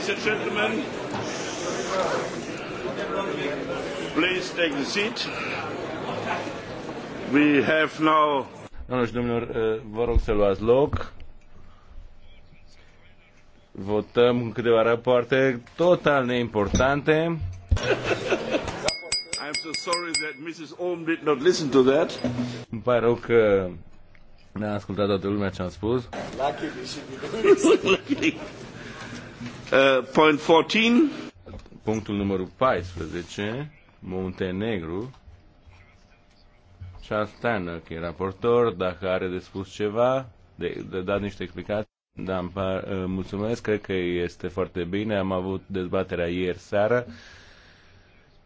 Ladies and gentlemen, please take a seat. We have now... Doamnelor și domnilor, eh, vă rog să luați loc. Votăm câteva rapoarte total neimportante. I'm so sorry that Mrs. Ohm did not listen to that. Îmi pare rău că ne-a ascultat toată lumea ce am spus. Lucky Uh, Punctul numărul 14, Montenegro. Charles Tannock e raportor, dacă are de spus ceva, de, de dat niște explicații. Da, îmi par, uh, mulțumesc, cred că este foarte bine. Am avut dezbaterea ieri seară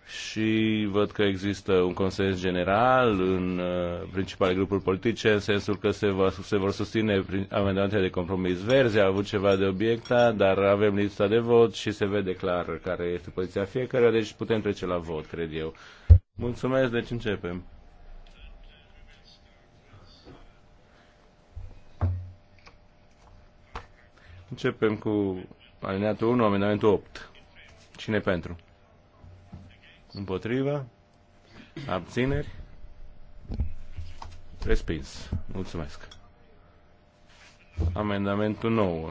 și văd că există un consens general în uh, principale grupuri politice, în sensul că se, va, se vor susține amendamentele de compromis verzi, a avut ceva de obiecta, dar avem lista de vot și se vede clar care este poziția fiecare, deci putem trece la vot, cred eu. Mulțumesc, deci începem. Începem cu alineatul 1, amendamentul 8. Cine pentru? Împotrivă? Abțineri? Respins. Mulțumesc. Amendamentul 9.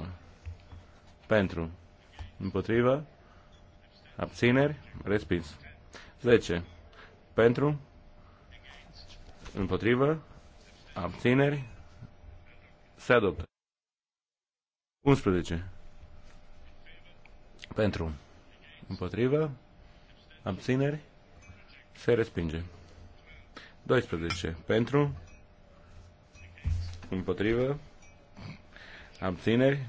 Pentru. Împotrivă? Abțineri? Respins. 10. Pentru? Împotrivă? Abțineri? Se adoptă. 11. Pentru. Împotrivă? Abțineri? Se respinge. 12. Pentru? Împotrivă? Abțineri?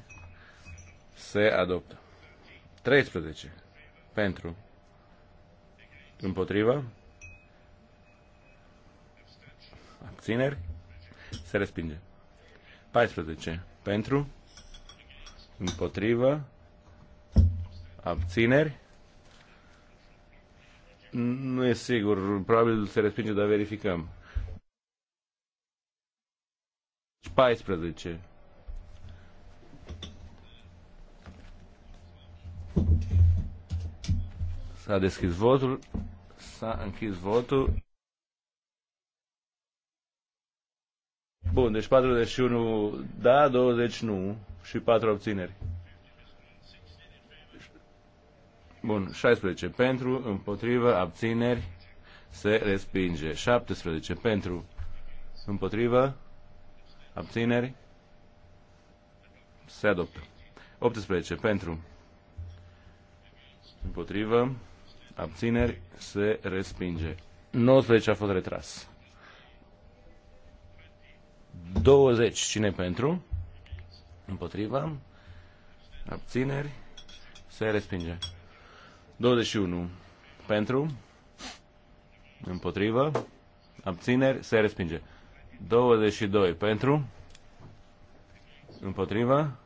Se adoptă. 13. Pentru? Împotrivă? Abțineri? Se respinge. 14. Pentru? Împotrivă? Abțineri? Nu e sigur, probabil se respinge, dar verificăm. 14. S-a deschis votul, s-a închis votul. Bun, deci 41 da, 20 nu și 4 obțineri. Bun, 16 pentru, împotrivă, abțineri, se respinge. 17 pentru, împotrivă, abțineri, se adoptă. 18 pentru, împotrivă, abțineri, se respinge. 19 a fost retras. 20, cine pentru? Împotriva, abțineri, se respinge. 21. Pentru? Împotrivă? Abțineri? Se respinge. 22. Pentru? Împotrivă?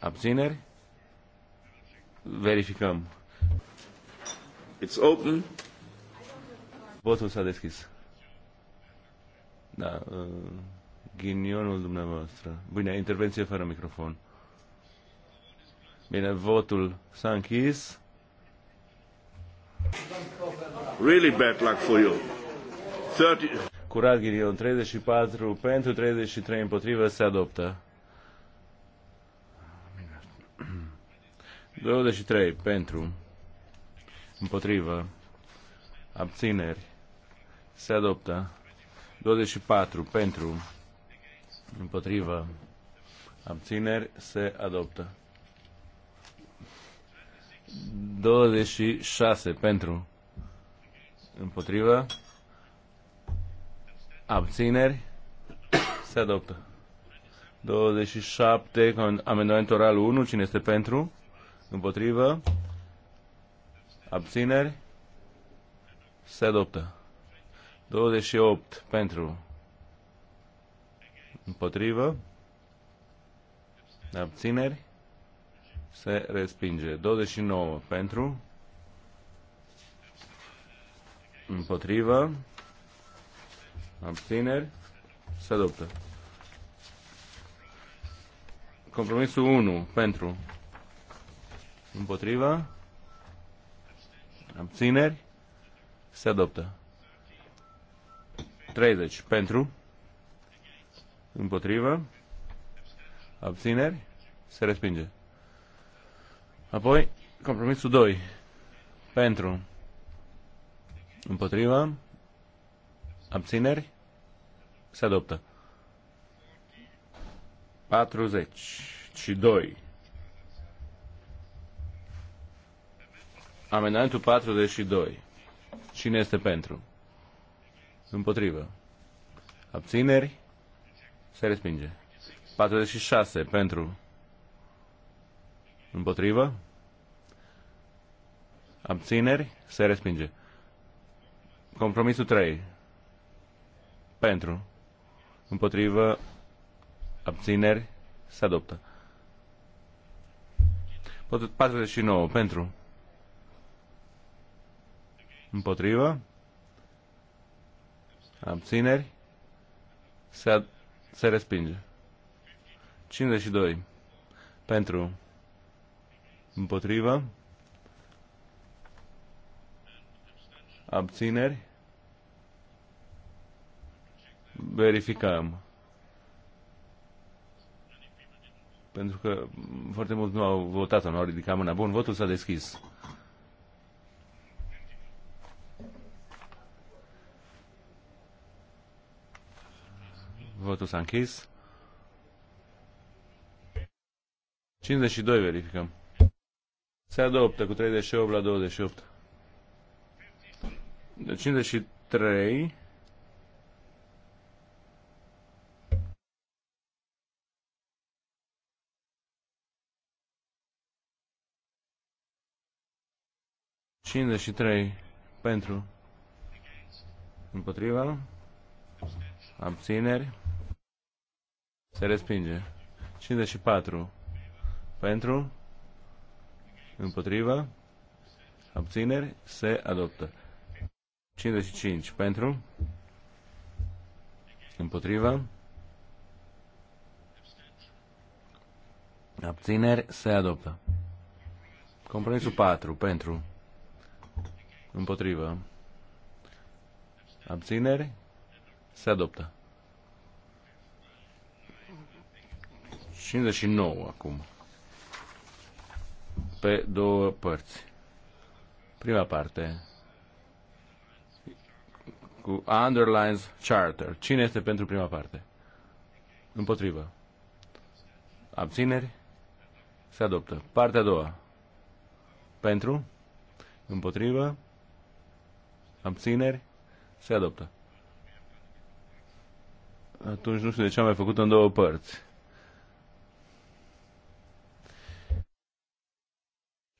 Abțineri? Verificăm. It's open. Votul s-a deschis. Da, uh, ghinionul dumneavoastră. Bine, intervenție fără microfon. Bine, votul s-a închis. Really bad luck for you. 30... Curat Ghirion, 34 pentru, 33 împotrivă, se adoptă. 23 pentru, împotrivă, abțineri, se adoptă. 24 pentru, împotrivă, abțineri, se adoptă. 26 pentru. Împotrivă. Abțineri. Se adoptă. 27 cu amendament oral 1. Cine este pentru? Împotrivă. Abțineri. Se adoptă. 28 pentru. Împotrivă. Abțineri se respinge. 29 pentru, împotrivă, abțineri, se adoptă. Compromisul 1 pentru, împotrivă, abțineri, se adoptă. 30 pentru, împotrivă, abțineri, se respinge. Apoi, compromisul 2. Pentru. Împotriva. Abțineri. Se adoptă. 40 și 2. Amendamentul 42. Cine este pentru? Împotrivă. Abțineri? Se respinge. 46. Pentru. Împotrivă? Abțineri? Se respinge. Compromisul 3. Pentru. Împotrivă. Abțineri? Se adoptă. 49. Pentru. Împotrivă. Abțineri. Se, ad- se respinge. 52. Pentru. Împotrivă? Abțineri? Verificăm. Pentru că foarte mulți nu au votat, nu au ridicat mâna. Bun, votul s-a deschis. Votul s-a închis. 52 verificăm. Se adoptă cu 38 la 28. De 53 și trei pentru împotriva abțineri se respinge 54 pentru Împotrivă? Abțineri? Se adoptă. 55 pentru? Împotrivă? Abțineri? Se adoptă. Compromisul 4 pentru? Împotrivă? Abțineri? Se adoptă. 59 acum pe două părți. Prima parte cu underlines charter. Cine este pentru prima parte? Împotrivă. Abțineri? Se adoptă. Partea a doua. Pentru? Împotrivă? Abțineri? Se adoptă. Atunci nu știu de ce am mai făcut în două părți.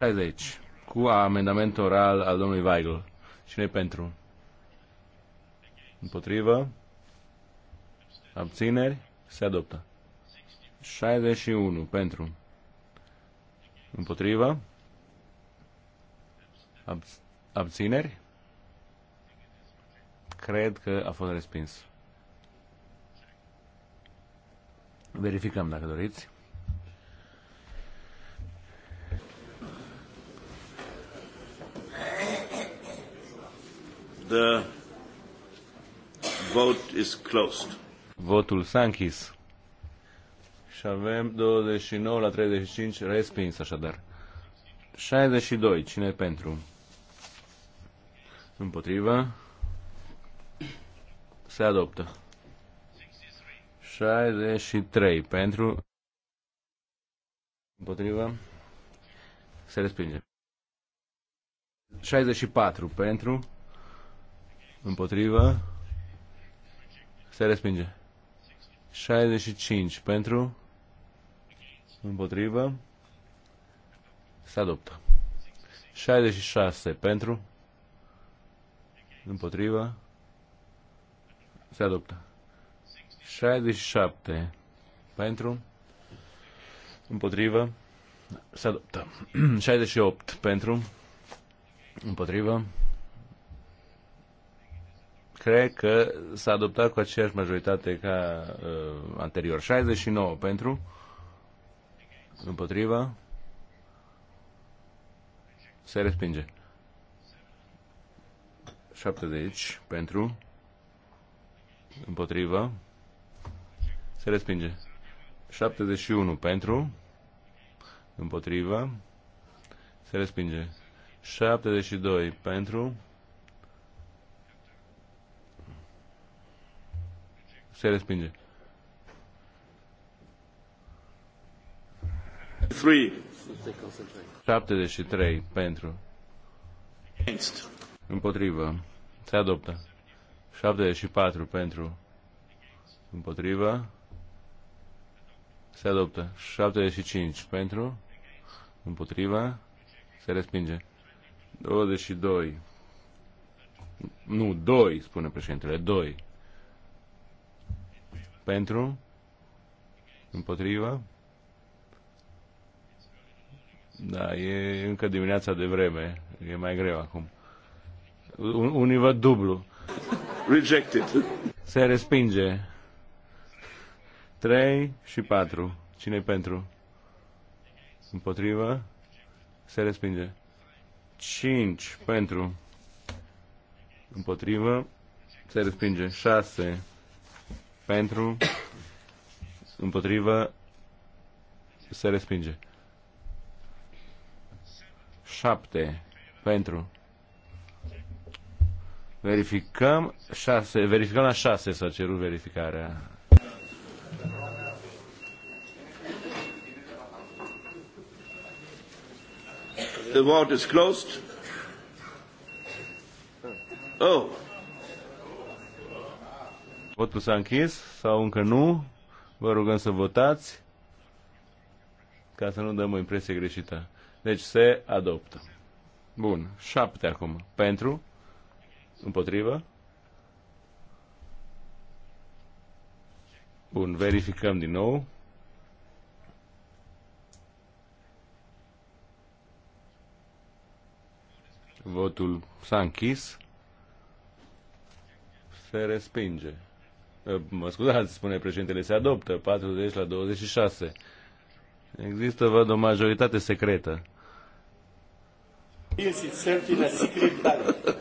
60. Cu amendament oral al domnului Weigl. Cine pentru? Împotrivă? Abțineri? Se adoptă. 61. Pentru? Împotrivă? abțineri? Cred că a fost respins. Verificăm dacă doriți. The vote is closed. Votul s-a închis. Și avem 29 la 35 respins așadar. 62. Cine pentru? Împotrivă. Se adoptă. 63. Pentru. Împotrivă. Se respinge. 64. Pentru. Împotrivă. Se respinge. 65 pentru. Împotrivă. Se adoptă. 66 pentru. Împotrivă. Se adoptă. 67 pentru. Împotrivă. Se adoptă. 68 pentru. Împotrivă cred că s-a adoptat cu aceeași majoritate ca uh, anterior. 69 pentru, împotriva, se respinge. 70 pentru, împotriva, se respinge. 71 pentru, împotriva, se respinge. 72 pentru, Se respinge. 3. 73 pentru. Against. Împotrivă. Se adoptă. 74 pentru. Împotrivă. Se adoptă. 75 pentru. Împotriva. Se respinge. 22. Nu, 2, spune președintele. 2. Pentru? Împotriva? Da, e încă dimineața de vreme. E mai greu acum. Unii văd dublu. Rejected. Se respinge. 3 și 4. cine pentru? Împotriva? Se respinge. 5 pentru. Împotrivă. Se respinge. 6 pentru, împotrivă, se respinge. 7 pentru. Verificăm 6, verificăm la 6 s-a cerut verificarea. The vote is closed. Oh, Votul s-a închis sau încă nu? Vă rugăm să votați ca să nu dăm o impresie greșită. Deci se adoptă. Bun. Șapte acum. Pentru? Împotrivă? Bun. Verificăm din nou. Votul s-a închis. Se respinge. Eh, mă scuzați, spune președintele, se adoptă 40 la 26. Există, văd, o majoritate secretă. Yes, it's certainly a secret ballot.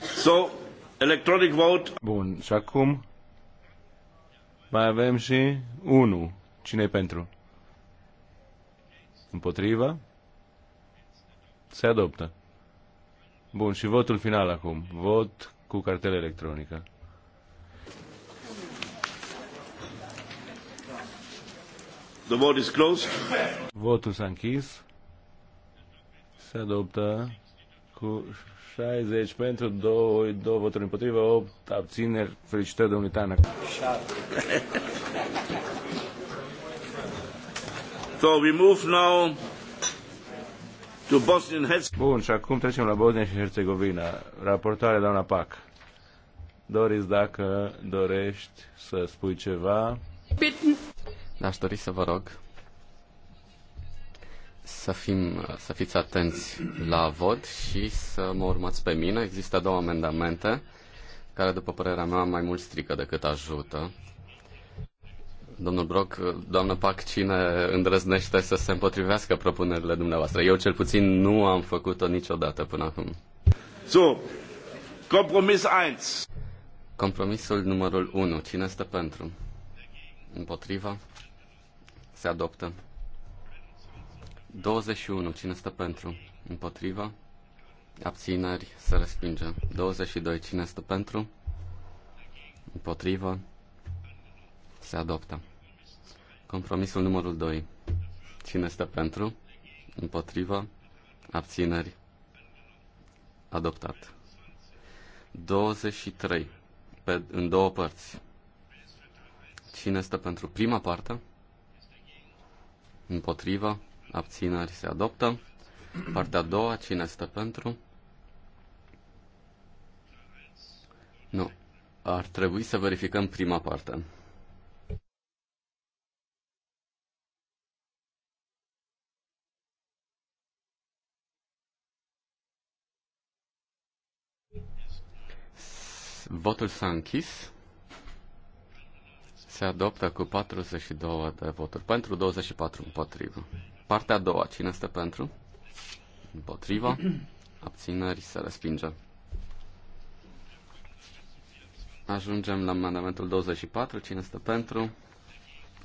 So, electronic vote. Bun, și acum mai avem și 1. cine e pentru? Împotriva? Se adoptă. Bun, și votul final acum. Vot cu cartela electronică. The vote is closed. Votul s-a închis. Se adoptă cu 60 pentru, 2, 2 voturi împotrivă, 8 abțineri. Felicitări, domnului Tanăc. so we move now Bun, și acum trecem la Bosnia și Herzegovina. Raportare, doamna Pac. Doris, dacă dorești să spui ceva... Da, aș dori să vă rog să, fim, să fiți atenți la vot și să mă urmați pe mine. Există două amendamente care, după părerea mea, mai mult strică decât ajută domnul Brock, doamnă Pac, cine îndrăznește să se împotrivească propunerile dumneavoastră? Eu cel puțin nu am făcut-o niciodată până acum. So, compromis 1. Compromisul numărul 1. Cine este pentru? Împotriva? Se adoptă. 21. Cine este pentru? Împotriva? Abțineri? Se respinge. 22. Cine este pentru? Împotriva? Se adoptă. Compromisul numărul 2. Cine este pentru? Împotrivă? Abțineri? Adoptat. 23. Pe, în două părți. Cine este pentru prima parte? Împotrivă? Abțineri? Se adoptă. Partea a doua. Cine este pentru? Nu. Ar trebui să verificăm prima parte. Votul s-a închis. Se adoptă cu 42 de voturi pentru, 24 împotrivă. Partea a doua, cine este pentru? Împotriva. Abțineri se respinge. Ajungem la amendamentul 24. Cine este pentru?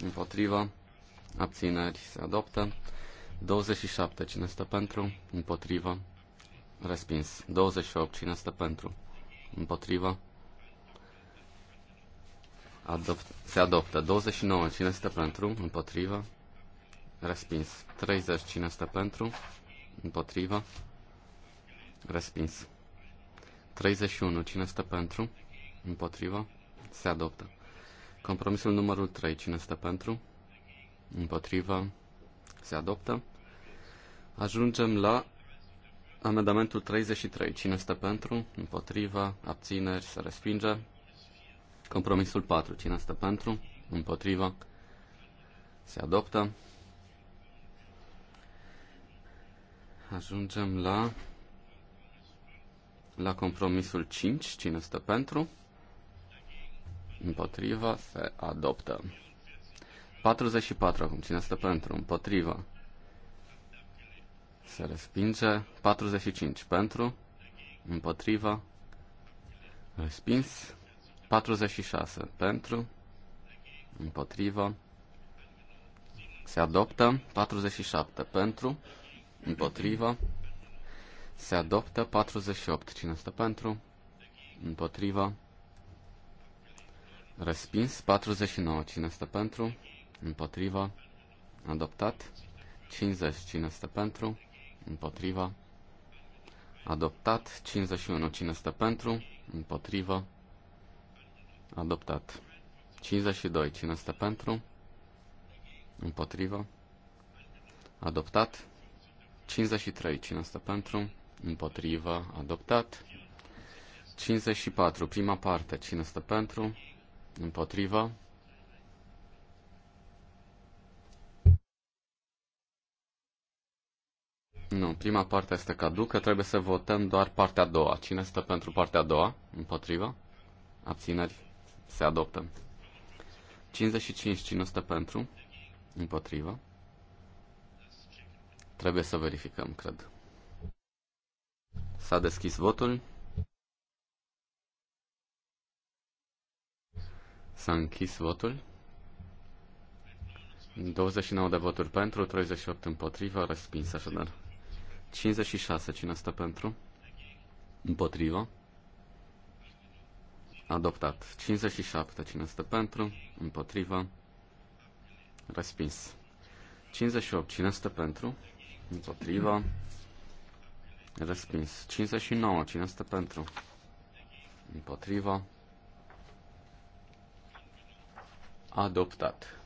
Împotriva. Abțineri se adoptă. 27. Cine este pentru? Împotriva. Respins. 28. Cine este pentru? Împotriva. Adopt, se adoptă 29. Cine este pentru? Împotrivă. Respins. 30. Cine este pentru? Împotrivă. Respins. 31. Cine este pentru? Împotrivă. Se adoptă. Compromisul numărul 3. Cine este pentru? Împotrivă. Se adoptă. Ajungem la amendamentul 33. Cine este pentru? împotriva Abțineri. Se respinge. Compromisul 4. Cine stă pentru? Împotriva? Se adoptă. Ajungem la, la compromisul 5. Cine stă pentru? Împotriva? Se adoptă. 44 acum. Cine stă pentru? Împotriva? Se respinge. 45 pentru? Împotriva? Respins. 46 pentru, împotrivă, se adoptă 47 pentru, împotrivă, se adoptă 48. Cine stă pentru? Împotrivă. Respins 49. Cine stă pentru? Împotrivă. Adoptat 50. Cine stă pentru? Împotrivă. Adoptat 51. Cine stă pentru? Împotrivă. Adoptat. 52. Cine este pentru? Împotrivă. Adoptat. 53. Cine este pentru? Împotrivă. Adoptat. 54. Prima parte. Cine este pentru? Împotrivă. Nu, prima parte este caducă, trebuie să votăm doar partea a doua. Cine stă pentru partea a doua? Împotrivă? Abțineri? se adoptă. 55. 500 pentru? Împotrivă. Trebuie să verificăm, cred. S-a deschis votul. S-a închis votul. 29 de voturi pentru, 38 împotrivă, respins așadar. 56, cine stă pentru? Împotrivă. Adoptat. 57. Cine este pentru? Împotriva. Respins. 58. Cine este pentru? Împotriva. Respins. 59. Cine este pentru? Împotriva. Adoptat.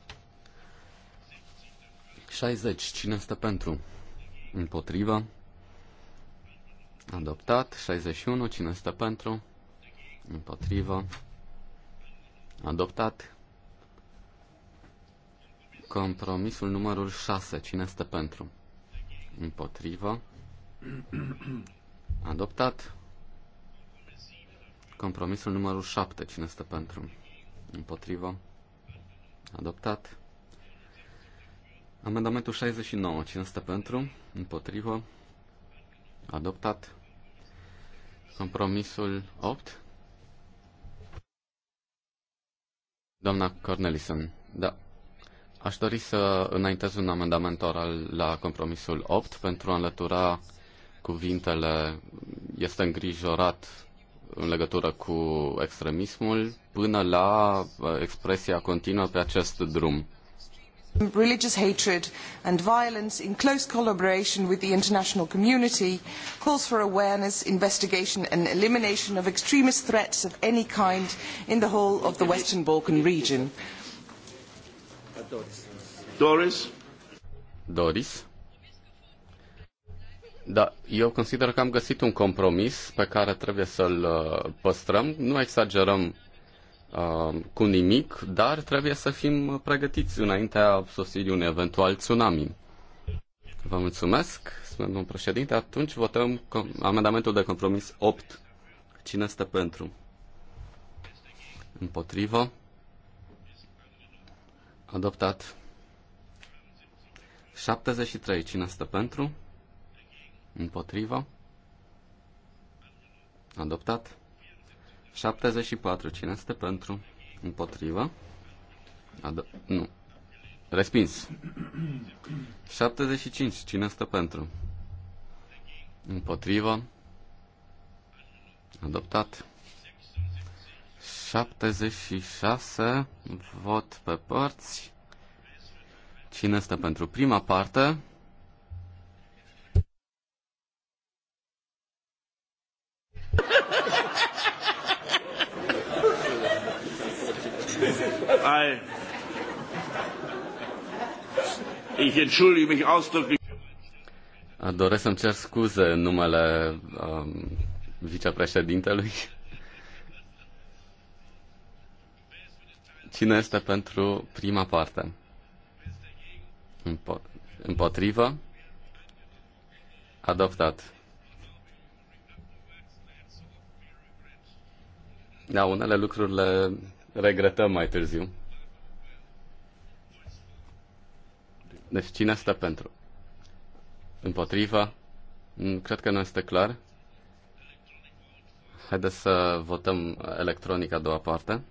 60. Cine este pentru? Împotriva. Adoptat. 61. Cine este pentru? împotrivă, adoptat. Compromisul numărul 6, cine este pentru? Împotrivă, adoptat. Compromisul numărul 7, cine este pentru? Împotrivă, adoptat. Amendamentul 69, cine este pentru? Împotrivă, adoptat. Compromisul 8, Doamna Cornelison, da. Aș dori să înaintez un amendament oral la compromisul 8 pentru a înlătura cuvintele este îngrijorat în legătură cu extremismul până la uh, expresia continuă pe acest drum religious hatred and violence in close collaboration with the international community calls for awareness, investigation and elimination of extremist threats of any kind in the whole of the Western Balkan region. Doris? Doris? Da, eu consider că am găsit un compromis pe care trebuie să-l uh, păstrăm. Nu exagerăm Um, cu nimic, dar trebuie să fim pregătiți înaintea sosirii unui eventual tsunami. Vă mulțumesc, domnul președinte. Atunci votăm amendamentul de compromis 8. Cine este pentru? Împotrivă? Adoptat. 73. Cine este pentru? Împotrivă? Adoptat. 74. Cine este pentru? Împotrivă. Ad- nu. Respins. 75. Cine este pentru? Împotrivă. Adoptat. 76. Vot pe părți. Cine este pentru prima parte? I, ich entschuldige mich ausdrücklich. Doresc să-mi cer scuze în numele um, vicepreședintelui. Cine este pentru prima parte? Împo- împotrivă? Adoptat. Da, unele lucruri le regretăm mai târziu. Deci cine stă pentru? Împotriva? Mm, cred că nu este clar. Haideți să votăm electronic a doua parte.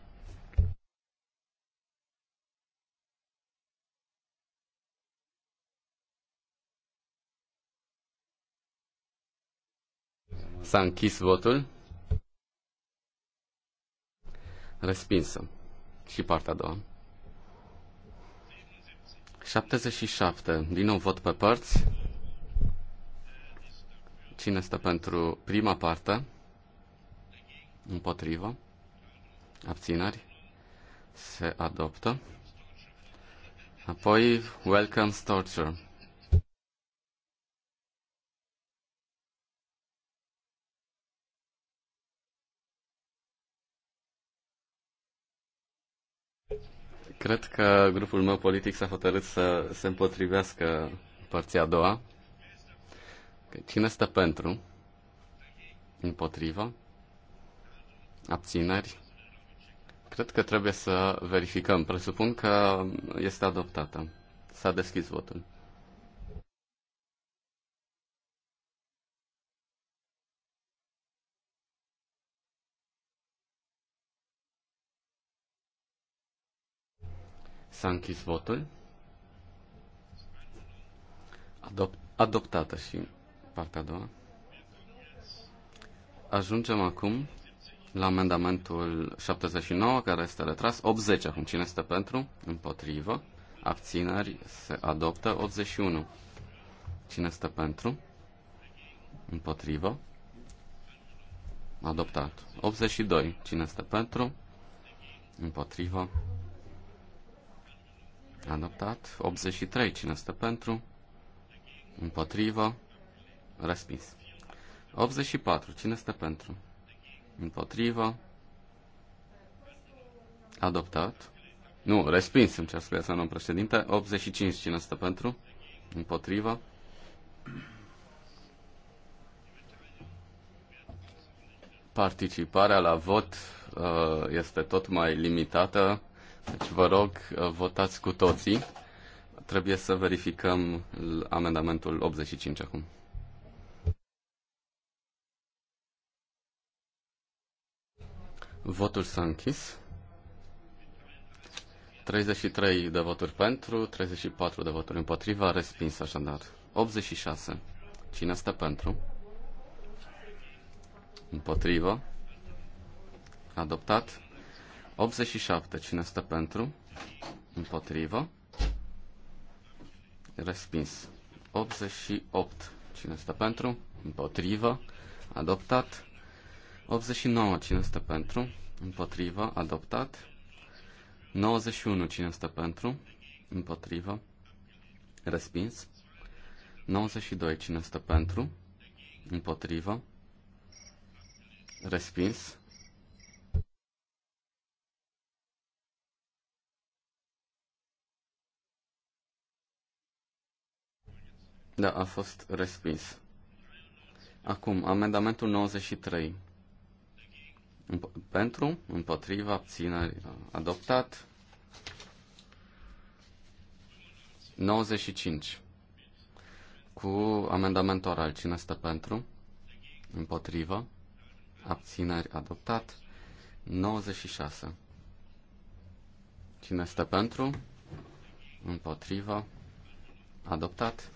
S-a închis votul respinsă. Și partea a doua. 77. Din nou vot pe părți. Cine stă pentru prima parte? Împotrivă. Abțineri. Se adoptă. Apoi, welcome torture. Cred că grupul meu politic s-a hotărât să se împotrivească părția a doua. Cine stă pentru? Împotrivă? Abțineri? Cred că trebuie să verificăm. Presupun că este adoptată. S-a deschis votul. S-a închis votul. Adop- adoptată și partea a doua. Ajungem acum la amendamentul 79, care este retras. 80 acum. Cine este pentru? Împotrivă. Abțineri se adoptă. 81. Cine este pentru? Împotrivă. Adoptat. 82. Cine este pentru? Împotrivă. Adoptat. 83. Cine stă pentru? Împotrivă. Respins. 84. Cine stă pentru? Împotrivă. Adoptat. Nu, respins, îmi cer scuze, domnul președinte. 85. Cine stă pentru? Împotrivă. Participarea la vot uh, este tot mai limitată deci vă rog, votați cu toții. Trebuie să verificăm amendamentul 85 acum. Votul s-a închis. 33 de voturi pentru, 34 de voturi împotriva, respins așadar. 86. Cine stă pentru? Împotrivă. Adoptat. 87. Cine stă pentru? Împotrivă. Respins. 88. Cine stă pentru? Împotrivă. Adoptat. 89. Cine stă pentru? Împotrivă. Adoptat. 91. Cine stă pentru? Împotrivă. Respins. 92. Cine stă pentru? Împotrivă. Respins. Da, a fost respins. Acum, amendamentul 93. Pentru, împotriva, abțineri, adoptat. 95. Cu amendament oral, cine stă pentru? Împotriva, abțineri, adoptat. 96. Cine stă pentru? Împotriva, adoptat.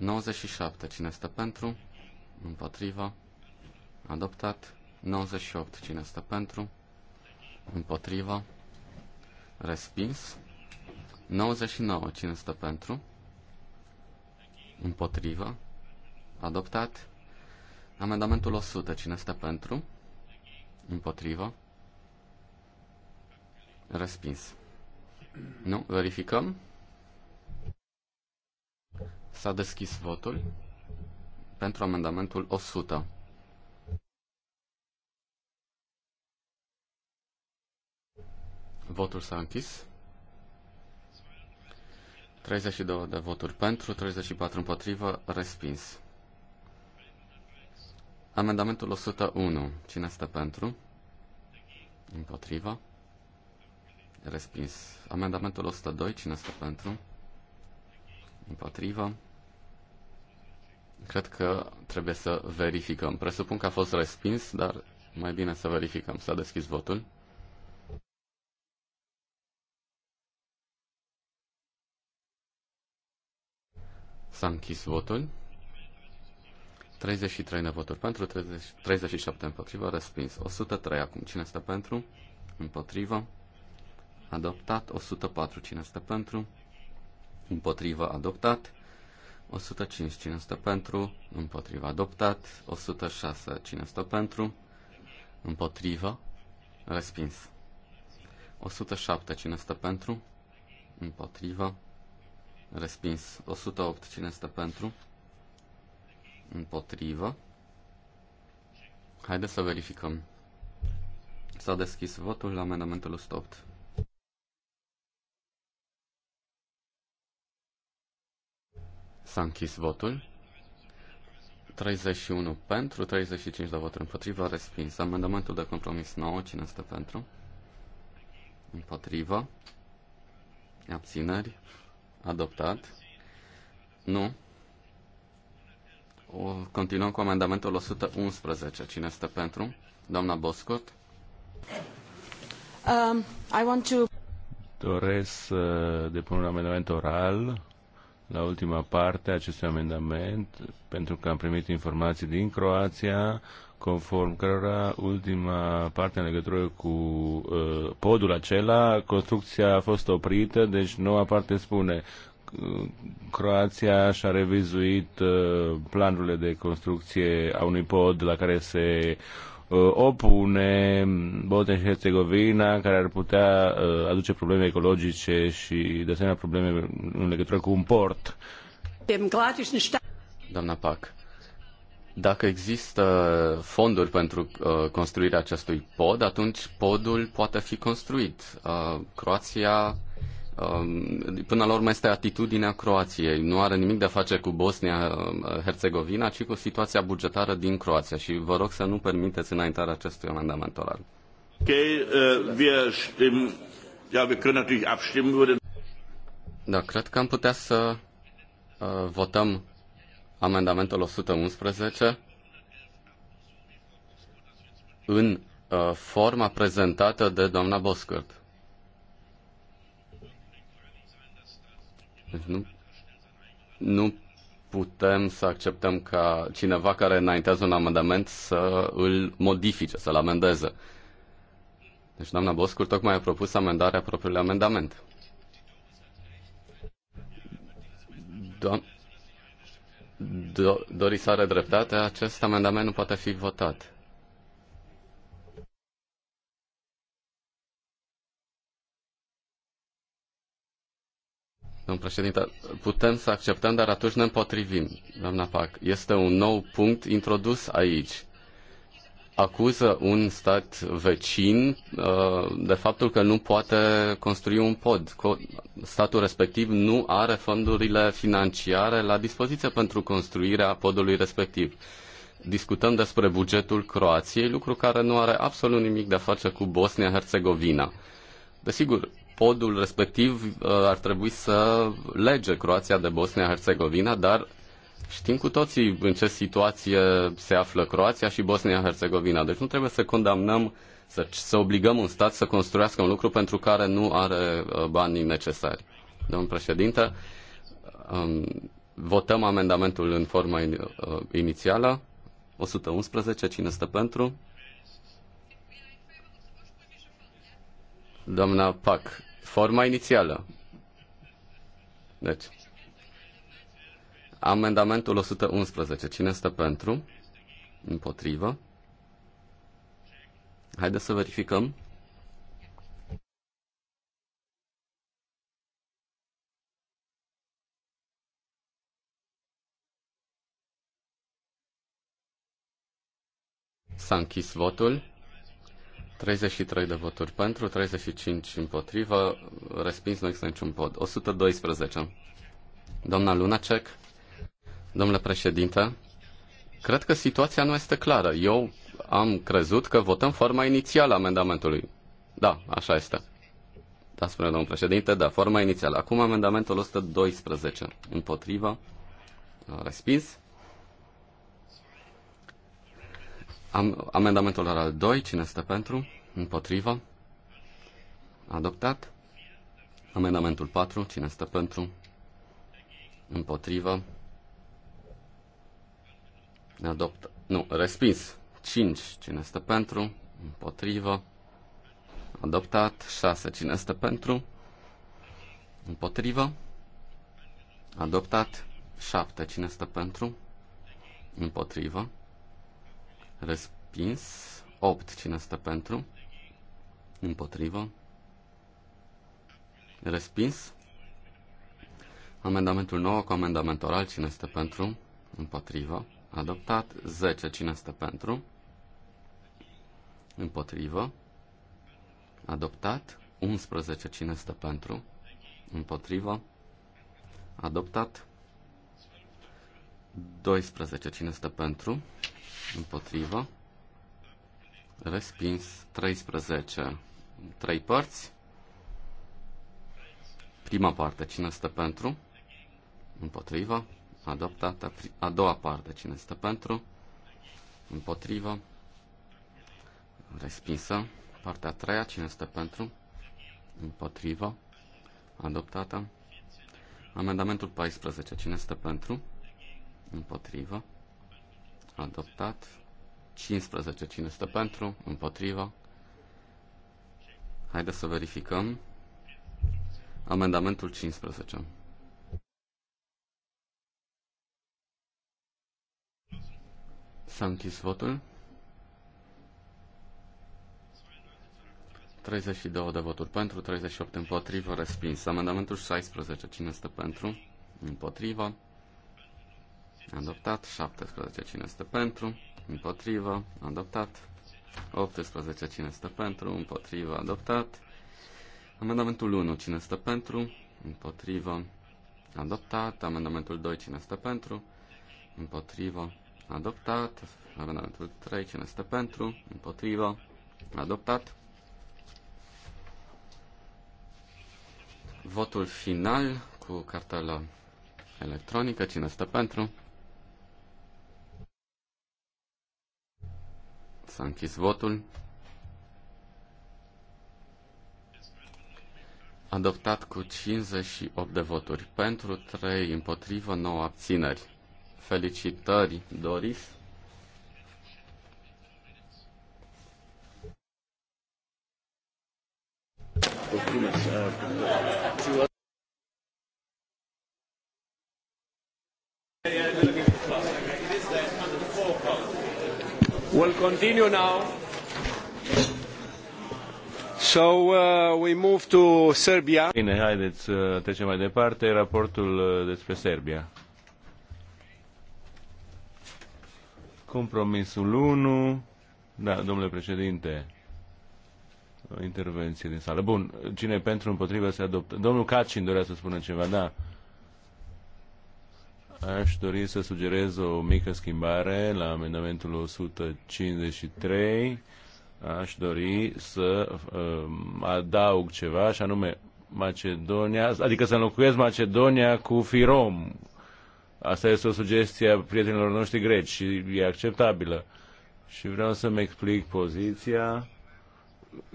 97. Cine stă pentru? Împotriva. Adoptat. 98. Cine stă pentru? Împotriva. Respins. 99. Cine stă pentru? Împotriva. Adoptat. Amendamentul 100. Cine stă pentru? Împotriva. Respins. Nu? Verificăm? S-a deschis votul pentru amendamentul 100. Votul s-a închis. 32 de voturi pentru, 34 împotrivă, respins. Amendamentul 101. Cine este pentru? Împotriva. Respins. Amendamentul 102. Cine este pentru? Împotriva cred că trebuie să verificăm. Presupun că a fost respins, dar mai bine să verificăm. S-a deschis votul. S-a închis votul. 33 de voturi pentru, 30, 37 împotriva, respins. 103 acum. Cine este pentru? Împotriva. Adoptat. 104. Cine este pentru? Împotriva. Adoptat. 105. Cine stă pentru? Împotriva. Adoptat. 106. Cine stă pentru? Împotriva. Respins. 107. Cine stă pentru? Împotriva. Respins. 108. Cine stă pentru? Împotriva. Haideți să verificăm. S-a deschis votul la amendamentul 108. S-a închis votul. 31 pentru, 35 de voturi împotrivă, respins. Amendamentul de compromis 9, cine este pentru? Împotrivă. Abțineri. Adoptat. Nu. O, continuăm cu amendamentul 111. Cine este pentru? Doamna Boscot. Um, I want to... Doresc să uh, depun un amendament oral la ultima parte a acestui amendament, pentru că am primit informații din Croația, conform cărora ultima parte în legătură cu uh, podul acela, construcția a fost oprită, deci noua parte spune uh, Croația și-a revizuit uh, planurile de construcție a unui pod la care se Uh, opune Bosnia și Herțegovina, care ar putea uh, aduce probleme ecologice și, de asemenea, probleme în legătură cu un port. Doamna Pac, dacă există fonduri pentru uh, construirea acestui pod, atunci podul poate fi construit. Croația Um, până la urmă este atitudinea Croației. Nu are nimic de a face cu Bosnia-Herzegovina, ci cu situația bugetară din Croația. Și vă rog să nu permiteți înaintarea acestui amendament oral. Ok, uh, wir stimmen. Ja, wir können natürlich abstimmen über den da, cred că am putea să uh, votăm amendamentul 111 în uh, forma prezentată de doamna Boscărt. Deci nu, nu putem să acceptăm ca cineva care înaintează un amendament să îl modifice, să-l amendeze. Deci doamna Boscur tocmai a propus amendarea propriului amendament. Do- do- Doris are dreptate, acest amendament nu poate fi votat. Domnul președinte, putem să acceptăm, dar atunci ne împotrivim, doamna Pac. Este un nou punct introdus aici. Acuză un stat vecin uh, de faptul că nu poate construi un pod. Statul respectiv nu are fondurile financiare la dispoziție pentru construirea podului respectiv. Discutăm despre bugetul Croației, lucru care nu are absolut nimic de a face cu Bosnia-Herzegovina. Desigur, podul respectiv uh, ar trebui să lege Croația de Bosnia-Herzegovina, dar știm cu toții în ce situație se află Croația și Bosnia-Herzegovina. Deci nu trebuie să condamnăm, să, să obligăm un stat să construiască un lucru pentru care nu are uh, banii necesari. Domnul președinte, um, votăm amendamentul în forma uh, inițială. 111, cine stă pentru? Doamna Pac, forma inițială. Deci, amendamentul 111. Cine este pentru? Împotrivă? Haideți să verificăm. S-a închis votul. 33 de voturi pentru, 35 împotrivă, respins, nu există niciun pod. 112. Doamna Lunacek, domnule președinte, cred că situația nu este clară. Eu am crezut că votăm forma inițială a amendamentului. Da, așa este. Da, spune domnul președinte, da, forma inițială. Acum amendamentul 112 împotrivă, respins. Am, amendamentul al 2, cine este pentru? Împotrivă. Adoptat. Amendamentul 4, cine este pentru? Împotrivă. Adopt. Nu, respins. 5, cine este pentru? Împotrivă. Adoptat. 6, cine este pentru? Împotrivă. Adoptat. 7, cine este pentru? Împotrivă. Respins. 8. Cine este pentru? Împotrivă. Respins. Amendamentul 9 cu amendament oral. Cine este pentru? Împotrivă. Adoptat. 10. Cine este pentru? Împotrivă. Adoptat. 11. Cine este pentru? Împotrivă. Adoptat. 12. Cine este pentru? împotrivă, respins 13, trei părți. Prima parte, cine stă pentru, împotrivă, adoptată. A doua parte, cine stă pentru, împotrivă, respinsă. Partea a treia, cine stă pentru, împotrivă, adoptată. Amendamentul 14, cine stă pentru, împotrivă, adoptat. 15. Cine este pentru? Împotriva. Haideți să verificăm. Amendamentul 15. S-a închis votul. 32 de voturi pentru, 38 împotrivă, respins. Amendamentul 16. Cine este pentru? Împotriva adoptat, 17 cine este pentru, împotrivă, adoptat, 18 cine este pentru, împotrivă, adoptat, amendamentul 1 cine este pentru, împotrivă, adoptat, amendamentul 2 cine este pentru, împotrivă, adoptat, amendamentul 3 cine este pentru, împotrivă, adoptat. Votul final cu cartela electronică, cine stă pentru? S-a închis votul. Adoptat cu 58 de voturi pentru, 3 împotrivă, 9 abțineri. Felicitări, Doris! We'll continue now. So uh, we move to Serbia. Bine, haideți să uh, trecem mai departe. Raportul uh, despre Serbia. Compromisul 1. Da, domnule președinte. Intervenție din sală. Bun, cine pentru împotrivă se adoptă? Domnul Cacin dorea să spună ceva, da aș dori să sugerez o mică schimbare la amendamentul 153. Aș dori să um, adaug ceva, și anume Macedonia, adică să înlocuiesc Macedonia cu Firom. Asta este o sugestie a prietenilor noștri greci și e acceptabilă. Și vreau să-mi explic poziția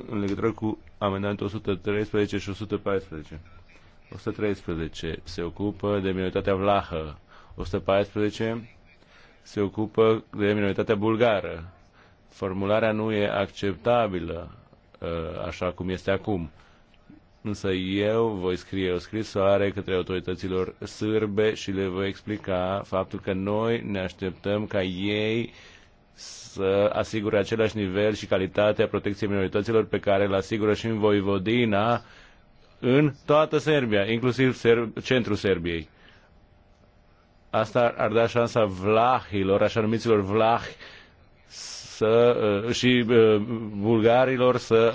în legătură cu amendamentul 113 și 114. 113 se ocupă de minoritatea vlahă 114 se ocupă de minoritatea bulgară. Formularea nu e acceptabilă uh, așa cum este acum. Însă eu voi scrie o scrisoare către autorităților sârbe și le voi explica faptul că noi ne așteptăm ca ei să asigure același nivel și calitatea protecției minorităților pe care îl asigură și în Voivodina, în toată Serbia, inclusiv Ser- centrul Serbiei. Asta ar da șansa vlahilor, așa numiților vlahi, să, uh, și uh, bulgarilor să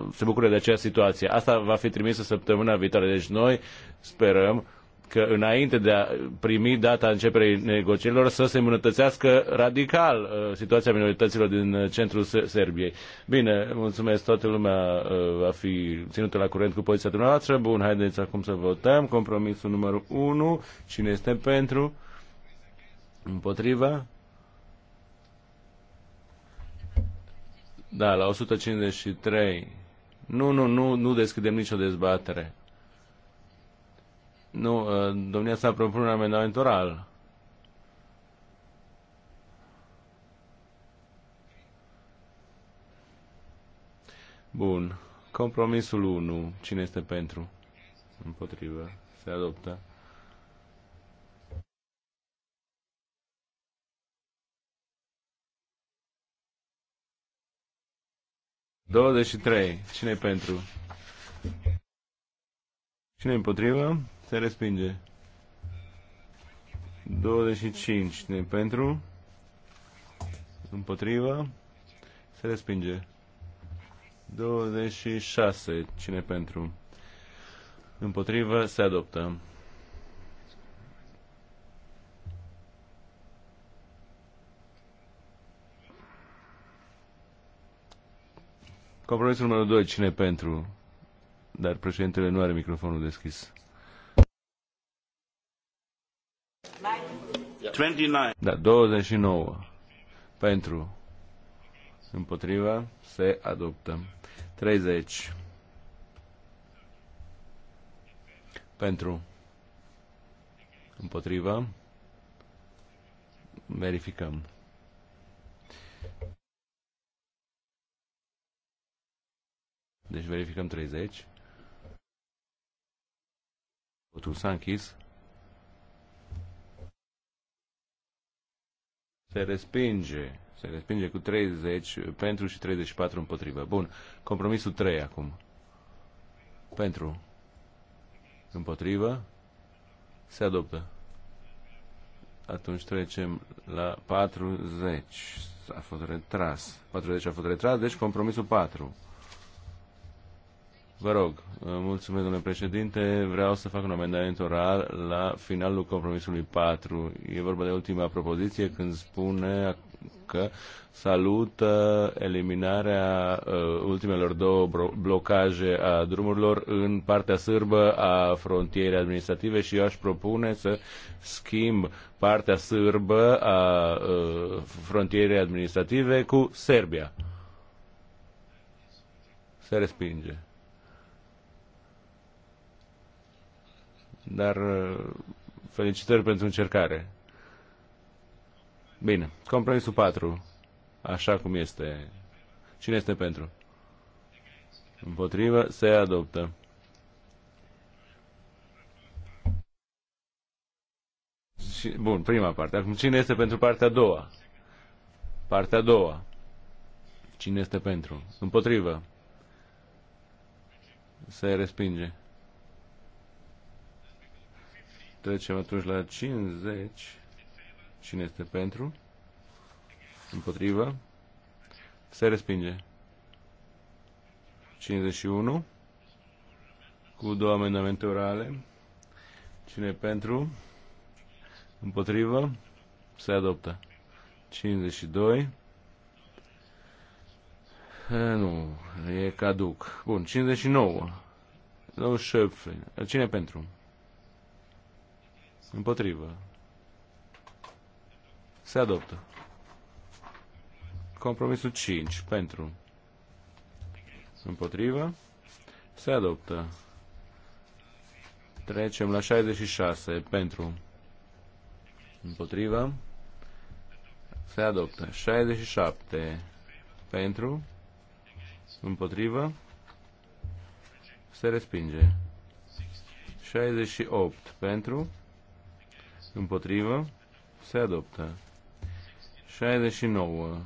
uh, se bucure de această situație. Asta va fi trimisă săptămâna viitoare. Deci noi sperăm că înainte de a primi data începerii negocierilor să se îmbunătățească radical uh, situația minorităților din uh, centrul Serbiei. Bine, mulțumesc, toată lumea uh, va fi ținută la curent cu poziția dumneavoastră. Bun, haideți acum să votăm. Compromisul numărul 1. Cine este pentru? Împotriva? Da, la 153. Nu, nu, nu, nu deschidem nicio dezbatere. Nu, uh, domnia s-a propune un amendament oral. Bun. Compromisul 1. Cine este pentru? Împotrivă. Se adoptă. Douăzeci și trei. Cine pentru? Cine împotrivă? Se respinge. 25 pentru. Împotriva. Se respinge. 26. Cine pentru? Împotrivă se adoptă. Compromisul numărul 2. Cine pentru? Dar președintele nu are microfonul deschis. 29. Da, 29. Pentru. Împotriva. Se adoptă. 30. Pentru. Împotriva. Verificăm. Deci verificăm 30. Votul s-a închis. se respinge. Se respinge cu 30 pentru și 34 împotrivă. Bun. Compromisul 3 acum. Pentru. Împotrivă. Se adoptă. Atunci trecem la 40. A fost retras. 40 a fost retras, deci compromisul 4. Vă rog, uh, mulțumesc, domnule președinte. Vreau să fac un amendament oral la finalul compromisului 4. E vorba de ultima propoziție când spune că salută eliminarea uh, ultimelor două blocaje a drumurilor în partea sârbă a frontierei administrative și eu aș propune să schimb partea sârbă a uh, frontierei administrative cu Serbia. Se respinge. dar uh, felicitări pentru încercare. Bine, compromisul 4, așa cum este. Cine este pentru? Împotrivă, se adoptă. bun, prima parte. Acum, cine este pentru partea a doua? Partea a doua. Cine este pentru? Împotrivă. Se respinge. Trecem atunci la 50. Cine este pentru? Împotrivă? Se respinge. 51. Cu două amendamente orale. Cine pentru? Împotrivă? Se adoptă. 52. Nu, e caduc. Bun, 59. Domnul șef, Cine pentru? Împotrivă. Se adoptă. Compromisul 5. Pentru. Împotrivă. Se adoptă. Trecem la 66. Pentru. Împotrivă. Se adoptă. 67. Pentru. Împotrivă. Se respinge. 68. Pentru. Împotrivă. Se adoptă. 69.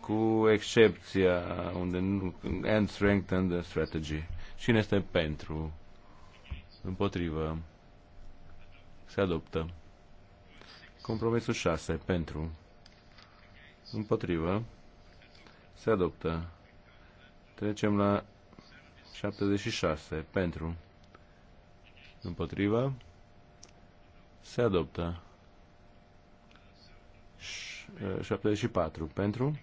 Cu excepția unde nu... And strength and the strategy. Cine este pentru? Împotrivă. Se adoptă. Compromisul 6. Pentru. Împotrivă. Se adoptă. Trecem la 76. Pentru. Împotrivă se adoptă. 74 pentru,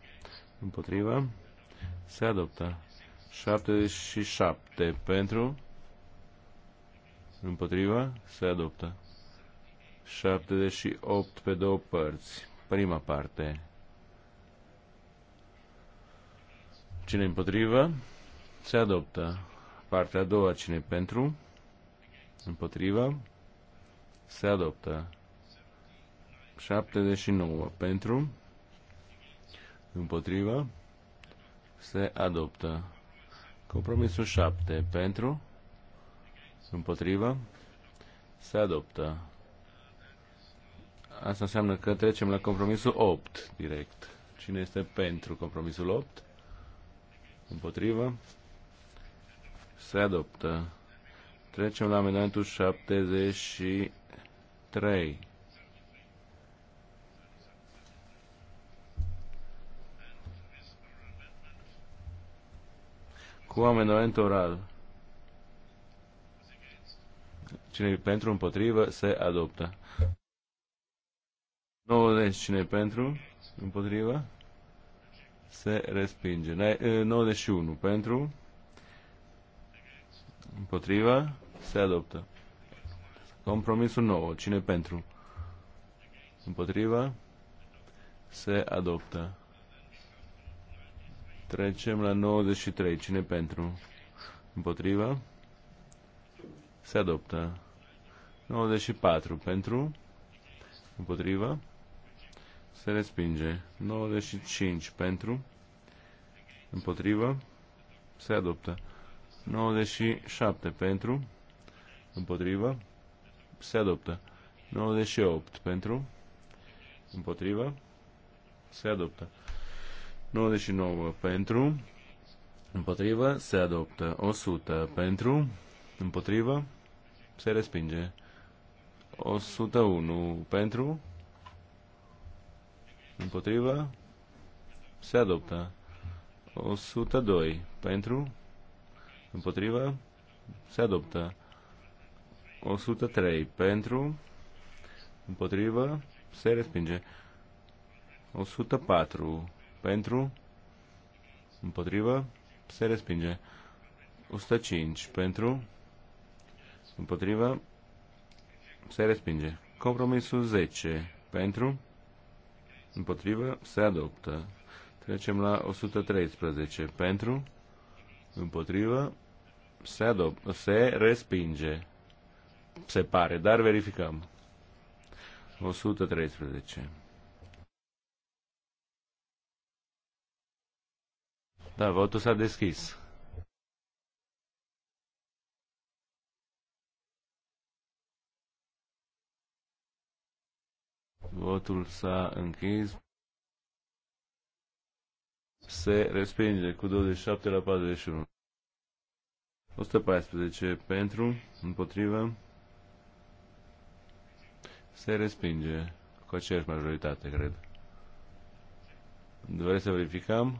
împotrivă, se adoptă. 77 pentru, împotrivă, se adoptă. 78 pe două părți, prima parte. Cine împotrivă, se adoptă. Partea a doua, cine pentru, împotrivă, se adoptă. 79 pentru, împotriva, se adoptă. Compromisul 7 pentru, împotriva, se adoptă. Asta înseamnă că trecem la compromisul 8 direct. Cine este pentru compromisul 8? Împotrivă? Se adoptă. Trecem la amendamentul 78. 3. Cu amendament oral. Cine pentru împotrivă se adoptă. 90 cine pentru împotrivă se respinge. 91 pentru împotrivă se adoptă. Compromisul nou, Cine pentru? Împotriva? Se adoptă. Trecem la 93. Cine pentru? Împotriva? Se adoptă. 94. Pentru? Împotriva? Se respinge. 95. Pentru? Împotriva? Se adoptă. 97. Pentru? Împotriva? se adoptă. 98 pentru, împotrivă, se adoptă. 99 pentru, împotrivă, se adoptă. 100 pentru, împotrivă, se respinge. 101 pentru, împotrivă, se adoptă. 102 pentru, împotrivă, se adoptă. 103 pentru, împotrivă, se respinge. 104 pentru, împotrivă, se respinge. 105 pentru, împotrivă, se respinge. Compromisul 10 pentru, împotrivă, se adoptă. Trecem la 113 pentru, împotrivă, se, adoptă, se respinge se pare, dar verificăm. 113. Da, votul s-a deschis. Votul s-a închis. Se respinge cu 27 la 41. 114 pentru, împotrivă se respinge cu aceeași majoritate, cred. Doresc să verificăm.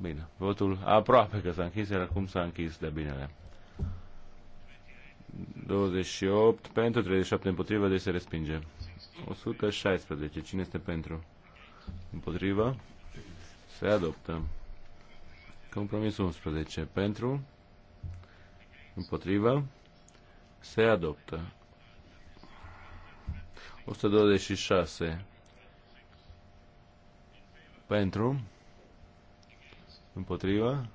Bine, votul aproape că s-a închis, iar acum s-a închis de binele. 28 pentru, 37 împotrivă, deci se respinge. 116. Cine este pentru? Împotrivă? Se adoptă. Compromisul 11 pentru, împotrivă, se adoptă. 126 pentru, împotrivă,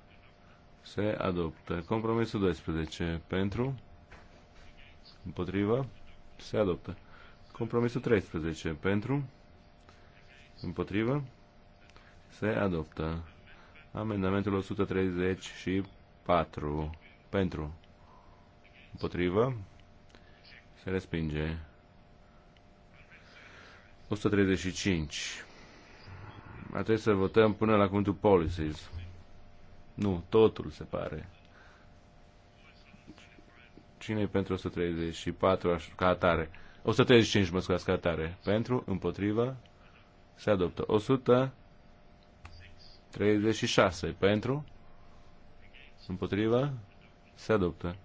se adoptă. Compromisul 12 pentru, împotrivă, se adoptă. Compromisul 13 pentru, împotrivă, se adoptă. Amendamentul 134 pentru. Împotrivă. Se respinge. 135. A trebui să votăm până la cuvântul policies. Nu, totul se pare. Cine e pentru 134 ca atare? 135, mă scuzați, ca atare. Pentru, împotriva, se adoptă. 100 36 pentru, împotriva, se adoptă.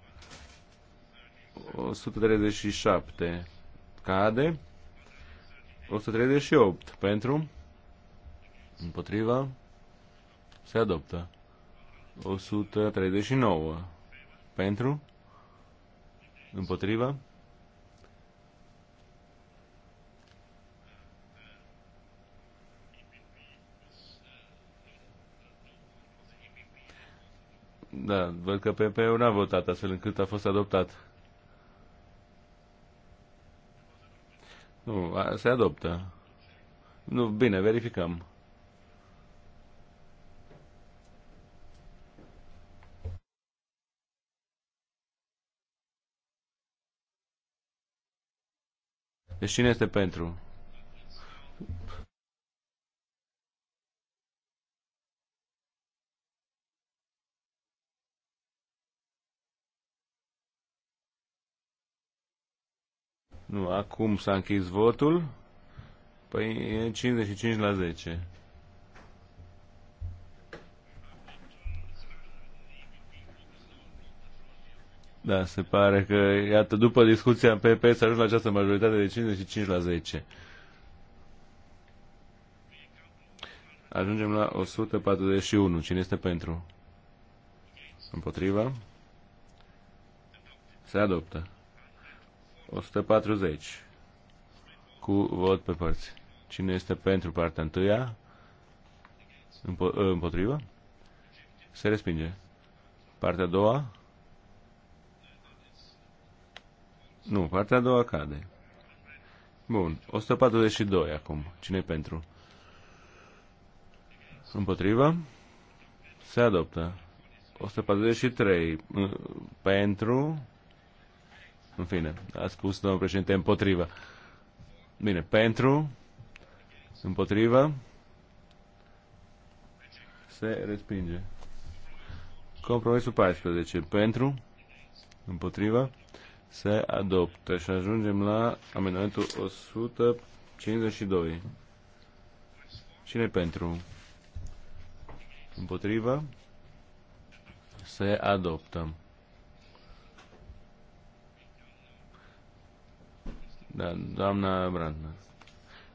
137 cade. 138 pentru, împotriva, se adoptă. 139 pentru, împotriva, Da, văd că pp nu a votat astfel încât a fost adoptat. Nu, se adoptă. Nu, bine, verificăm. Deci cine este pentru? Nu, acum s-a închis votul. Păi e 55 la 10. Da, se pare că, iată, după discuția în PP s-a ajuns la această majoritate de 55 la 10. Ajungem la 141. Cine este pentru? Împotriva? Se adoptă. 140. Cu vot pe părți. Cine este pentru partea întâia? Împo- ă, împotrivă? Se respinge. Partea a doua? Nu, partea a doua cade. Bun. 142 acum. Cine pentru? Împotrivă? Se adoptă. 143 pentru în fine, a spus domnul președinte împotrivă. Bine, pentru, împotrivă, se respinge. Compromisul 14. Pentru, împotrivă, se adoptă. Și ajungem la amendamentul 152. Cine pentru? Împotrivă, se adoptă. Da, doamna Brandner.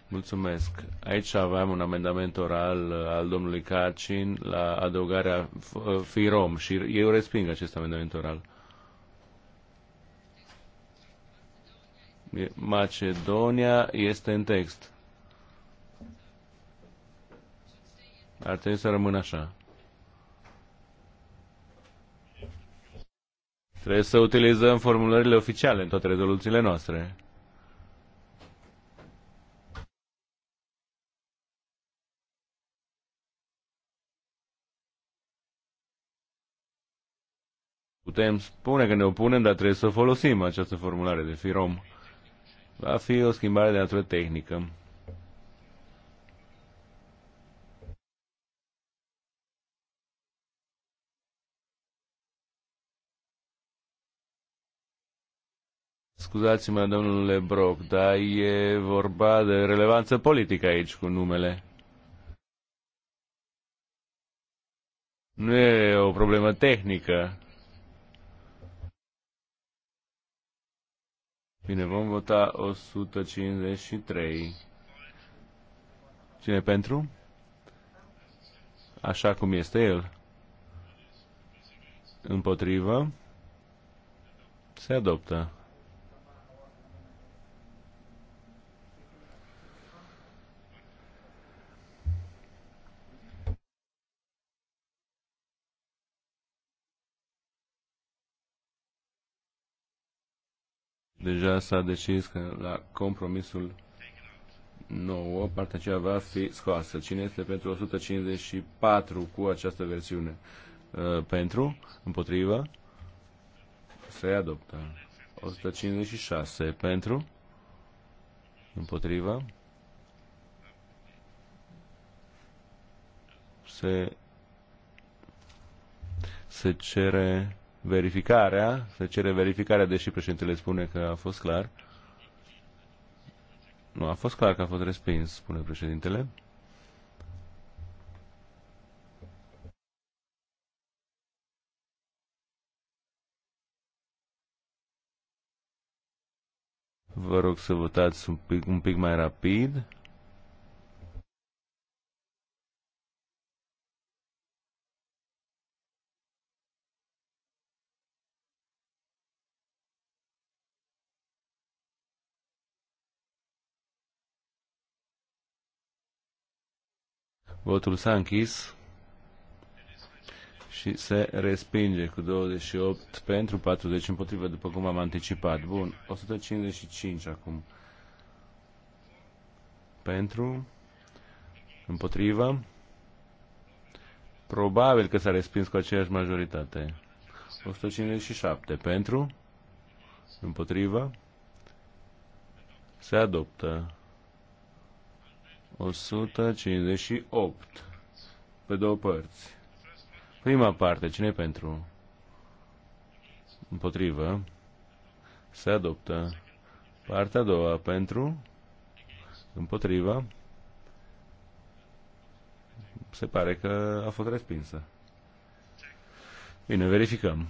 Mulțumesc. Aici aveam un amendament oral uh, al domnului Cacin la adăugarea uh, FIROM și eu resping acest amendament oral. Macedonia este în text. Ar trebui să rămână așa. Trebuie să utilizăm formulările oficiale în toate rezoluțiile noastre. putem spune că ne opunem, dar trebuie să folosim această formulare de FIROM. Va fi o schimbare de natură tehnică. Scuzați-mă, domnule Brock, dar e vorba de relevanță politică aici cu numele. Nu e o problemă tehnică. Bine, vom vota 153. Cine pentru? Așa cum este el. Împotrivă. Se adoptă. Deja s-a decis că la compromisul nou, partea aceea va fi scoasă. Cine este pentru 154 cu această versiune? Uh, pentru? Împotrivă? Se adoptă. 156 pentru? Împotrivă? Se, se cere verificarea, se cere verificarea, deși președintele spune că a fost clar. Nu, a fost clar că a fost respins, spune președintele. Vă rog să votați un pic, un pic mai rapid. Votul s-a închis și se respinge cu 28 pentru 40 împotrivă, după cum am anticipat. Bun, 155 acum. Pentru, împotrivă. probabil că s-a respins cu aceeași majoritate. 157 pentru, împotrivă. se adoptă. 158. Pe două părți. Prima parte, cine pentru? Împotrivă. Se adoptă. Partea a doua, pentru? Împotrivă. Se pare că a fost respinsă. Bine, verificăm.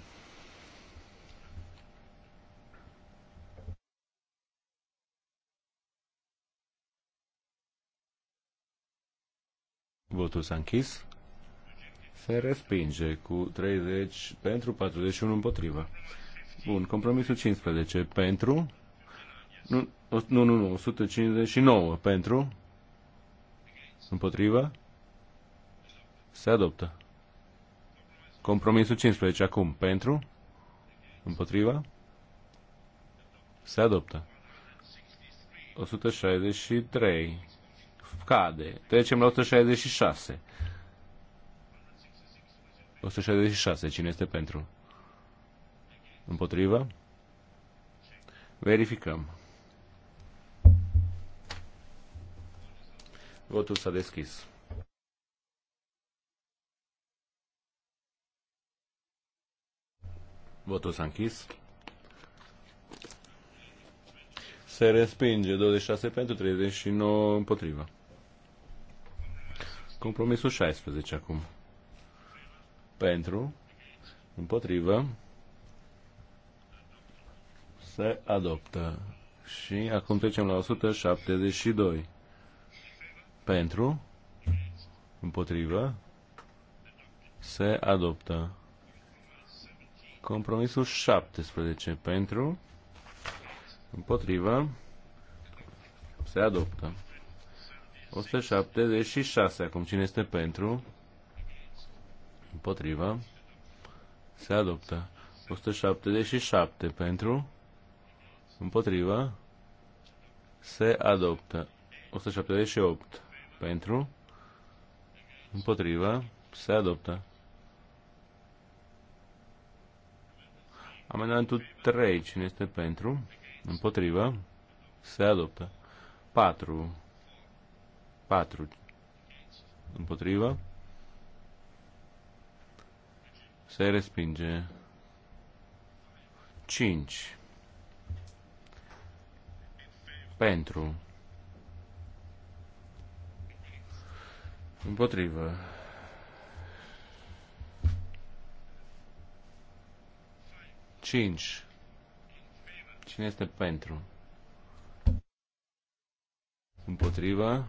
Votul s-a închis. Se respinge cu 30 pentru, 41 împotrivă. Bun, compromisul 15 pentru. Nu, nu, nu, 159 pentru. Împotrivă. Se adoptă. Compromisul 15 acum pentru. Împotrivă. Se adoptă. 163 cade. Trecem la 166. 166. Cine este pentru? Împotrivă? Verificăm. Votul s-a deschis. Votul s-a închis. Se respinge 26 pentru 39 împotriva. Compromisul 16 acum. Pentru, împotrivă, se adoptă. Și acum trecem la 172. Pentru, împotrivă, se adoptă. Compromisul 17 pentru, împotrivă, se adoptă. 176. Acum cine este pentru? Împotriva. Se adoptă. 177 pentru. Împotriva. Se adoptă. 178 pentru. Împotriva. Se adoptă. Amendamentul 3. Cine este pentru? Împotriva. Se adoptă. 4 4. Împotrivă. Se respinge. 5. Pentru. Împotrivă. Cinci. Cine este pentru? Împotriva.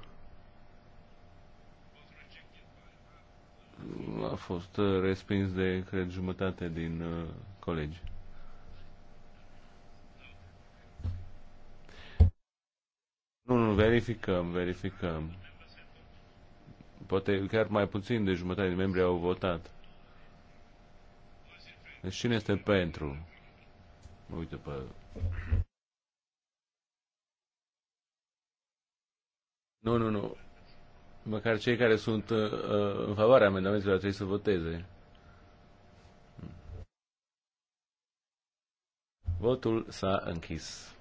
a fost uh, respins de, cred, jumătate din uh, colegi. Nu, nu, verificăm, verificăm. Poate chiar mai puțin de jumătate de membri au votat. Deci cine este pentru? Mă uită pe... Nu, nu, nu măcar cei care sunt uh, uh în favoarea amendamentului trebuie să voteze. Votul s-a închis.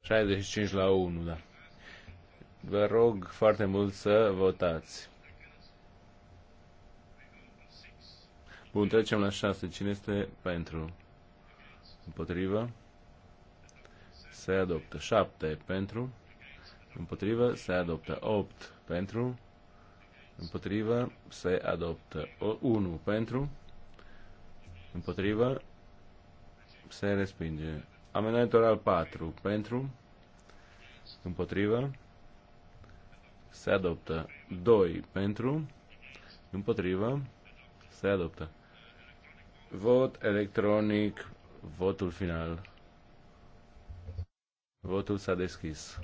Șaizeci la unu, da. Vă rog foarte mult să votați. Bun, trecem la 6. Cine este pentru? Împotrivă? Se adoptă. 7 pentru? Împotrivă? Se adoptă. 8 pentru? Împotrivă? Se adoptă. 1 pentru? Împotrivă? Se respinge. Amendamentul al 4 pentru? Împotrivă? Se adoptă. 2 pentru? Împotrivă? Se adoptă. Vot electronic, votul final. Votul s-a deschis.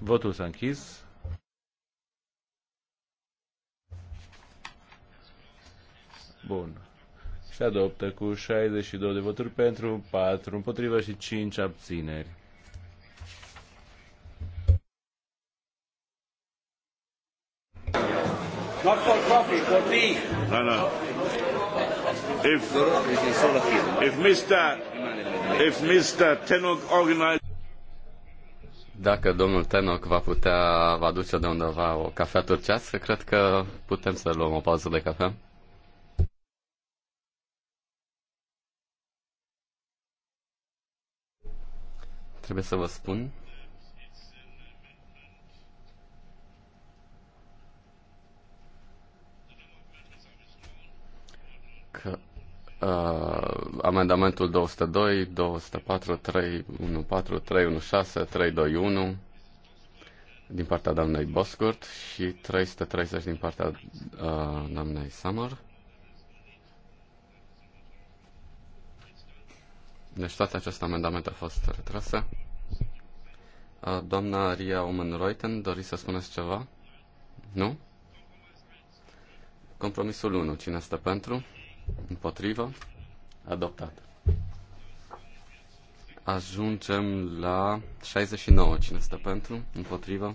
Votul s-a închis. Bun. Se adoptă cu 62 de voturi pentru, 4 împotrivă și 5 abțineri. Not for coffee, for tea. No, no. If, if Mr. If Mr. Tenok organized... Dacă domnul Tenoc va putea va duce de undeva o cafea turcească, cred că putem să luăm o pauză de cafea. Trebuie să vă spun uh, amendamentul 202, 204, 3, 14, 316, 321 din partea doamnei Boscurt și 330 din partea uh, doamnei Summer. Deci toate aceste amendamente au fost retrase. Uh, doamna Ria Omen-Reuten, doriți să spuneți ceva? Nu? Compromisul 1. Cine stă pentru? Împotrivă? Adoptat. Ajungem la 69. Cine stă pentru? Împotrivă?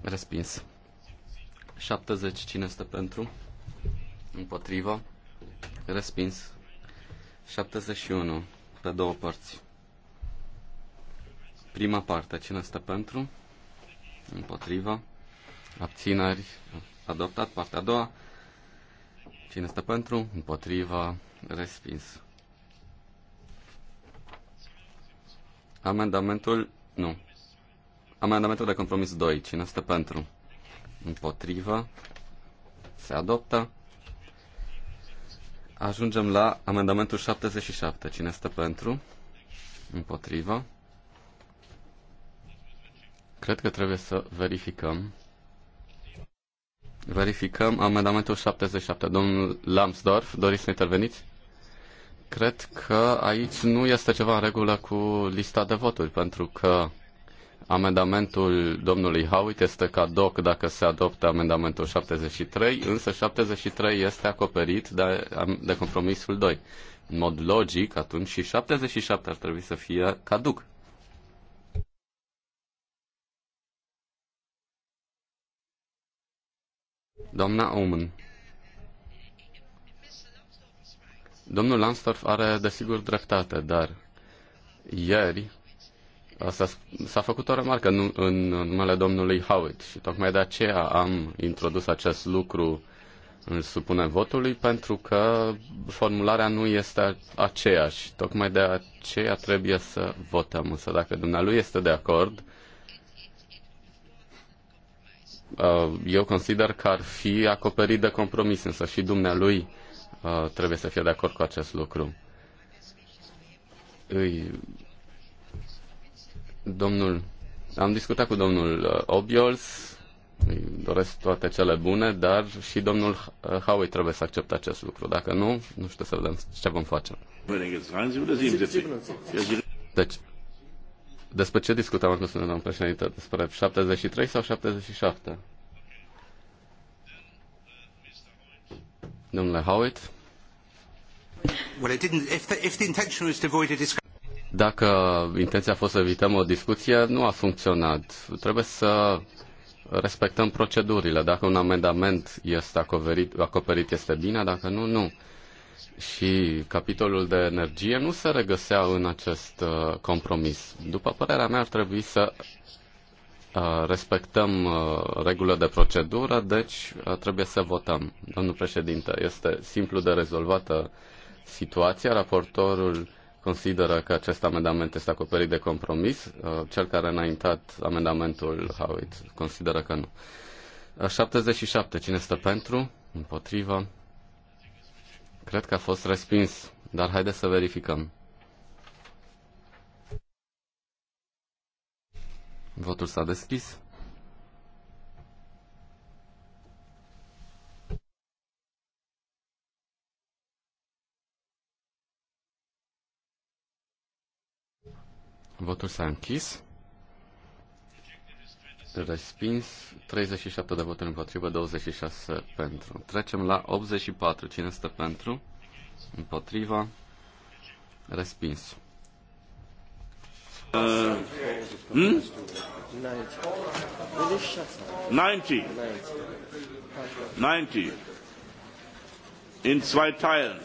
Respins. 70. Cine stă pentru? Împotrivă? Respins. 71. Pe două părți. Prima parte. Cine stă pentru? Împotrivă? Abțineri? Adoptat. Partea a doua Cine este pentru? Împotriva. Respins. Amendamentul... Nu. Amendamentul de compromis 2. Cine este pentru? Împotriva. Se adoptă. Ajungem la amendamentul 77. Cine este pentru? Împotriva. Cred că trebuie să verificăm. Verificăm amendamentul 77. Domnul Lambsdorff, doriți să interveniți? Cred că aici nu este ceva în regulă cu lista de voturi, pentru că amendamentul domnului Howitt este doc dacă se adoptă amendamentul 73, însă 73 este acoperit de, de compromisul 2. În mod logic, atunci și 77 ar trebui să fie caduc. Doamna Oman, Domnul Lansdorf are desigur dreptate, dar ieri s-a, făcut o remarcă în, în numele domnului Howitt și tocmai de aceea am introdus acest lucru îl supune votului pentru că formularea nu este aceeași. Tocmai de aceea trebuie să votăm. Însă dacă dumnealui este de acord, Uh, eu consider că ar fi acoperit de compromis, însă și dumnealui uh, trebuie să fie de acord cu acest lucru. Domnul, am discutat cu domnul uh, Obiols, îi doresc toate cele bune, dar și domnul Howey trebuie să accepte acest lucru. Dacă nu, nu știu să vedem ce vom face. Deci, despre ce discutăm acum, domnul președinte? Despre 73 sau 77? Domnule Howitt? Well, it didn't, if the, if the intention was to avoid a Dacă intenția a fost să evităm o discuție, nu a funcționat. Trebuie să respectăm procedurile. Dacă un amendament este acoperit, acoperit este bine, dacă nu, nu și capitolul de energie nu se regăsea în acest uh, compromis. După părerea mea, ar trebui să uh, respectăm uh, regulă de procedură, deci trebuie să votăm. Domnul președinte, este simplu de rezolvată situația. Raportorul consideră că acest amendament este acoperit de compromis. Cel care a înaintat amendamentul Howitt consideră că nu. 77. Cine stă pentru? Împotrivă? Cred că a fost respins, dar haideți să verificăm. Votul s-a deschis. Votul s-a închis. Respins 37 de voturi împotrivă, 26 pentru. Trecem la 84. Cine este pentru? Împotriva. Respins. Uh, hmm? 90. 90. In zwei Teilen.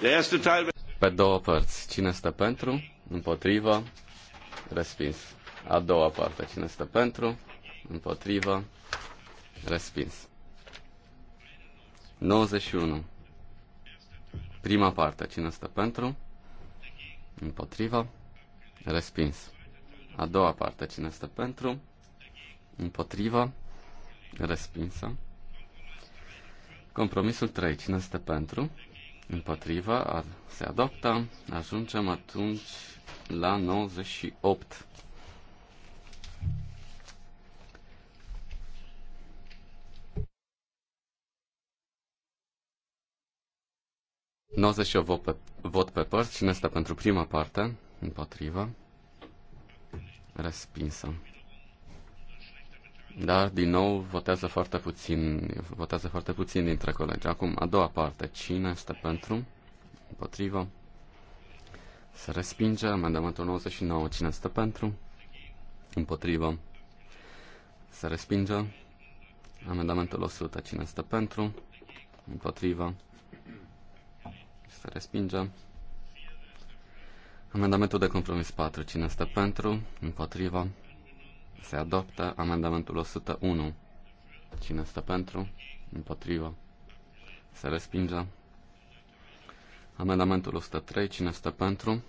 Der erste Teil. Pe două părți. Cine este pentru? Împotriva. Respins. A doua parte, cine stă pentru? Împotrivă. Respins. 91. Prima parte, cine stă pentru? Împotrivă. Respins. A doua parte, cine stă pentru? Împotrivă. Respinsă. Compromisul 3. Cine este pentru? Împotriva. Ar, se adoptă. Ajungem atunci la 98. 98 vot pe, vot pe părți. Cine stă pentru prima parte? Împotrivă. Respinsă. Dar, din nou, votează foarte puțin, votează foarte puțin dintre colegi. Acum, a doua parte. Cine stă pentru? Împotrivă. Se respinge. Amendamentul 99. Cine stă pentru? Împotrivă. Se respinge. Amendamentul 100. Cine stă pentru? Împotrivă. Se respinge. Amendamentul de compromis 4. Cine stă pentru? Împotriva? Se adoptă. Amendamentul 101. Cine stă pentru? Împotriva? Se respinge. Amendamentul 103. Cine stă pentru?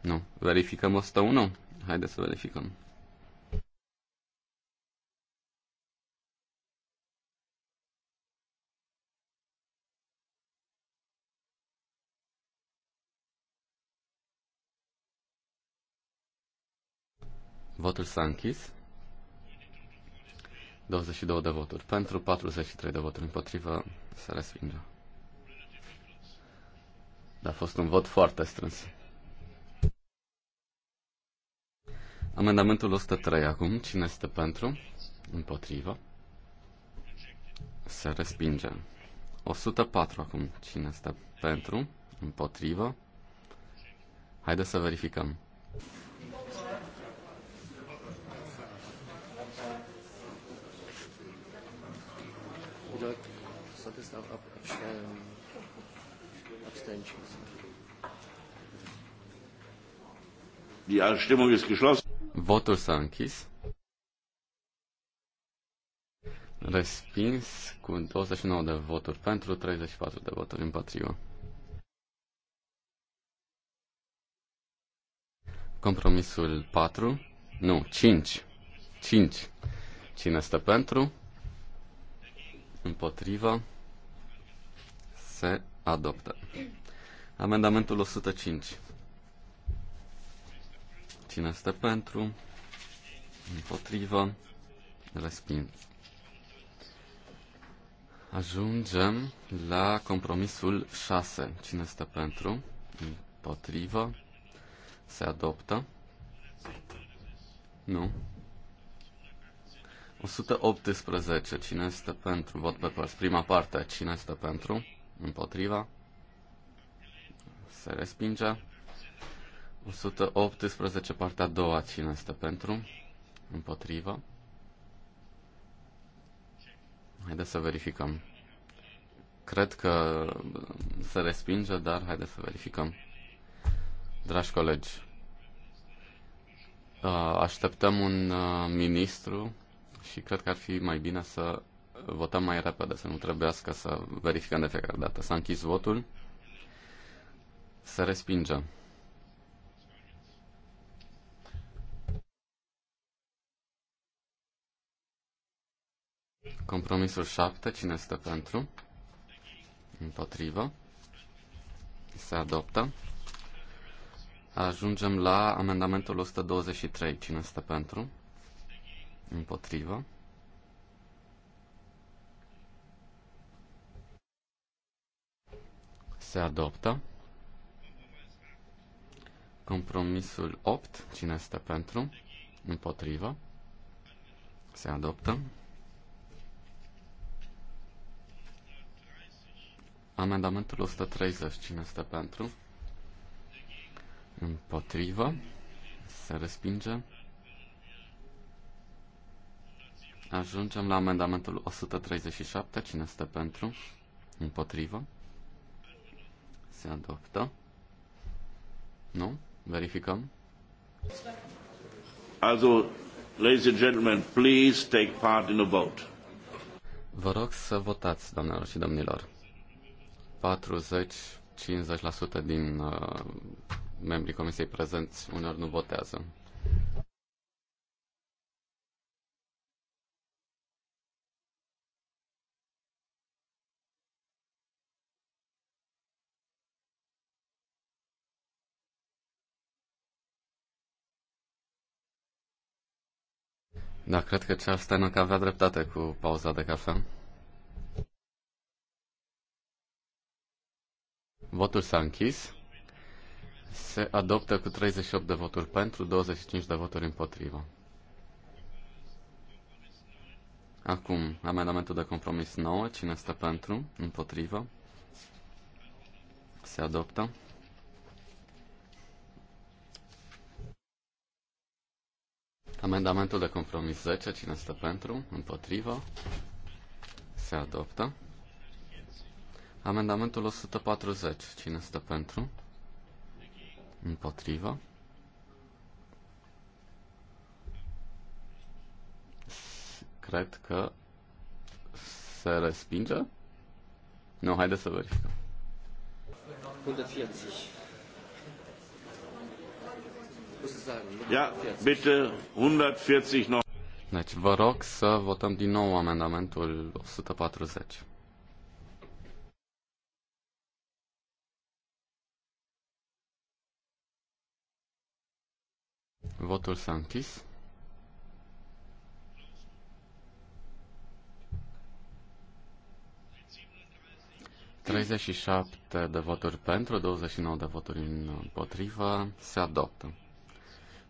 Nu. Verificăm 101? Haideți să verificăm. Votul s-a închis. 22 de voturi pentru, 43 de voturi împotrivă, se respinge. Dar a fost un vot foarte strâns. Amendamentul 103 acum. Cine este pentru? Împotrivă. Se respinge. 104 acum. Cine este pentru? Împotrivă. Haideți să verificăm. no, so up, um, abstentions. Die Abstimmung ist geschlossen. Votul s-a închis. Respins cu 29 de voturi pentru, 34 de voturi împotrivă. Compromisul 4, nu, 5. 5. Cine stă pentru? împotrivă, se adoptă. Amendamentul 105. Cine este pentru? Împotrivă? Respins. Ajungem la compromisul 6. Cine este pentru? Împotrivă? Se adoptă? Nu. 118. Cine este pentru? Vot pe părți. Prima parte. Cine este pentru? Împotriva? Se respinge. 118. Partea a doua. Cine este pentru? Împotriva? Haideți să verificăm. Cred că se respinge, dar haideți să verificăm. Dragi colegi, uh, așteptăm un uh, ministru și cred că ar fi mai bine să votăm mai repede, să nu trebuiască să verificăm de fiecare dată. S-a închis votul. să respingem. Compromisul 7, cine este pentru? Împotrivă. Se adoptă. Ajungem la amendamentul 123, cine este pentru? Împotrivă. Se adoptă. Compromisul 8. Cine este pentru? Împotrivă. Se adoptă. Amendamentul 130. Cine este pentru? Împotrivă. Se respinge. Ajungem la amendamentul 137. Cine este pentru? Împotrivă? Se adoptă? Nu? Verificăm? Also, ladies and gentlemen, please take part in the vote. Vă rog să votați, doamnelor și domnilor. 40-50% din uh, membrii comisiei prezenți uneori nu votează. Da, cred că Charles Stanock avea dreptate cu pauza de cafea. Votul s-a închis. Se adoptă cu 38 de voturi pentru, 25 de voturi împotrivă. Acum, amendamentul de compromis 9. Cine stă pentru? Împotrivă? Se adoptă. Amendamentul de compromis 10, cine stă pentru? Împotrivă? Se adoptă. Amendamentul 140, cine stă pentru? Împotrivă? Cred că se respinge. Nu, haideți să verificăm. 140. Ja, bitte 140 noch. Deci vă rog să votăm din nou amendamentul 140. Votul s-a închis. Treizeci și șapte de voturi pentru, douăzeci și nouă de voturi împotrivă, se adoptă.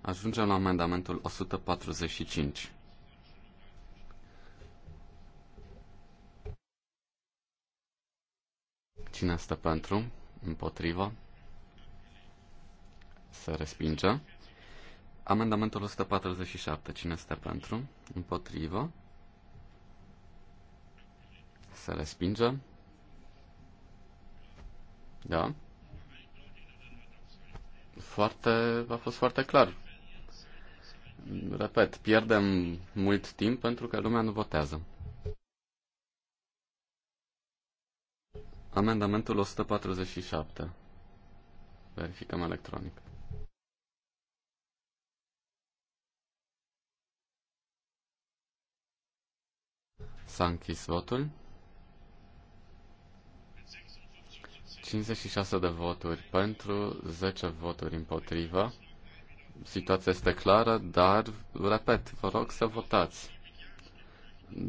Ajungem la amendamentul 145. Cine este pentru? Împotriva? Se respinge. Amendamentul 147. Cine este pentru? Împotrivă. Se respinge. Da. Foarte, a fost foarte clar repet, pierdem mult timp pentru că lumea nu votează. Amendamentul 147. Verificăm electronic. S-a închis votul. 56 de voturi pentru, 10 voturi împotriva situația este clară, dar, repet, vă rog să votați.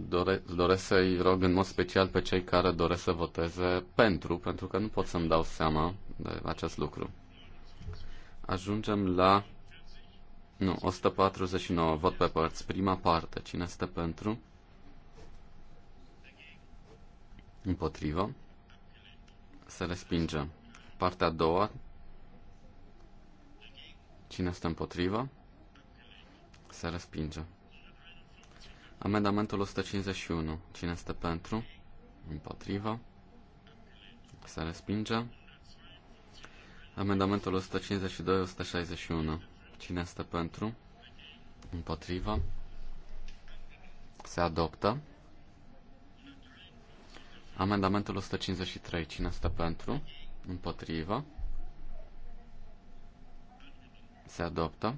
Dore, doresc să-i rog în mod special pe cei care doresc să voteze pentru, pentru că nu pot să-mi dau seama de acest lucru. Ajungem la... Nu, 149, vot pe părți. Prima parte, cine este pentru? Împotrivă. Se respinge. Partea a doua, Cine este împotrivă? Se respinge. Amendamentul 151. Cine este pentru? Împotrivă. Se respinge. Amendamentul 152-161. Cine este pentru? Împotrivă. Se adoptă. Amendamentul 153. Cine este pentru? Împotrivă se adoptă.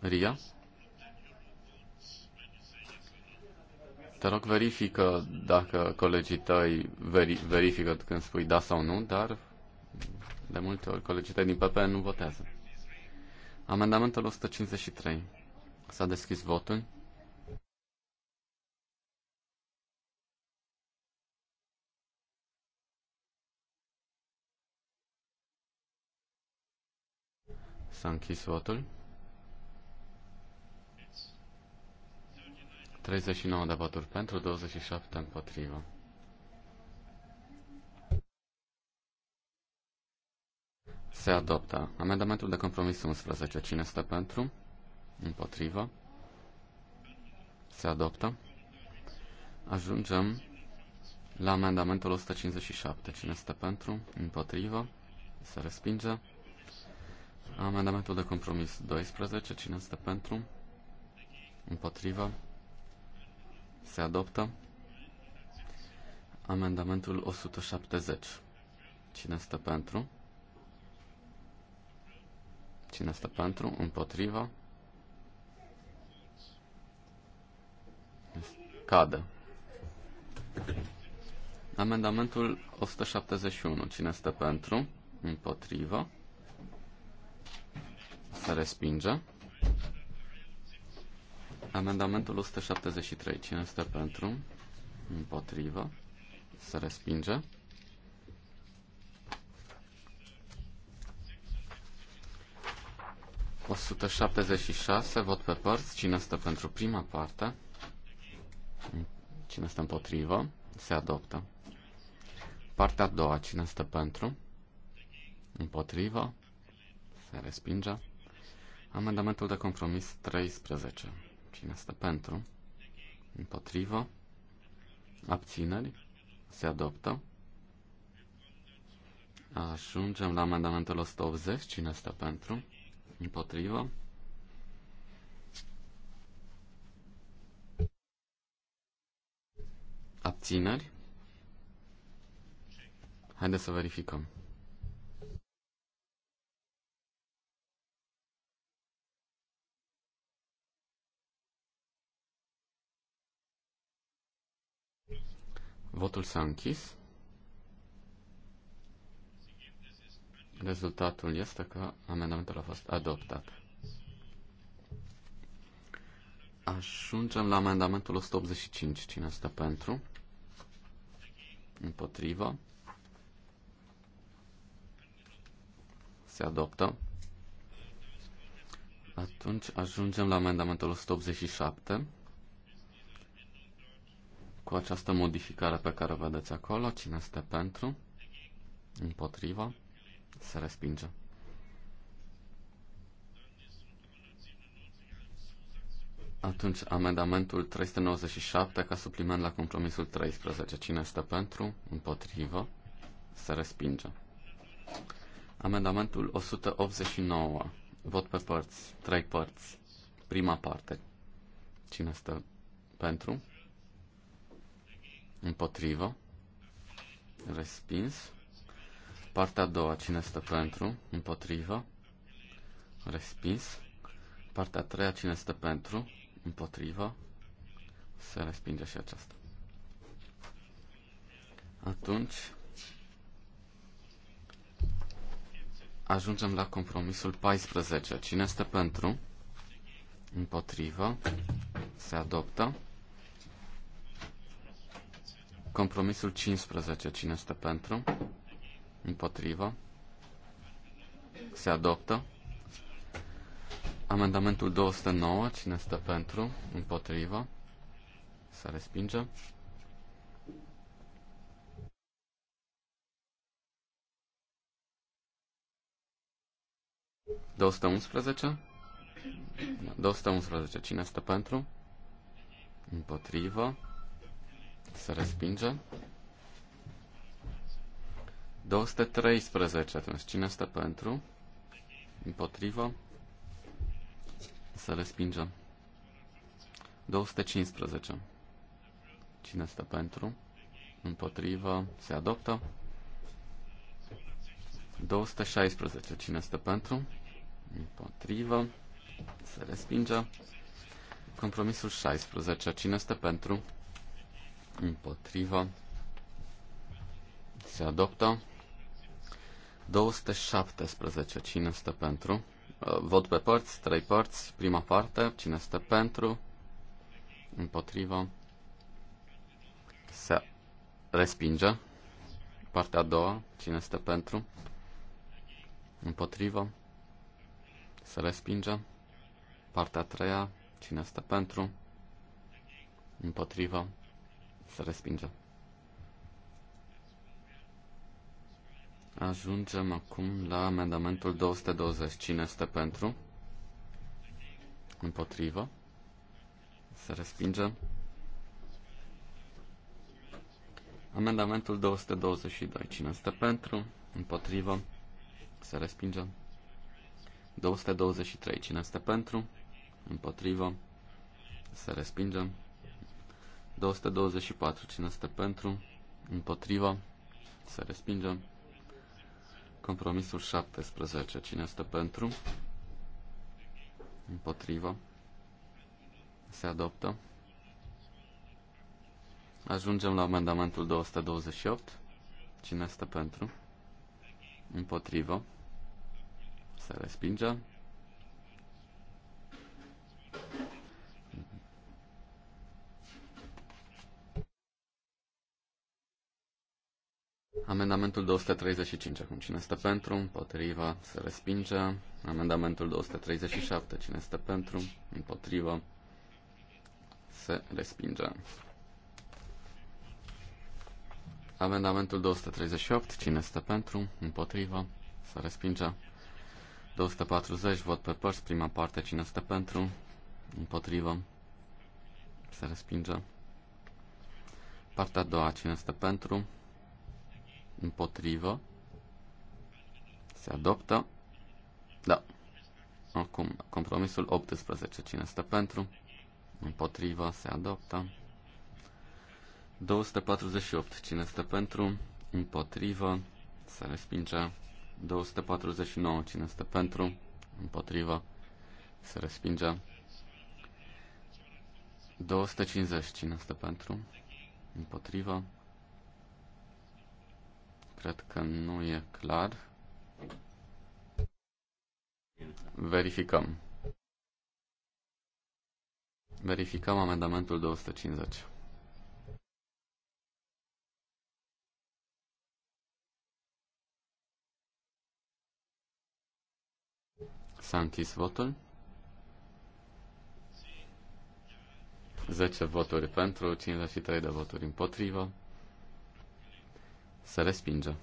Ria? Te rog, verifică dacă colegii tăi veri, verifică când spui da sau nu, dar de multe ori colegii tăi din PP nu votează. Amendamentul 153. S-a deschis votul. S-a închis votul. 39 de voturi pentru, 27 împotrivă. Se adoptă amendamentul de compromis 11. Cine stă pentru? Împotrivă. Se adoptă. Ajungem la amendamentul 157. Cine stă pentru? Împotrivă. Se respinge. Amendamentul de compromis 12. Cine este pentru? Împotrivă? Se adoptă. Amendamentul 170. Cine este pentru? Cine este pentru? Împotrivă? Cade. Amendamentul 171. Cine este pentru? Împotrivă? se respinge. Amendamentul 173. Cine este pentru? Împotrivă. Se respinge. O 176, vot pe părți. Cine stă pentru prima parte? Cine stă împotrivă? Se adoptă. Partea a doua, cine stă pentru? Împotrivă? Se respinge. Amendamentul de compromis 13. Cine este pentru? Împotrivă? Abțineri? Se adoptă. Ajungem la amendamentul 180. Cine este pentru? Împotrivă? Abțineri? Haideți să verificăm. Votul s-a închis. Rezultatul este că amendamentul a fost adoptat. Ajungem la amendamentul 185. Cine stă pentru? Împotrivă. Se adoptă. Atunci ajungem la amendamentul 187 cu această modificare pe care o vedeți acolo. Cine este pentru? Împotriva? Se respinge. Atunci, amendamentul 397 ca supliment la compromisul 13. Cine este pentru? Împotrivă? Se respinge. Amendamentul 189. Vot pe părți. Trei părți. Prima parte. Cine este pentru? Împotrivă. Respins. Partea a doua, cine stă pentru? Împotrivă. Respins. Partea a treia, cine stă pentru? Împotrivă. Se respinge și aceasta. Atunci, ajungem la compromisul 14. Cine este pentru? Împotrivă. Se adoptă. Compromisul 15. Cine este pentru? Împotrivă. Se adoptă. Amendamentul 209. Cine este pentru? Împotrivă. Se respinge. Dosta 11? 211. Cine este pentru? Împotrivă. Se respinge. 213. Atunci, cine este pentru? Împotrivă. Se respinge. 215. Cine este pentru? Împotrivă. Se adoptă. 216. Cine este pentru? Împotrivă. Se respinge. Compromisul 16. Cine este pentru? împotriva, se adoptă. 217. Cine este pentru? Uh, vot pe părți, trei părți. Prima parte, cine este pentru? Împotriva. Se respinge. Partea a doua, cine este pentru? Împotriva. Se respinge. Partea a treia, cine este pentru? Împotriva se respinge. Ajungem acum la amendamentul 220. Cine este pentru? Împotrivă. Se respinge. Amendamentul 222. Cine este pentru? Împotrivă. Se respinge. 223. Cine este pentru? Împotrivă. Se respinge. 224. Cine este pentru? Împotriva? Se respinge. Compromisul 17. Cine este pentru? Împotriva? Se adoptă. Ajungem la amendamentul 228. Cine este pentru? Împotrivă. Se respinge. Amendamentul 235, acum cine este pentru, Împotrivă, se respinge. Amendamentul 237, cine este pentru, Împotrivă, se respinge. Amendamentul 238, cine este pentru, Împotrivă, se respinge. 240, vot pe părți, prima parte, cine este pentru, Împotrivă, se respinge. Partea a doua, cine este pentru, Împotrivă. Se adoptă. Da. Acum, compromisul 18. Cine stă pentru? Împotrivă. Se adoptă. 248. Cine stă pentru? Împotrivă. Se respinge. 249. Cine stă pentru? Împotrivă. Se respinge. 250. Cine stă pentru? Împotrivă. Cred că nu e clar. Verificăm. Verificăm amendamentul 250. S-a închis votul. 10 voturi pentru, 53 de voturi împotrivă. Se respinge.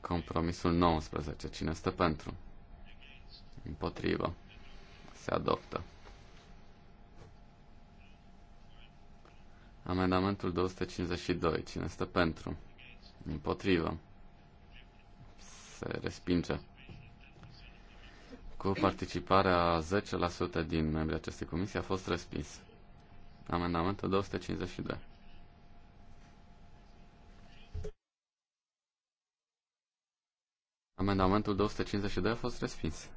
Compromisul 19. Cine stă pentru? Împotrivă. Se adoptă. Amendamentul 252. Cine stă pentru? Împotrivă. Se respinge. Cu participarea 10% din membrii acestei comisii a fost respins. Amendamentul 252. Amendamentul 252 a fost respins.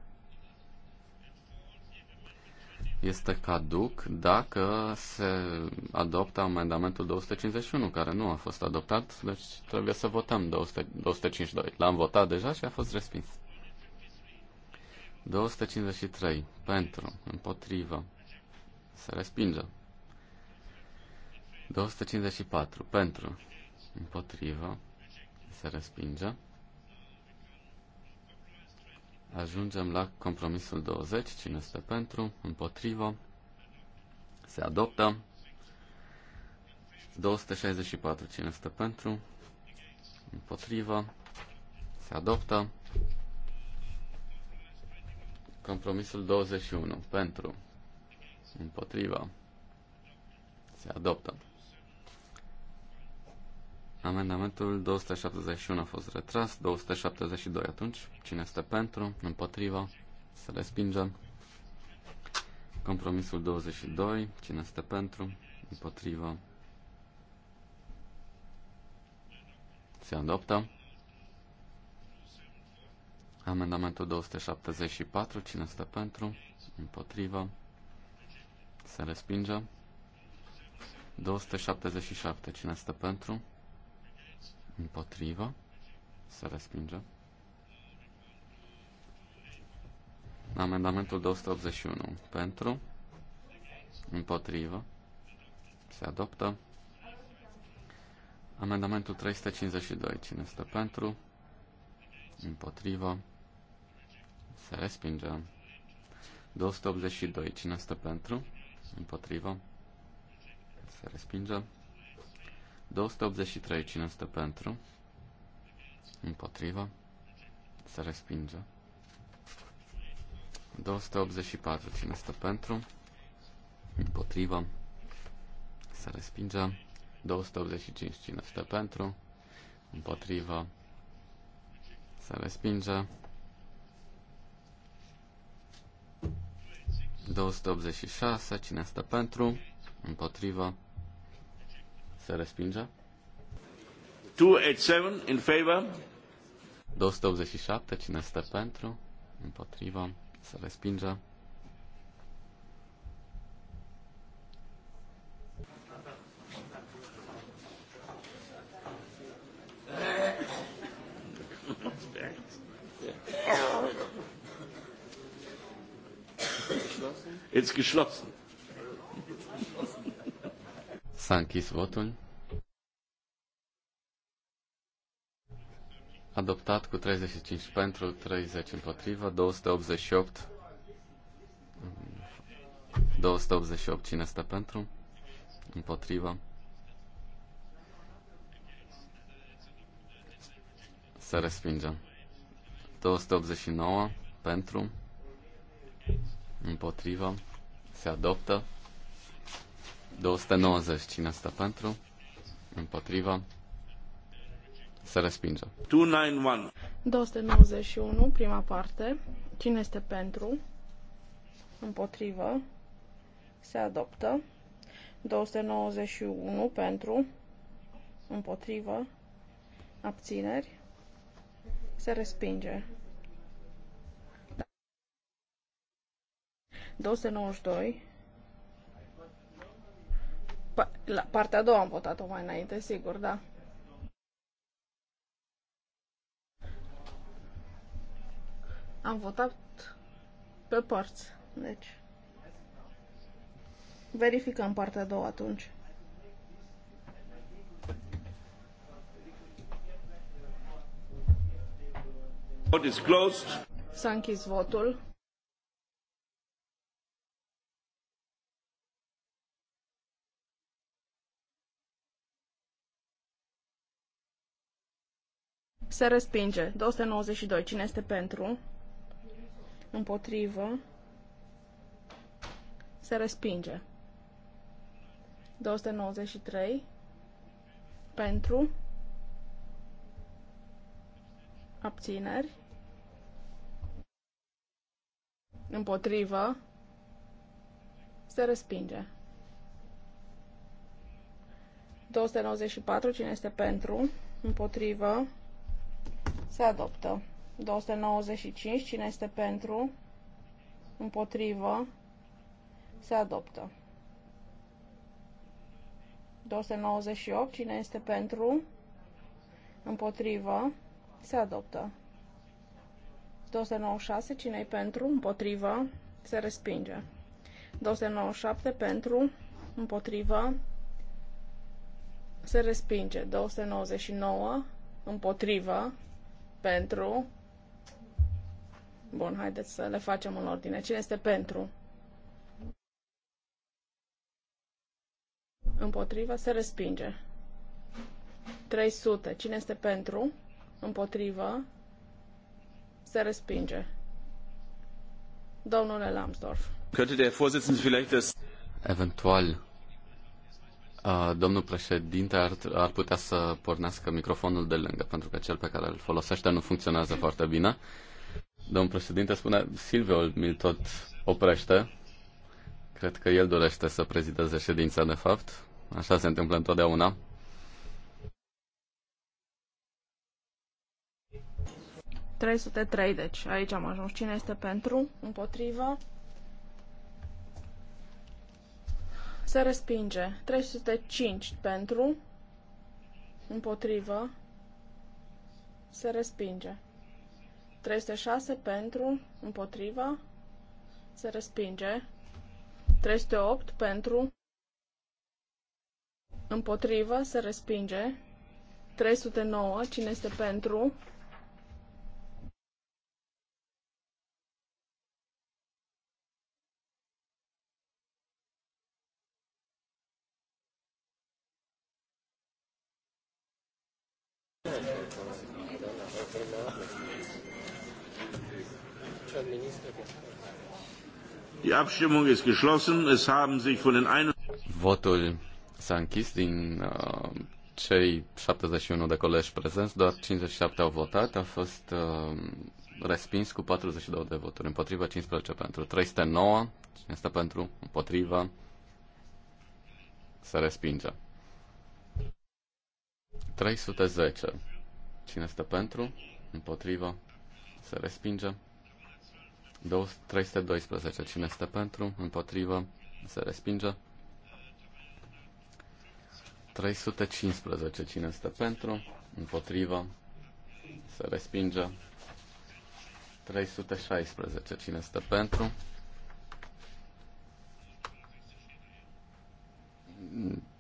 Este caduc dacă se adoptă amendamentul 251, care nu a fost adoptat, deci trebuie să votăm 200, 252. L-am votat deja și a fost respins. 253. Pentru. Împotrivă. Se respinge. 254. Pentru. Împotrivă. Se respinge. Ajungem la compromisul 20. Cine este pentru? Împotrivă? Se adoptă. 264. Cine este pentru? Împotrivă? Se adoptă. Compromisul 21. Pentru. Împotrivă? Se adoptă. Amendamentul 271 a fost retras, 272 atunci. Cine este pentru? Împotriva? Se respinge. Compromisul 22. Cine este pentru? Împotriva? Se adoptă. Amendamentul 274. Cine este pentru? Împotriva? Se respinge. 277. Cine este pentru? împotrivă, se respinge. Amendamentul 281 pentru, împotrivă, se adoptă. Amendamentul 352, cine este pentru, împotrivă, se respinge. 282, cine este pentru, împotrivă, se respinge. 283. Cine este pentru? Împotrivă. Se respinge. 284. Cine este pentru? Împotrivă. Se respinge. 285. Cine este pentru? Împotrivă. Se respinge. 286. Cine este pentru? Împotrivă se respinge. 287 in favor. 287, cine este pentru? Împotriva. Se respinge. It's geschlossen. S-a închis votul. Adoptat cu 35 pentru, 30 împotrivă, 288. 288 cine este pentru? Împotrivă. Se respinge. 289 pentru, împotrivă, se adoptă. 290. Cine stă pentru? Împotriva? Se respinge. 291. 291, prima parte. Cine este pentru? Împotrivă? Se adoptă. 291 pentru? Împotrivă? Abțineri? Se respinge. 292 la partea a doua am votat-o mai înainte, sigur, da. Am votat pe părți, deci. Verificăm partea a doua atunci. is closed. S-a închis votul. Se respinge. 292. Cine este pentru? Împotrivă. Se respinge. 293. Pentru. Abțineri. Împotrivă. Se respinge. 294. Cine este pentru? Împotrivă. Se adoptă. 295. Cine este pentru? Împotrivă. Se adoptă. 298. Cine este pentru? Împotrivă. Se adoptă. 296. Cine e pentru? Împotrivă. Se respinge. 297 pentru, împotrivă, se respinge. 299 împotrivă, pentru. Bun, haideți să le facem în ordine. Cine este pentru? Împotrivă se respinge. 300. Cine este pentru? Împotrivă se respinge. Domnule Lambsdorff. Könnte der Vorsitzende vielleicht das... Eventual Domnul președinte ar, ar putea să pornească microfonul de lângă, pentru că cel pe care îl folosește nu funcționează foarte bine. Domnul președinte spune, Silvio mi tot oprește. Cred că el dorește să prezideze ședința, de fapt. Așa se întâmplă întotdeauna. trei deci aici am ajuns. Cine este pentru? Împotrivă? Se respinge. 305 pentru. Împotrivă. Se respinge. 306 pentru. Împotrivă. Se respinge. 308 pentru. Împotrivă. Se respinge. 309. Cine este pentru? Abstimmung ist geschlossen. Es haben sich von den Votul s-a închis din uh, cei 71 de colegi prezenți, doar 57 au votat, a fost uh, respins cu 42 de voturi împotriva, 15 pentru, 309, cine pentru, împotriva, se respinge. 310, cine este pentru, împotriva, se respinge. 312. Cine este pentru? Împotrivă? Se respinge. 315. Cine este pentru? Împotrivă? Se respinge. 316. Cine este pentru?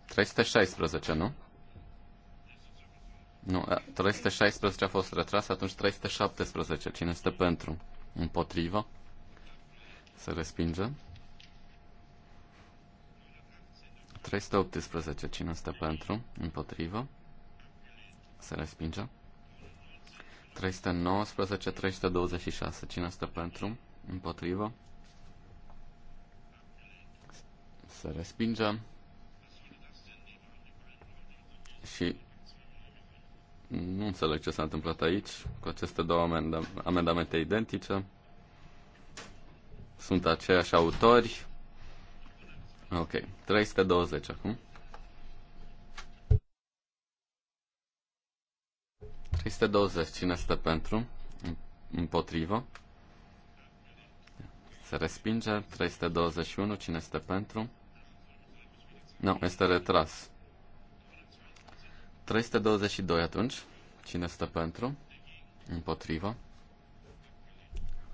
Trei 16, nu? Nu, 316 eh, a fost retras, atunci 317. Cine este pentru? împotrivă, se respinge. 318, cine este pentru, împotrivă, se respinge. 319, 326, cine este pentru, împotrivă, se respinge. Și nu înțeleg ce s-a întâmplat aici cu aceste două amendam- amendamente identice. Sunt aceiași autori. Ok, 320 acum. 320, cine este pentru? Împotrivă? Se respinge. 321, cine este pentru? Nu, este retras. 322 atunci. Cine stă pentru? Împotrivă.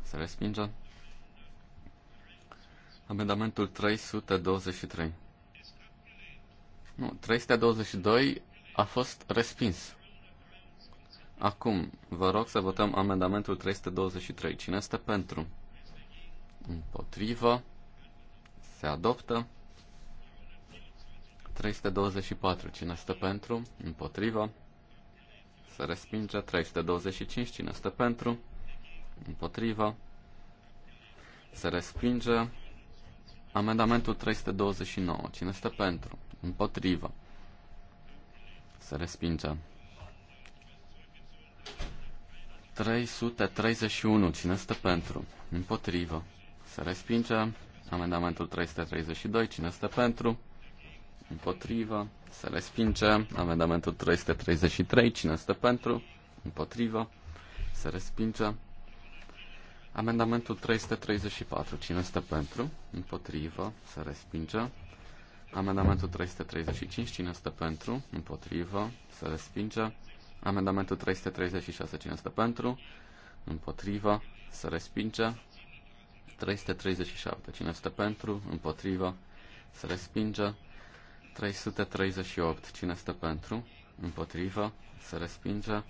Se respinge. Amendamentul 323. Nu, 322 a fost respins. Acum, vă rog să votăm amendamentul 323. Cine este pentru? Împotrivă. Se adoptă. 324. Cine stă pentru? Împotriva. Se respinge. 325. Cine stă pentru? Împotriva. Se respinge. Amendamentul 329. Cine stă pentru? Împotriva. Se respinge. 331. Cine stă pentru? Împotrivă. Se respinge. Amendamentul 332. Cine stă pentru? împotrivă, se respinge. Amendamentul 333, cine este pentru, împotrivă, se respinge. Amendamentul 334, cine este pentru, împotrivă, se respinge. Amendamentul 335, cine este pentru, împotrivă, se respinge. Amendamentul 336, cine este pentru, împotrivă, se respinge. 337, cine este pentru, împotrivă, se respinge. 338. Cine este pentru? Împotrivă. Se respinge.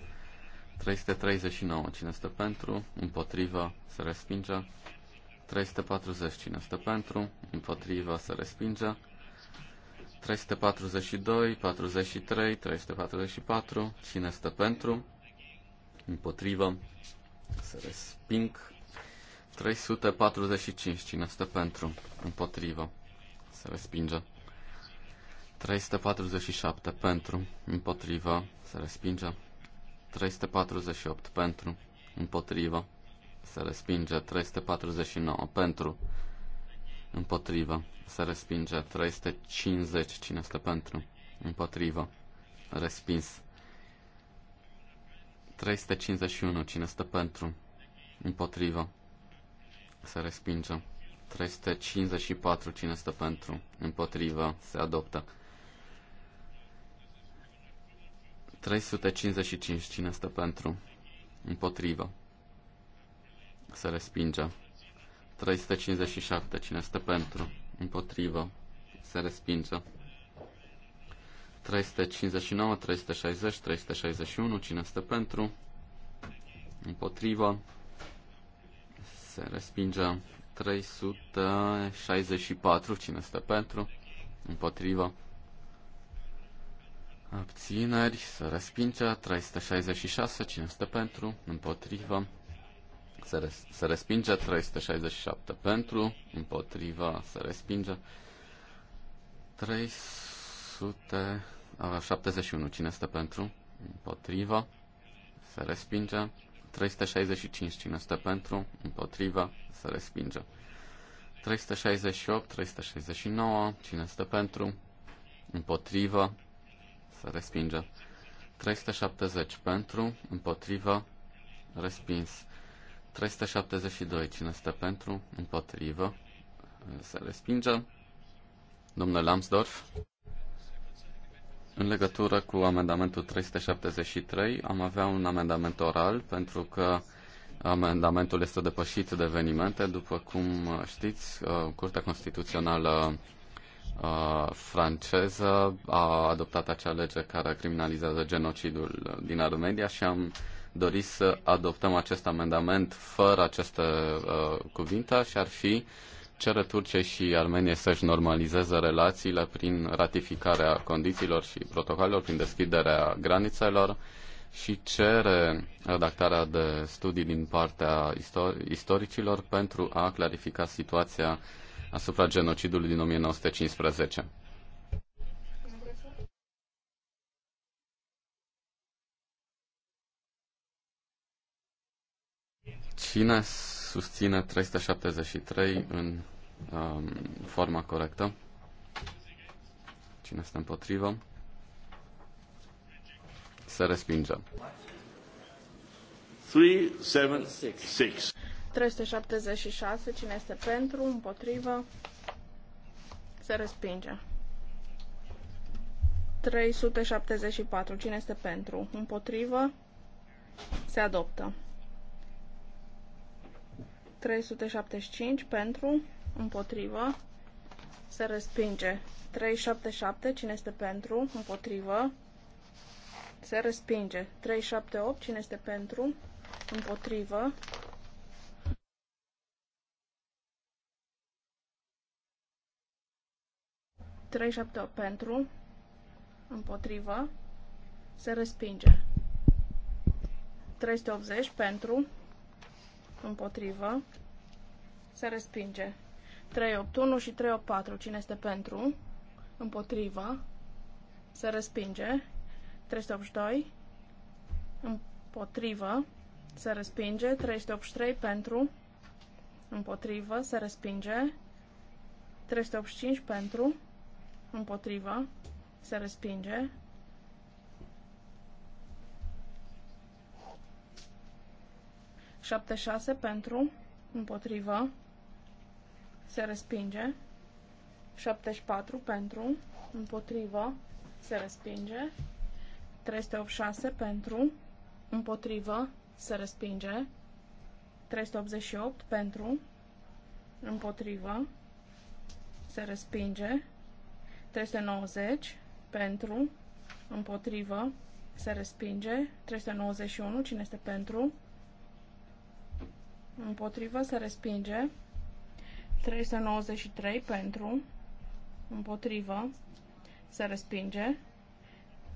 339. Cine este pentru? Împotrivă. Se respinge. 340. Cine este pentru? Împotrivă. Se respinge. 342, 43, 344. Cine este pentru? Împotrivă. Se resping. 345. Cine este pentru? Împotrivă. Se respinge. 347 pentru, împotriva, se respinge. 348 pentru, împotriva, se respinge. 349 pentru, împotriva, se respinge. 350, cine este pentru, împotriva, respins. 351, cine este pentru, împotriva, se respinge. 354, cine este pentru, împotriva, se adoptă. 355. Cine este pentru? Împotrivă. Se respinge. 357. Cine este pentru? Împotrivă. Se respinge. 359, 360, 361. Cine este pentru? Împotrivă. Se respinge. 364. Cine este pentru? Împotrivă Abțineri, se respinge, 366, cine este pentru, împotrivă, se, res- se respinge, 367 pentru, împotriva, se respinge, 371, cine este pentru, împotriva, se respinge, 365, cine este pentru, împotriva, se respinge, 368, 369, cine este pentru, împotriva, se respinge. 370 pentru, împotrivă, respins. 372, cine este pentru, împotrivă, se respinge. Domnule Lambsdorff, în legătură cu amendamentul 373, am avea un amendament oral pentru că amendamentul este depășit de evenimente. După cum știți, uh, Curtea Constituțională franceză a adoptat acea lege care criminalizează genocidul din Armenia și am dorit să adoptăm acest amendament fără aceste uh, cuvinte și ar fi cere Turciei și Armenie să-și normalizeze relațiile prin ratificarea condițiilor și protocolelor, prin deschiderea granițelor și cere redactarea de studii din partea istor- istoricilor pentru a clarifica situația uh, asupra genocidului din 1915. Cine susține 373 în um, forma corectă? Cine este împotrivă? Se respinge. 376. 376. Cine este pentru? Împotrivă? Se respinge. 374. Cine este pentru? Împotrivă? Se adoptă. 375 pentru, împotrivă, se respinge. 377, cine este pentru, împotrivă, se respinge. 378, cine este pentru, împotrivă, 378 pentru, împotrivă, se respinge. 380 pentru, împotrivă, se respinge. 381 și 384, cine este pentru, împotrivă, se respinge. 382, împotrivă, se respinge. 383 pentru, împotrivă, se respinge. 385 pentru, împotrivă, se respinge. Șapte șase pentru, împotrivă, se respinge. 74 pentru, împotrivă, se respinge. 386 pentru, împotrivă, se respinge. 388 pentru, împotrivă, se respinge. 390 pentru, împotrivă, se respinge. 391, cine este pentru? Împotrivă, se respinge. 393 pentru, împotrivă, se respinge.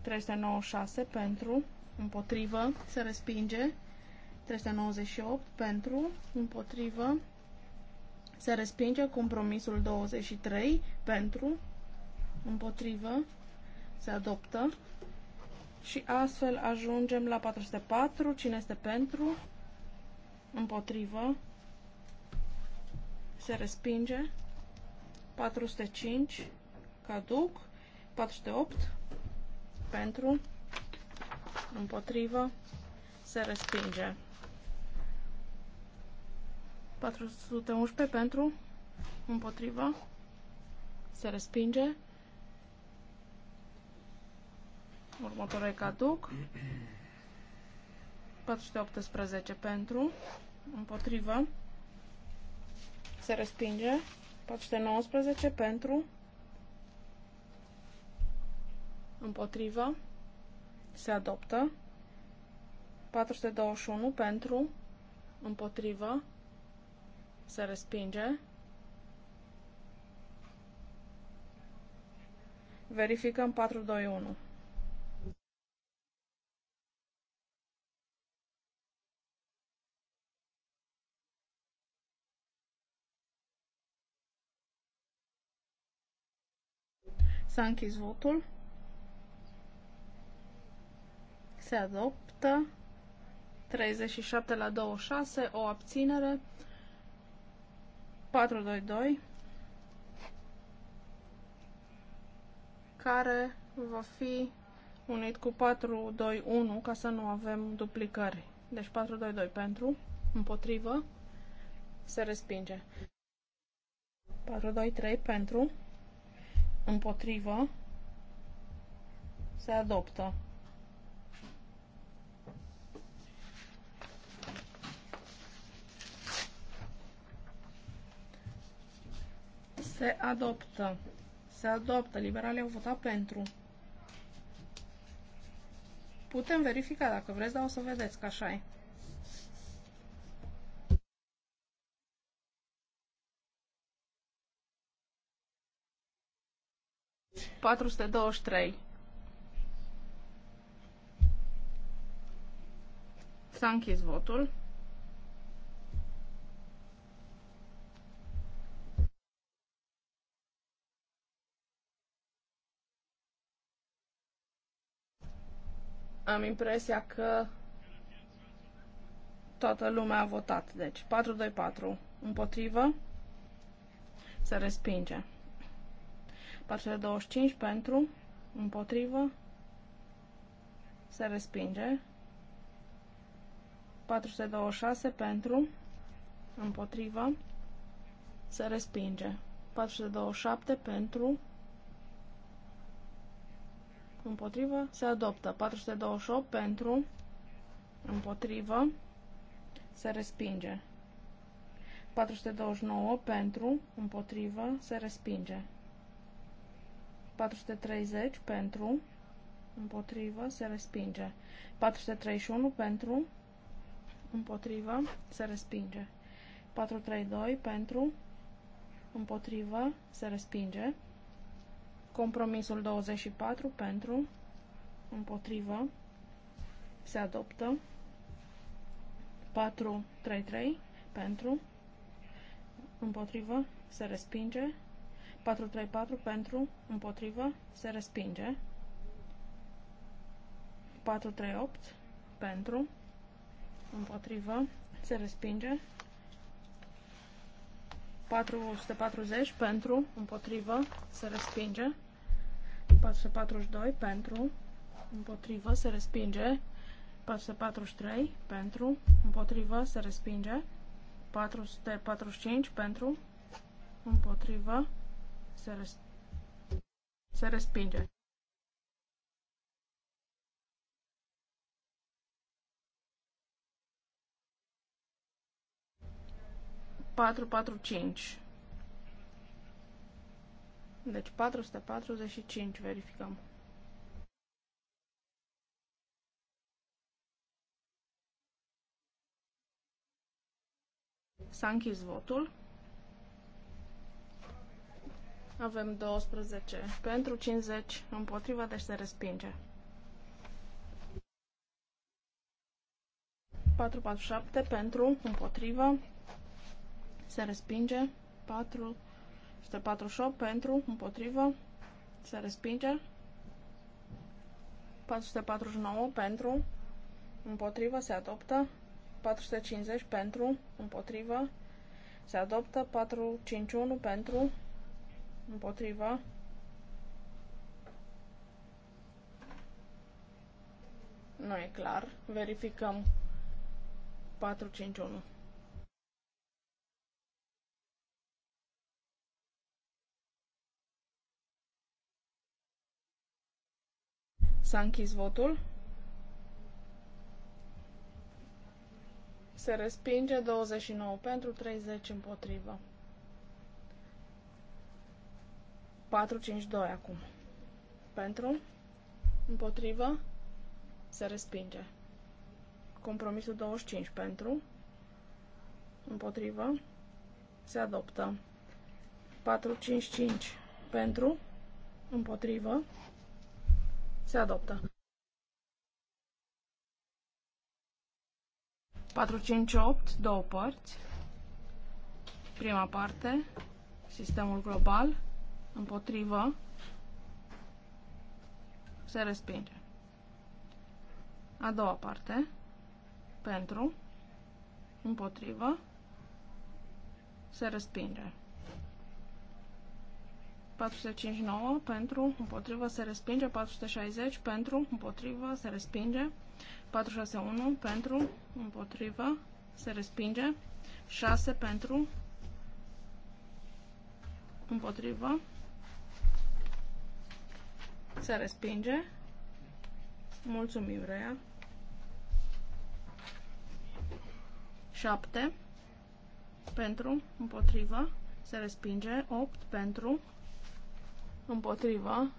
396 pentru, împotrivă, se respinge. 398 pentru, împotrivă, se respinge. Compromisul 23 pentru, împotrivă, se adoptă. Și astfel ajungem la 404. Cine este pentru? Împotrivă. Se respinge. 405. Caduc. 408. Pentru. Împotrivă. Se respinge. 411 pentru. Împotrivă. Se respinge. Următorul e caduc. 418 pentru, împotrivă, se respinge. 419 pentru, împotrivă, se adoptă. 421 pentru, împotrivă, se respinge. Verificăm 421. S-a închis votul. Se adoptă. 37 la 26, o abținere. 422 care va fi unit cu 421 ca să nu avem duplicări. Deci 422 pentru, împotrivă, se respinge. 423 pentru, împotrivă, se adoptă. Se adoptă. Se adoptă. Liberalii au votat pentru. Putem verifica dacă vreți, dar o să vedeți că așa e. 423. S-a închis votul. Am impresia că toată lumea a votat. Deci, 424. împotrivă se respinge. Parcele 25 pentru, împotrivă, se respinge. 426 pentru, împotrivă, se respinge. 427 pentru, împotrivă, se adoptă. 428 pentru, împotrivă, se respinge. 429 pentru, împotrivă, se respinge. 430 pentru, împotrivă, se respinge. 431 pentru, împotrivă, se respinge. 432 pentru, împotrivă, se respinge. Compromisul 24 pentru, împotrivă, se adoptă. 433 pentru, împotrivă, se respinge. 434 pentru, împotrivă, se respinge. 438 pentru, împotrivă, se respinge. 440 pentru, împotrivă, se respinge. 442 pentru, împotrivă, se respinge. 443 pentru, împotrivă, se respinge. 445 pentru, împotrivă, se, res- se respinge. Patru, patru, cinci. Deci 445 verificăm. S-a închis votul. Avem 12 pentru 50 împotriva, deci se respinge. 447 pentru împotriva, se respinge. 448 pentru împotriva, se respinge. 449 pentru împotriva, se adoptă. 450 pentru împotriva, se adoptă. 451 pentru împotriva. Nu e clar. Verificăm 451. S-a închis votul. Se respinge 29 pentru 30 împotrivă. 452 acum. Pentru, împotrivă, se respinge. Compromisul 25 pentru, împotrivă, se adoptă. 455 pentru, împotrivă, se adoptă. 458, două părți. Prima parte, sistemul global, Împotrivă. Se respinge. A doua parte. Pentru. Împotrivă. Se respinge. 459 pentru, împotrivă, se respinge, 460 pentru, împotrivă, se respinge, 461 pentru, împotrivă, se respinge, 6 pentru, împotrivă, se respinge. Mulțumim, Rea. 7 pentru, împotrivă, se respinge. 8 pentru, împotrivă,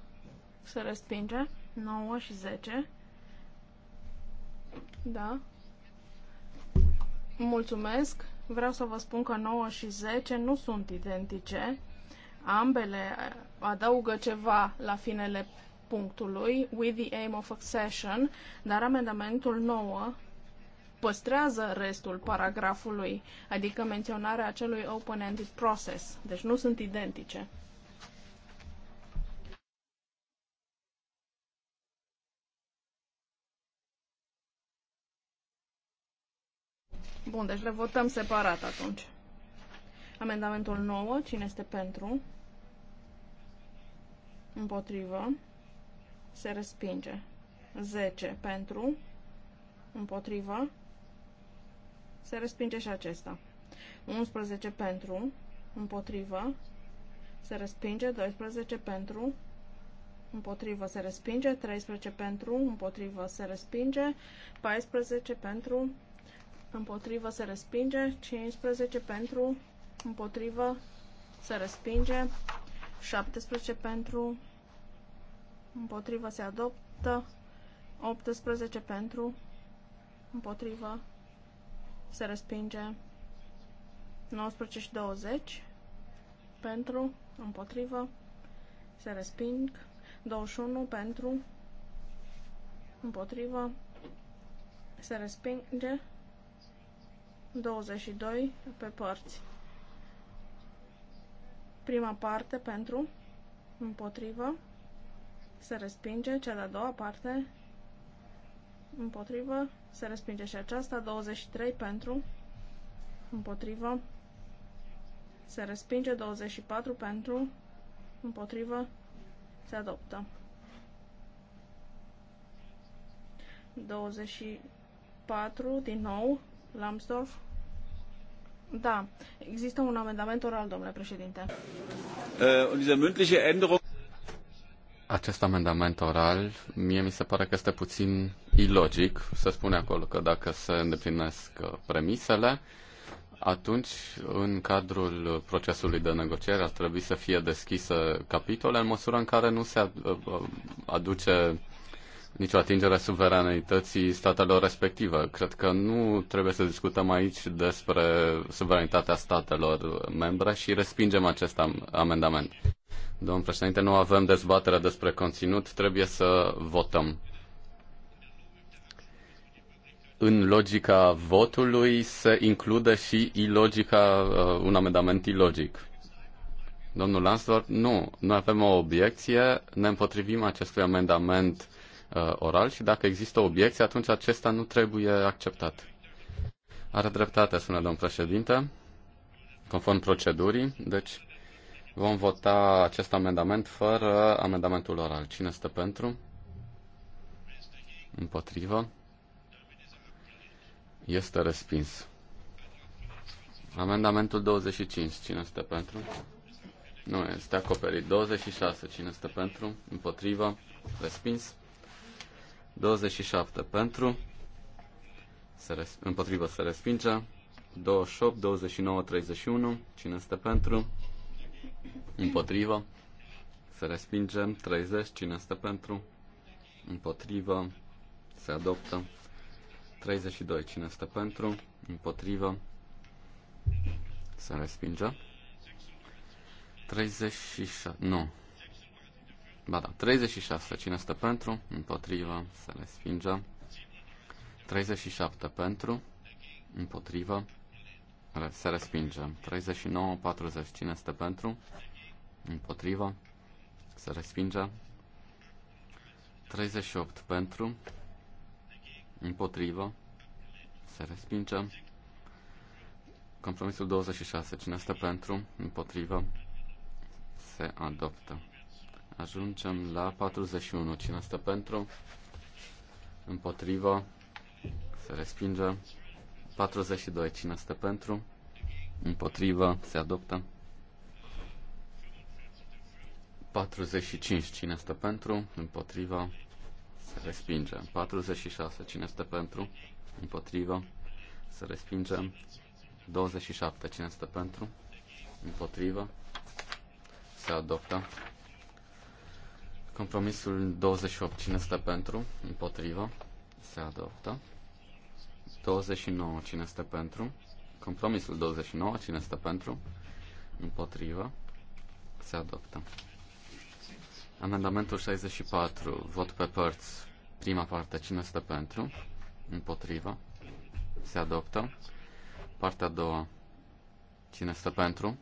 se respinge. 9 și 10. Da. Mulțumesc. Vreau să vă spun că 9 și 10 nu sunt identice. Ambele eh, adaugă ceva la finele punctului with the aim of accession, dar amendamentul 9 păstrează restul paragrafului, adică menționarea acelui open-ended process. Deci nu sunt identice. Bun, deci le votăm separat atunci. Amendamentul 9, cine este pentru? Împotrivă se respinge. 10 pentru, împotrivă, se respinge și acesta. 11 pentru, împotrivă, se respinge, 12 pentru, împotrivă, se respinge, 13 pentru, împotrivă, se respinge, 14 pentru, împotrivă, se respinge, 15 pentru, împotrivă, se respinge, 17 pentru, împotrivă se adoptă, 18 pentru, împotrivă se respinge, 19 și 20 pentru, împotrivă se resping, 21 pentru, împotrivă se respinge, 22 pe părți. Prima parte pentru, împotrivă, se respinge, cea de-a doua parte împotrivă, se respinge și aceasta, 23 pentru, împotrivă, se respinge, 24 pentru, împotrivă, se adoptă. 24 din nou, Lambsdorff. Da, există un amendament oral, domnule președinte. Uh, acest amendament oral, mie mi se pare că este puțin ilogic. Se spune acolo că dacă se îndeplinesc uh, premisele, atunci, în cadrul procesului de negociere, ar trebui să fie deschise capitole în măsura în care nu se uh, uh, aduce nicio atingere suveranității statelor respective. Cred că nu trebuie să discutăm aici despre suveranitatea statelor membre și respingem acest am- amendament. Domnul președinte, nu avem dezbatere despre conținut, trebuie să votăm. În logica votului se include și ilogica, uh, un amendament ilogic. Domnul Lansdorf, nu, noi avem o obiecție, ne împotrivim acestui amendament Uh, oral și dacă există obiecții, atunci acesta nu trebuie acceptat. Are dreptate, spune domn președinte, conform procedurii, deci vom vota acest amendament fără amendamentul oral. Cine stă pentru? Împotrivă? Este respins. Amendamentul 25. Cine este pentru? Nu, este acoperit. 26. Cine este pentru? Împotrivă? Respins. 27 pentru, se res- împotrivă se respinge, 28, 29, 31, cine este pentru, împotrivă, se respinge, 30, cine este pentru, împotrivă, se adoptă, 32, cine este pentru, împotrivă, se respinge, 36, nu, Ba da, 36. Cine stă pentru? Împotrivă. Se respinge. 37 pentru. Împotrivă. Se respinge. 39, 40. Cine este pentru? Împotrivă. Se respinge. 38 pentru. Împotrivă. Se respinge. Compromisul 26. Cine este pentru? Împotrivă. Se adoptă. Ajungem la 41. Cine stă pentru? Împotrivă? Se respinge. 42. Cine stă pentru? Împotrivă? Se adoptă. 45. Cine stă pentru? Împotrivă? Se respinge. 46. Cine stă pentru? Împotrivă? Se respinge. 27. Cine stă pentru? Împotrivă? Se adoptă. Compromisul 28. Cine stă pentru? Împotrivă. Se adoptă. 29. Cine stă pentru? Compromisul 29. Cine stă pentru? Împotrivă. Se adoptă. Amendamentul 64. Vot pe părți. Prima parte. Cine stă pentru? Împotrivă. Se adoptă. Partea a doua. Cine stă pentru?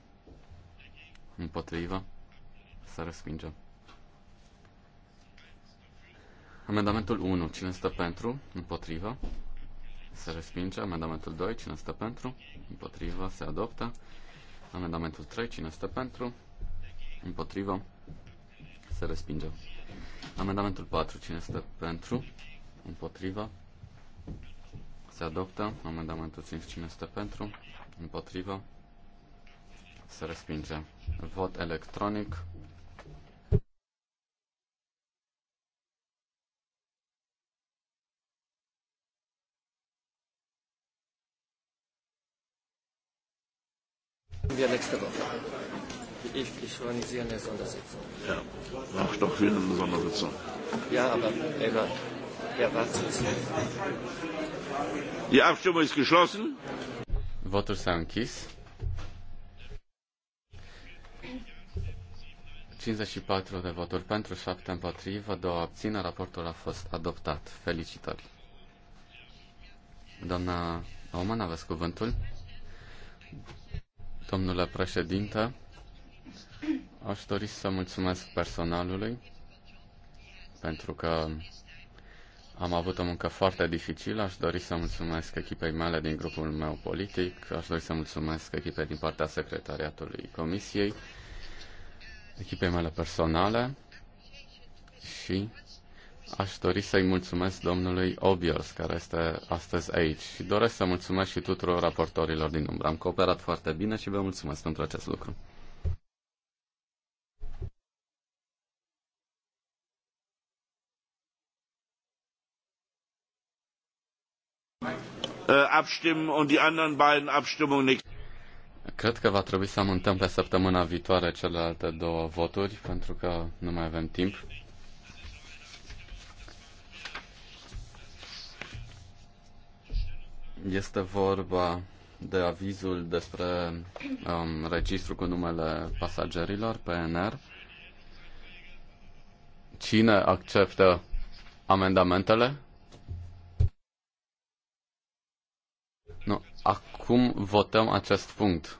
Împotrivă. Se respinge. Amendamentul 1. Cine stă pentru? Împotrivă. Se respinge. Amendamentul 2. Cine stă pentru? Împotrivă. Se adoptă. Amendamentul 3. Cine stă pentru? Împotrivă. Se respinge. Amendamentul 4. Cine stă pentru? Împotrivă. Se adoptă. Amendamentul 5. Cine stă pentru? Împotrivă. Se respinge. Vot electronic. Wir nächste Woche. Ich, ich organisiere eine Sondersitzung. Ja, mach doch wieder eine Sondersitzung. Ja, aber egal. Die Abstimmung ist geschlossen. Votul s-a închis. 54 de voturi pentru, 7 împotrivă, 2 abține. Raportul a fost adoptat. Felicitări. Doamna Oman, aveți cuvântul? domnule președinte. Aș dori să mulțumesc personalului pentru că am avut o muncă foarte dificilă. Aș dori să mulțumesc echipei mele din grupul meu politic. Aș dori să mulțumesc echipei din partea secretariatului Comisiei, echipei mele personale și Aș dori să-i mulțumesc domnului Obios, care este astăzi aici. Și doresc să mulțumesc și tuturor raportorilor din umbră. Am cooperat foarte bine și vă mulțumesc pentru acest lucru. Äh, Cred că va trebui să amântăm pe săptămâna viitoare celelalte două voturi, pentru că nu mai avem timp. Este vorba de avizul despre um, registru cu numele pasagerilor, PNR. Cine acceptă amendamentele? Nu. Acum votăm acest punct.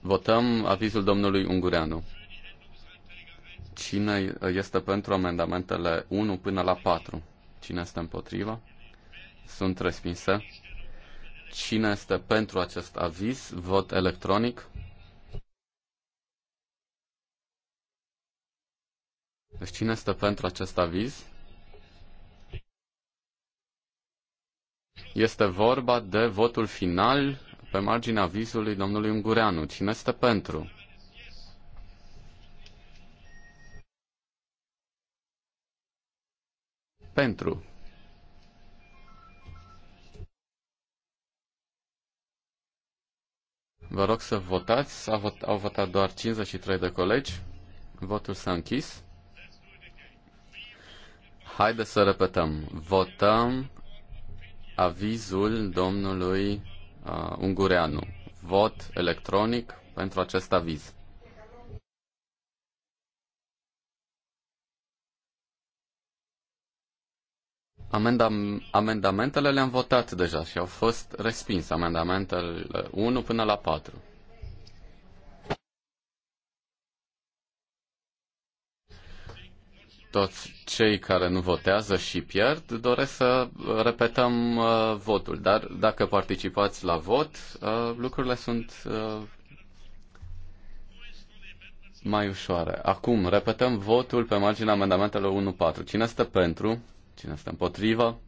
Votăm avizul domnului Ungureanu. Cine este pentru amendamentele 1 până la 4? Cine este împotriva? sunt respinse. Cine este pentru acest aviz? Vot electronic. Deci cine este pentru acest aviz? Este vorba de votul final pe marginea avizului domnului Ungureanu. Cine este pentru? Pentru. Vă rog să votați. Au, vot, au votat doar 53 de colegi. Votul s-a închis. Haideți să repetăm. Votăm avizul domnului uh, Ungureanu. Vot electronic pentru acest aviz. Amendam, amendamentele le-am votat deja și au fost respinse amendamentele 1 până la 4. toți cei care nu votează și pierd doresc să repetăm uh, votul, dar dacă participați la vot, uh, lucrurile sunt uh, mai ușoare. Acum, repetăm votul pe marginea amendamentelor 1-4. Cine este pentru? Cine este împotrivă?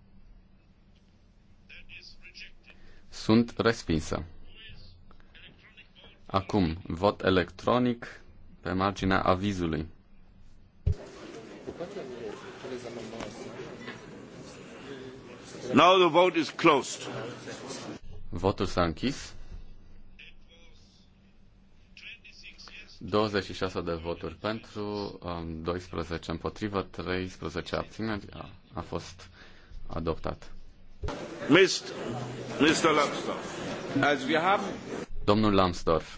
Sunt respinsă. Acum, vot electronic pe marginea avizului. Now the vote is closed. Votul s-a închis. 26 de voturi pentru, 12 um, împotrivă, 13 abțineri a fost adoptat. Mr. Lambsdorff. Domnul Lambsdorff,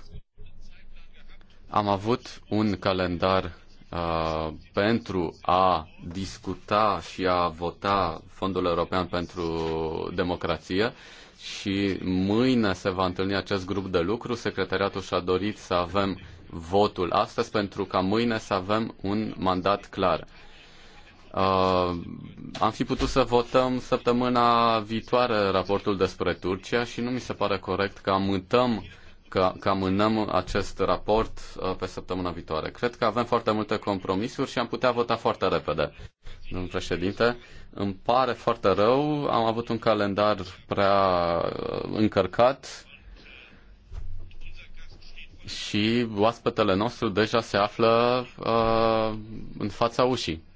am avut un calendar uh, pentru a discuta și a vota Fondul European pentru Democrație și mâine se va întâlni acest grup de lucru. Secretariatul și-a dorit să avem votul astăzi pentru ca mâine să avem un mandat clar. Uh, am fi putut să votăm săptămâna viitoare raportul despre Turcia și nu mi se pare corect că amântăm că, că amânăm acest raport uh, pe săptămâna viitoare. Cred că avem foarte multe compromisuri și am putea vota foarte repede. Domnul președinte, îmi pare foarte rău, am avut un calendar prea uh, încărcat și oaspetele nostru deja se află uh, în fața ușii.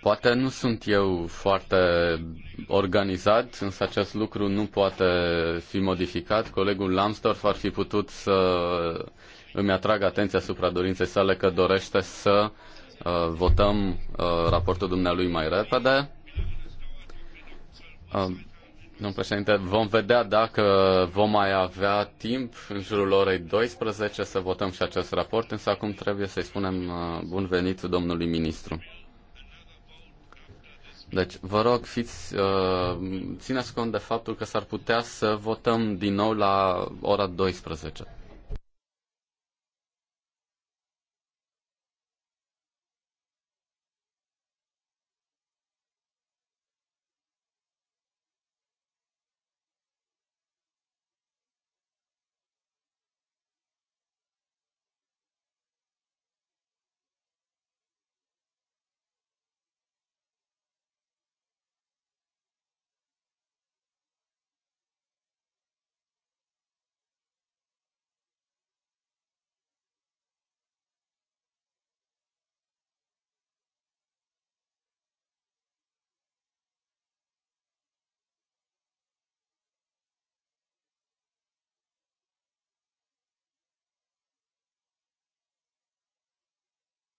Poate nu sunt eu foarte organizat, însă acest lucru nu poate fi modificat. Colegul Lambsdorff ar fi putut să îmi atrag atenția asupra dorinței sale că dorește să uh, votăm uh, raportul dumnealui mai repede. Uh, Domnul președinte, vom vedea dacă vom mai avea timp în jurul orei 12 să votăm și acest raport, însă acum trebuie să-i spunem uh, bun venit domnului ministru. Deci, vă rog, fiți, uh, țineți cont de faptul că s-ar putea să votăm din nou la ora 12.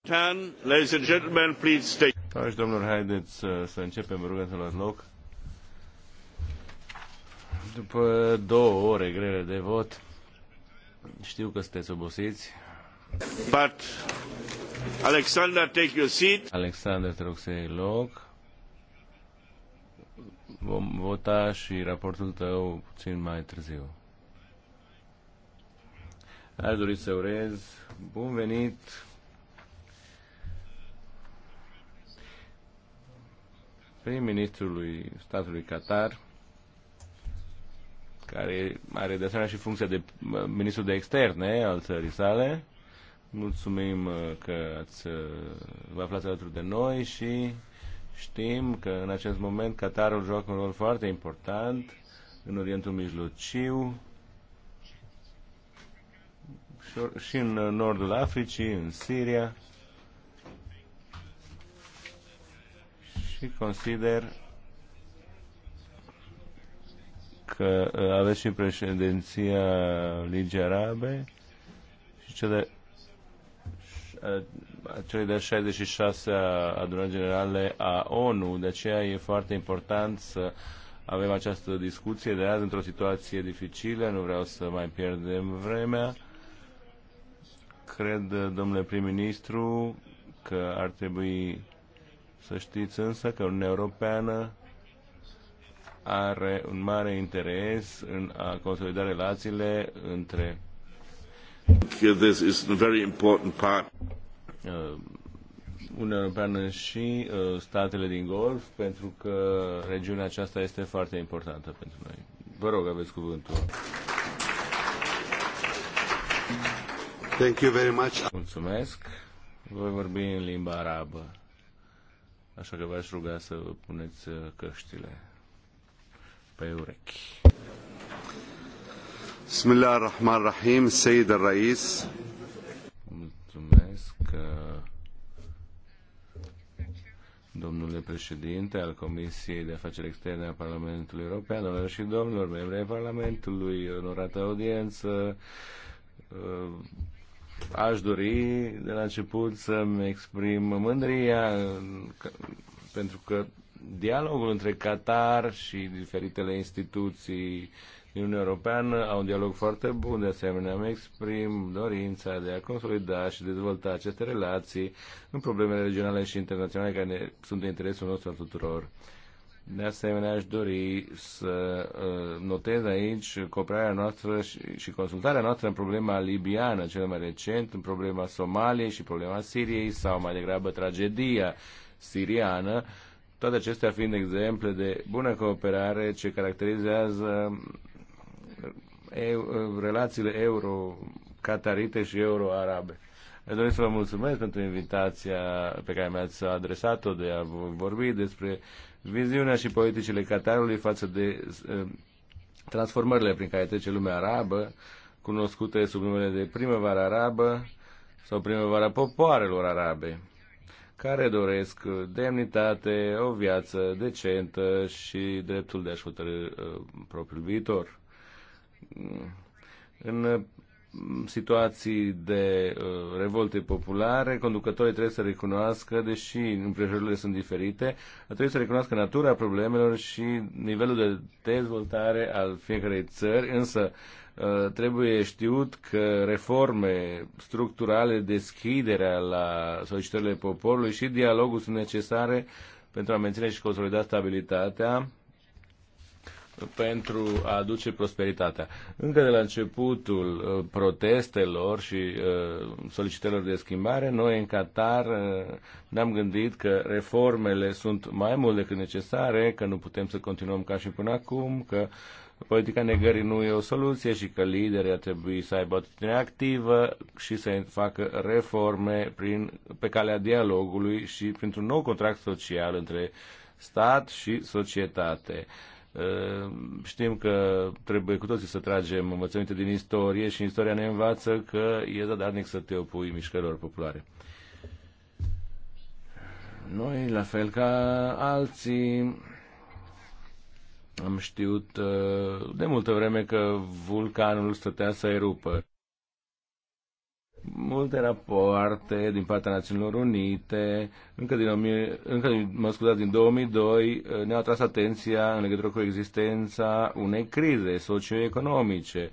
Tan, ladies and gentlemen, please stay. Toți domnilor, haideți să, uh, să începem, vă rugăm loc. După două ore grele de vot, știu că sunteți obosiți. But Alexander, take your seat. Alexander, te rog să iei loc. Vom vota și raportul tău puțin mai târziu. Aș dori să urez bun venit prim-ministrului statului Qatar, care are de asemenea și funcția de ministru de externe al țării sale. Mulțumim că ați, vă aflați alături de noi și știm că în acest moment Qatarul joacă un rol foarte important în Orientul Mijlociu și în nordul Africii, în Siria și consider că uh, aveți și președinția Ligii Arabe și cele de uh, cele de 66 adunări generale a ONU. De aceea e foarte important să avem această discuție de azi într-o situație dificilă. Nu vreau să mai pierdem vremea. Cred, uh, domnule prim-ministru, că ar trebui să știți însă că Uniunea Europeană are un mare interes în a consolida relațiile între uh, Uniunea Europeană și uh, statele din Golf, pentru că regiunea aceasta este foarte importantă pentru noi. Vă rog, aveți cuvântul. Thank you very much. Mulțumesc. Voi vorbi în limba arabă. Așa că v-aș ruga să vă puneți uh, căștile pe urechi. Bismillah ar-Rahman rahim Seyyid al-Rais. Mulțumesc, uh, domnule președinte al Comisiei de Afaceri Externe a Parlamentului European, domnilor și domnilor, membri ai Parlamentului, onorată audiență, uh, Aș dori de la început să-mi exprim mândria pentru că dialogul între Qatar și diferitele instituții din Uniunea Europeană au un dialog foarte bun, de asemenea îmi exprim dorința de a consolida și dezvolta aceste relații în problemele regionale și internaționale care sunt de interesul nostru al tuturor. De asemenea, aș dori să uh, notez aici cooperarea noastră și consultarea noastră în problema libiană, cel mai recent, în problema Somaliei și problema Siriei, sau mai degrabă tragedia siriană, toate acestea fiind exemple de bună cooperare ce caracterizează uh, uh, relațiile euro-catarite și euro-arabe. Aș dori să vă mulțumesc pentru invitația pe care mi-ați adresat-o de a vorbi despre viziunea și politicile Qatarului față de uh, transformările prin care trece lumea arabă, cunoscute sub numele de primăvara arabă sau primăvara popoarelor arabe, care doresc demnitate, o viață decentă și dreptul de a-și hotărâ uh, propriul viitor. În situații de uh, revolte populare, conducătorii trebuie să recunoască, deși împrejurile sunt diferite, trebuie să recunoască natura problemelor și nivelul de dezvoltare al fiecarei țări, însă uh, trebuie știut că reforme structurale, deschiderea la solicitările poporului și dialogul sunt necesare pentru a menține și consolida stabilitatea pentru a aduce prosperitatea. Încă de la începutul uh, protestelor și uh, solicitărilor de schimbare, noi în Qatar uh, ne-am gândit că reformele sunt mai mult decât necesare, că nu putem să continuăm ca și până acum, că politica negării nu e o soluție și că liderii ar trebui să aibă atitudine activă și să facă reforme prin, pe calea dialogului și printr-un nou contract social între stat și societate. Ehm, știm că trebuie cu toții să tragem învățăminte din istorie și istoria ne învață că e zadarnic să te opui mișcărilor populare. Noi, la fel ca alții, am știut eh, de multă vreme că vulcanul stătea să erupă multe rapoarte din partea Națiunilor Unite, încă din, încă din, mă scuzați, din 2002, eh, ne-au atras atenția în legătură cu existența unei crize socioeconomice,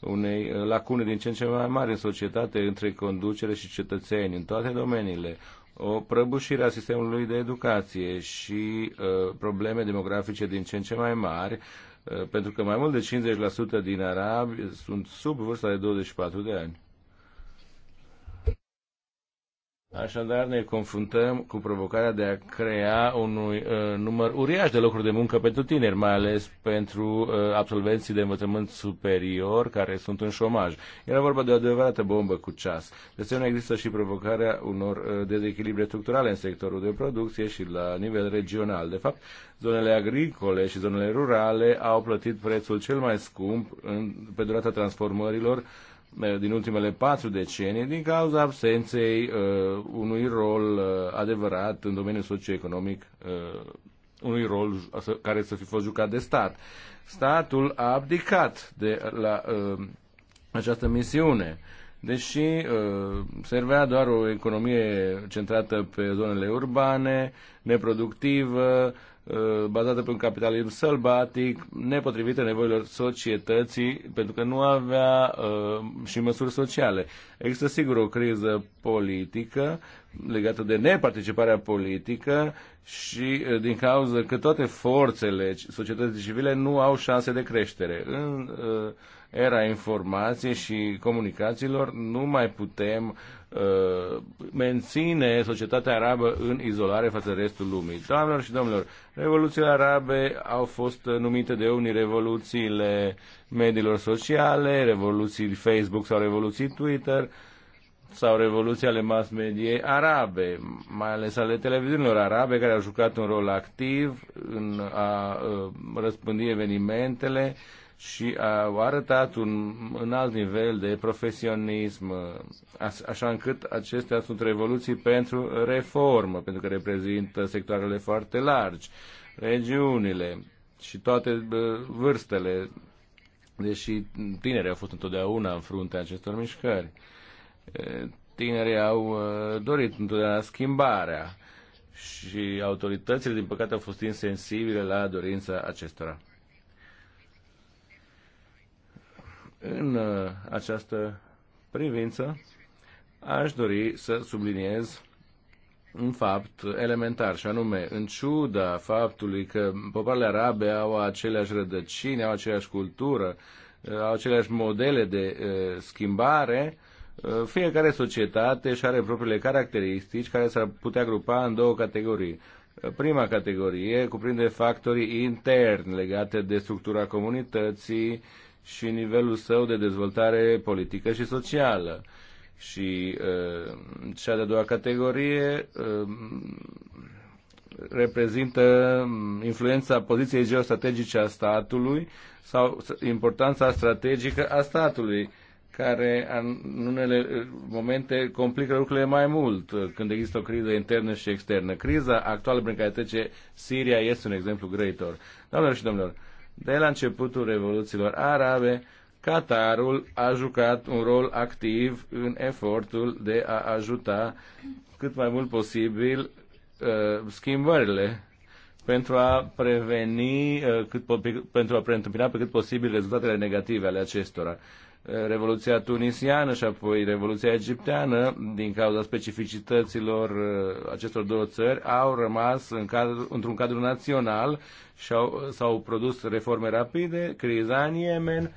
unei eh, lacune din ce în ce mai mari în societate între conducere și cetățeni în toate domeniile, o prăbușire a sistemului de educație și uh, probleme demografice din ce în ce mai mari, uh, pentru că mai mult de 50% din arabi sunt sub vârsta de 24 de ani. Așadar ne confruntăm cu provocarea de a crea un uh, număr uriaș de locuri de muncă pentru tineri, mai ales pentru uh, absolvenții de învățământ superior care sunt în șomaj. Era vorba de o adevărată bombă cu ceas. De asemenea există și provocarea unor uh, dezechilibre structurale în sectorul de producție și la nivel regional. De fapt, zonele agricole și zonele rurale au plătit prețul cel mai scump în, pe durata transformărilor uh, Eh, din ultimele patru decenii din cauza absenței uh, unui rol uh, adevărat în domeniul socioeconomic, uh, unui rol care să fi fost jucat de stat. Statul a abdicat de la uh, această misiune. Deși uh, servea doar o economie centrată pe zonele urbane, neproductivă, uh, Uh, bazată pe un capitalism sălbatic, nepotrivită nevoilor societății, pentru că nu avea uh, și măsuri sociale. Există sigur o criză politică legată de neparticiparea politică și uh, din cauza că toate forțele societății civile nu au șanse de creștere. În uh, era informației și comunicațiilor nu mai putem uh, Uh, menține societatea arabă în izolare față de restul lumii. Doamnelor și domnilor, revoluțiile arabe au fost numite de unii revoluțiile mediilor sociale, revoluții Facebook sau revoluții Twitter sau revoluții ale mass mediei arabe, mai ales ale televiziunilor arabe, care au jucat un rol activ în a uh, răspândi evenimentele și uh, au arătat un, un alt nivel de profesionism, uh, așa încât acestea sunt revoluții pentru reformă, pentru că reprezintă sectoarele foarte largi, regiunile și toate uh, vârstele, deși tinerii au fost întotdeauna în fruntea acestor mișcări. Tinerii au dorit întotdeauna schimbarea și autoritățile, din păcate, au fost insensibile la dorința acestora. În uh, această privință, aș dori să subliniez un fapt elementar, și anume, în ciuda faptului că popoarele arabe au aceleași rădăcini, au aceeași cultură, uh, au aceleași modele de uh, schimbare, fiecare societate și are propriile caracteristici care s-ar putea grupa în două categorii. Prima categorie cuprinde factorii interni legate de structura comunității și nivelul său de dezvoltare politică și socială. Și uh, cea de-a doua categorie uh, reprezintă influența poziției geostrategice a statului sau importanța strategică a statului, care în unele momente complică lucrurile mai mult uh, când există o criză internă și externă. Criza actuală prin care trece Siria este un exemplu grăitor. Doamnelor și domnilor, de la începutul revoluțiilor arabe, Qatarul a jucat un rol activ în efortul de a ajuta cât mai mult posibil uh, schimbările pentru a preveni, uh, cât, pentru a preîntâmpina pe cât posibil rezultatele negative ale acestora. Revoluția tunisiană și apoi Revoluția egipteană, din cauza specificităților uh, acestor două țări, au rămas în cadru, într-un cadru național și au, s-au produs reforme rapide. Criza în Yemen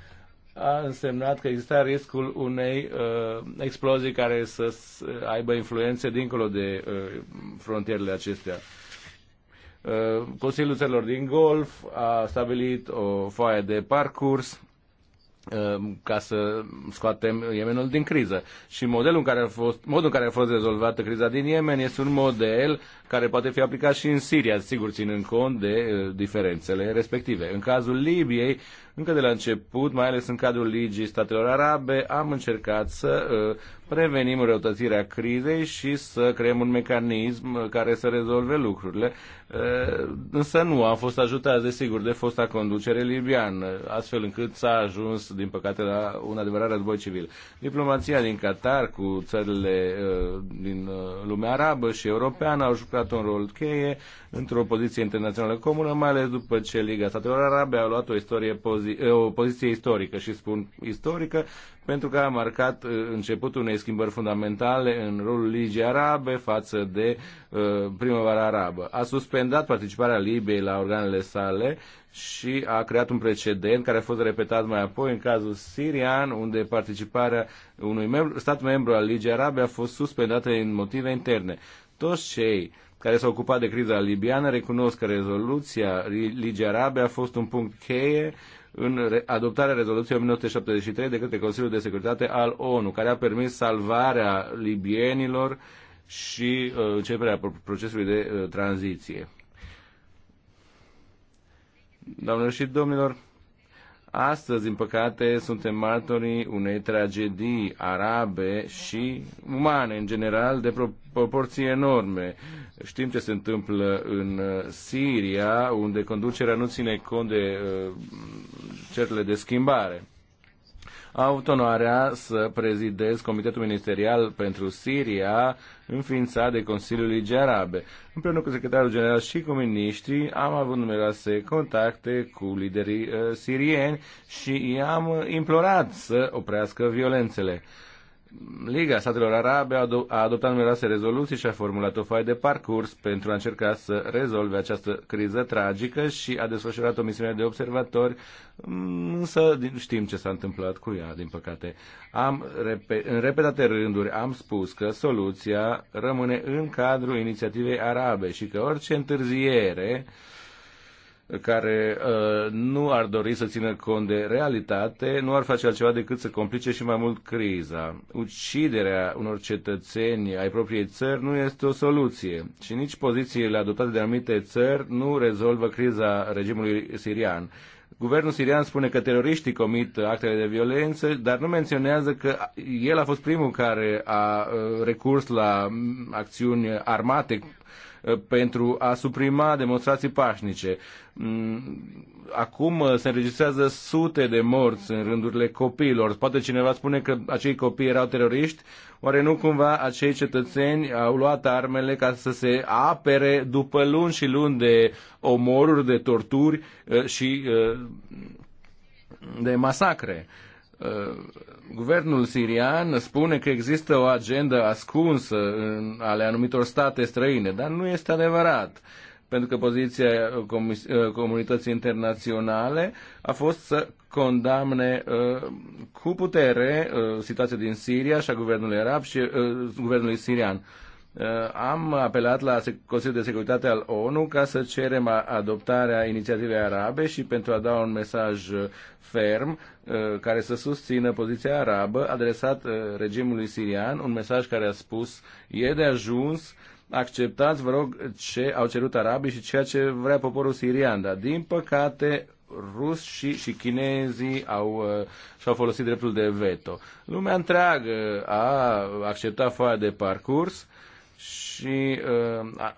a însemnat că exista riscul unei uh, explozii care să uh, aibă influențe dincolo de uh, frontierele acestea. Uh, Consiliul Țărilor din Golf a stabilit o foaie de parcurs Ehm, ca să scoatem Yemenul din criză. Și modelul în care a fost, modul în care a fost rezolvată criza din Yemen este un model care poate fi aplicat și în Siria, sigur ținând cont de eh, diferențele respective. În cazul Libiei, încă de la început, mai ales în cadrul Ligii Statelor Arabe, am încercat să uh, prevenim răutățirea crizei și să creăm un mecanism care să rezolve lucrurile. Uh, însă nu am fost ajutați, desigur, de fosta conducere libiană, astfel încât s-a ajuns, din păcate, la un adevărat război civil. Diplomația din Qatar cu țările uh, din lumea arabă și europeană au jucat un rol cheie într-o poziție internațională comună, mai ales după ce Liga Statelor Arabe a luat o istorie pozitivă pozi- o poziție istorică și spun istorică pentru că a marcat uh, începutul unei schimbări fundamentale în rolul Ligii Arabe față de uh, primăvara arabă. A suspendat participarea Libiei la organele sale și a creat un precedent care a fost repetat mai apoi în cazul sirian, unde participarea unui membru, stat membru al Ligii Arabe a fost suspendată din motive interne. Toți cei care s au ocupat de criza libiană recunosc că rezoluția Ligii Arabe a fost un punct cheie în adoptarea rezoluției 1973 de către Consiliul de Securitate al ONU, care a permis salvarea libienilor și uh, începerea procesului de uh, tranziție. Doamnelor și domnilor, astăzi, din păcate, suntem martorii unei tragedii arabe și umane, în general, de proporții enorme. Știm ce se întâmplă în uh, Siria, unde conducerea nu ține cont de uh, cerurile de schimbare. A avut onoarea să prezidez Comitetul Ministerial pentru Siria, înființat de Consiliul Ligii Arabe. Împreună cu secretarul general și cu miniștrii am avut numeroase contacte cu liderii uh, sirieni și i-am uh, implorat să oprească violențele. Liga Statelor Arabe a adoptat numeroase rezoluții și a formulat o foaie de parcurs pentru a încerca să rezolve această criză tragică și a desfășurat o misiune de observatori, mm, însă știm ce s-a întâmplat cu ea, din păcate. Am, în repetate rânduri am spus că soluția rămâne în cadrul inițiativei arabe și că orice întârziere uh, care uh, nu ar dori să țină cont de realitate, nu ar face altceva decât să complice și mai mult criza. Uciderea unor cetățeni ai propriei țări nu este o soluție și nici pozițiile adoptate de anumite țări nu rezolvă criza regimului sirian. Guvernul sirian spune că teroriștii comit actele de violență, dar nu menționează că el a fost primul care a uh, recurs la acțiuni armate Uh, pentru a suprima demonstrații pașnice. Mm, acum uh, se înregistrează sute de morți în rândurile copiilor. Poate cineva spune că acei copii erau teroriști? Oare nu cumva acei cetățeni au luat armele ca să se apere după luni și luni de omoruri, de torturi uh, și de masacre? Guvernul sirian spune că există o agendă ascunsă în, ale anumitor state străine, dar nu este adevărat, pentru că poziția uh, uh, comunității internaționale a fost să condamne uh, cu putere uh, situația din Siria și a guvernului arab și uh, guvernului sirian. Uh, am apelat la Consiliul de Securitate al ONU ca să cerem adoptarea inițiativei arabe și pentru a da un mesaj ferm uh, care să susțină poziția arabă adresat uh, regimului sirian, un mesaj care a spus e de ajuns, acceptați, vă rog, ce au cerut arabii și ceea ce vrea poporul sirian, dar din păcate rusi și, și chinezii au, și-au folosit dreptul de veto. Lumea întreagă a acceptat foaia de parcurs și uh,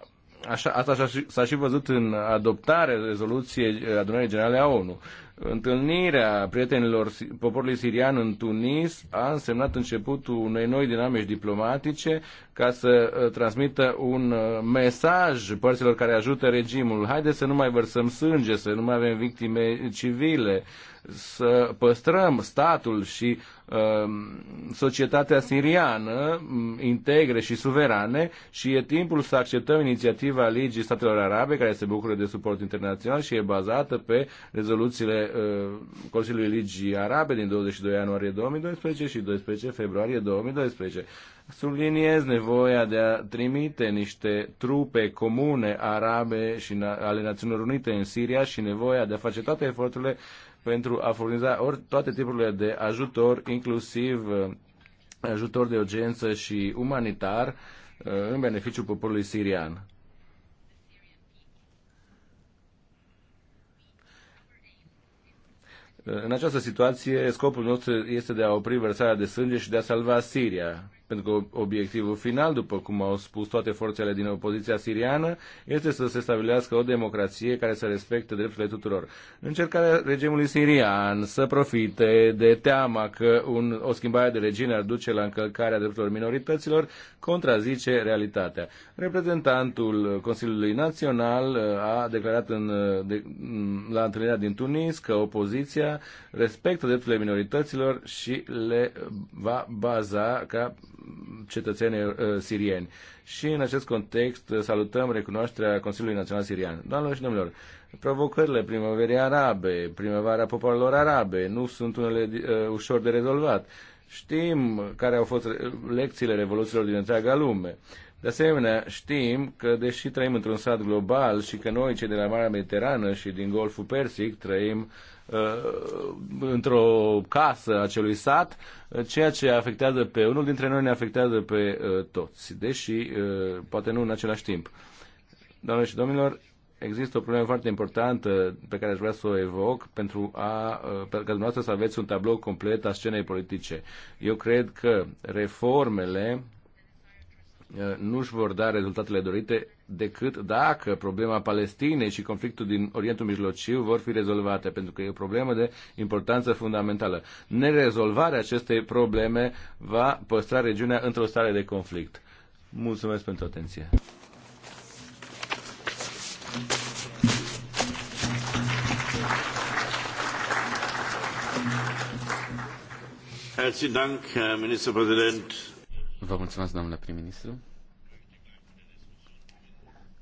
așa, asta s-a și văzut în adoptarea rezoluției uh, adunării generale a ONU. Întâlnirea prietenilor poporului sirian în Tunis a însemnat începutul unei noi dinamici diplomatice ca să uh, transmită un mesaj părților care ajută regimul. Haideți să nu mai vărsăm sânge, să nu mai avem victime civile, să păstrăm statul și uh, societatea siriană mm, integre și suverane și e timpul să acceptăm inițiativa Ligii Statelor Arabe, care se bucură de suport internațional și e bazată pe rezoluțiile uh, Consiliului Ligii Arabe din 22 ianuarie 2012 și 12 februarie 2012. Subliniez nevoia de a trimite niște trupe comune arabe și na- ale Națiunilor Unite în Siria și nevoia de a face toate eforturile uh, pentru a furniza ori toate tipurile de ajutor, inclusiv uh, ajutor de urgență și umanitar uh, în beneficiul poporului sirian. În această situație, scopul nostru este de a opri vărsarea de sânge și de a salva Siria pentru că obiectivul final, după cum au spus toate forțele din opoziția siriană, este să se stabilească o democrație care să respecte drepturile tuturor. Încercarea regimului sirian să profite de teama că un, o schimbare de regim ar duce la încălcarea drepturilor minorităților contrazice realitatea. Reprezentantul Consiliului Național uh, a declarat în, uh, de, mm, la întâlnirea din Tunis că opoziția respectă drepturile minorităților și le va baza ca cetățenii uh, sirieni. Și în acest context uh, salutăm recunoașterea Consiliului Național Sirian. Doamnelor și domnilor, provocările primăverii arabe, primăvara popoarelor arabe, nu sunt unele uh, ușor de rezolvat. Știm care au fost lecțiile revoluțiilor din întreaga lume. De asemenea, știm că, deși trăim într-un sat global și că noi, cei de la Marea Mediterană și din Golful Persic, trăim uh, într-o casă a sat, uh, ceea ce afectează pe unul dintre noi ne afectează pe uh, toți, deși uh, poate nu în același timp. Doamne și domnilor, există o problemă foarte importantă pe care aș vrea să o evoc pentru a, uh, ca dumneavoastră să aveți un tablou complet a scenei politice. Eu cred că reformele Uh, nu își vor da rezultatele dorite decât dacă problema Palestinei și conflictul din Orientul Mijlociu vor fi rezolvate, pentru că e o problemă de importanță fundamentală. Nerezolvarea acestei probleme va păstra regiunea într-o stare de conflict. Mulțumesc pentru atenție. Herzlichen Dank, Herr Ministerpräsident. Vă mulțumesc, domnule prim-ministru.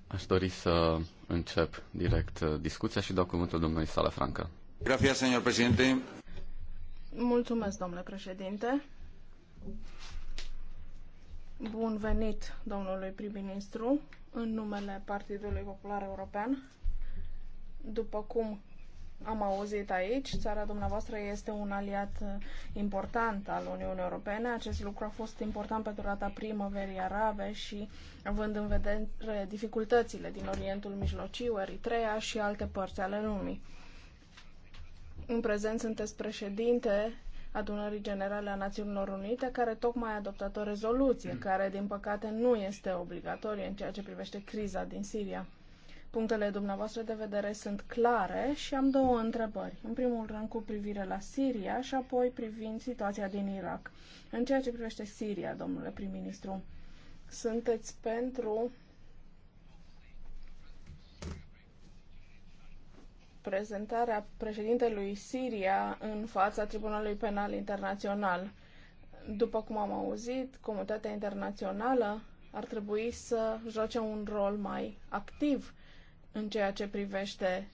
Aș dori să încep direct uh, discuția și dau cuvântul domnului Franca. Gracias, señor președinte. Mulțumesc, domnule președinte. Bun venit, domnului prim-ministru, în numele Partidului Popular European. După cum am auzit aici, țara dumneavoastră este un aliat uh, important al Uniunii Europene. Acest lucru a fost important pe rata primăverii arabe și având în vedere dificultățile din Orientul Mijlociu, Eritrea și alte părți ale lumii. În prezent sunteți președinte Adunării Generale a Națiunilor Unite, care tocmai a adoptat o rezoluție, mm. care, din păcate, nu este obligatorie în ceea ce privește criza din Siria. Punctele dumneavoastră de vedere sunt clare și am două întrebări. În primul rând cu privire la Siria și apoi privind situația din Irak. În ceea ce privește Siria, domnule prim-ministru, sunteți pentru prezentarea președintelui Siria în fața Tribunalului Penal Internațional. După cum am auzit, comunitatea internațională ar trebui să joace un rol mai activ în ceea ce privește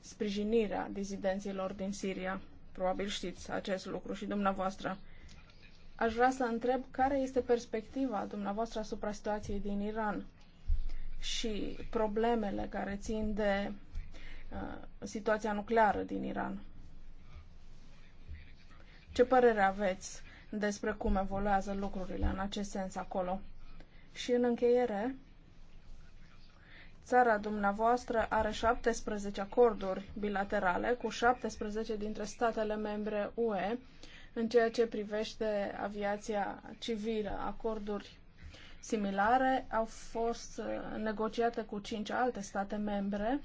sprijinirea dizidenților din Siria. Probabil știți acest lucru și dumneavoastră. Aș vrea să întreb care este perspectiva dumneavoastră asupra situației din Iran și problemele care țin de uh, situația nucleară din Iran. Ce părere aveți despre cum evoluează lucrurile în acest sens acolo? Și în încheiere, Țara dumneavoastră are 17 acorduri bilaterale cu 17 dintre statele membre UE în ceea ce privește aviația civilă. Acorduri similare au fost uh, negociate cu 5 alte state membre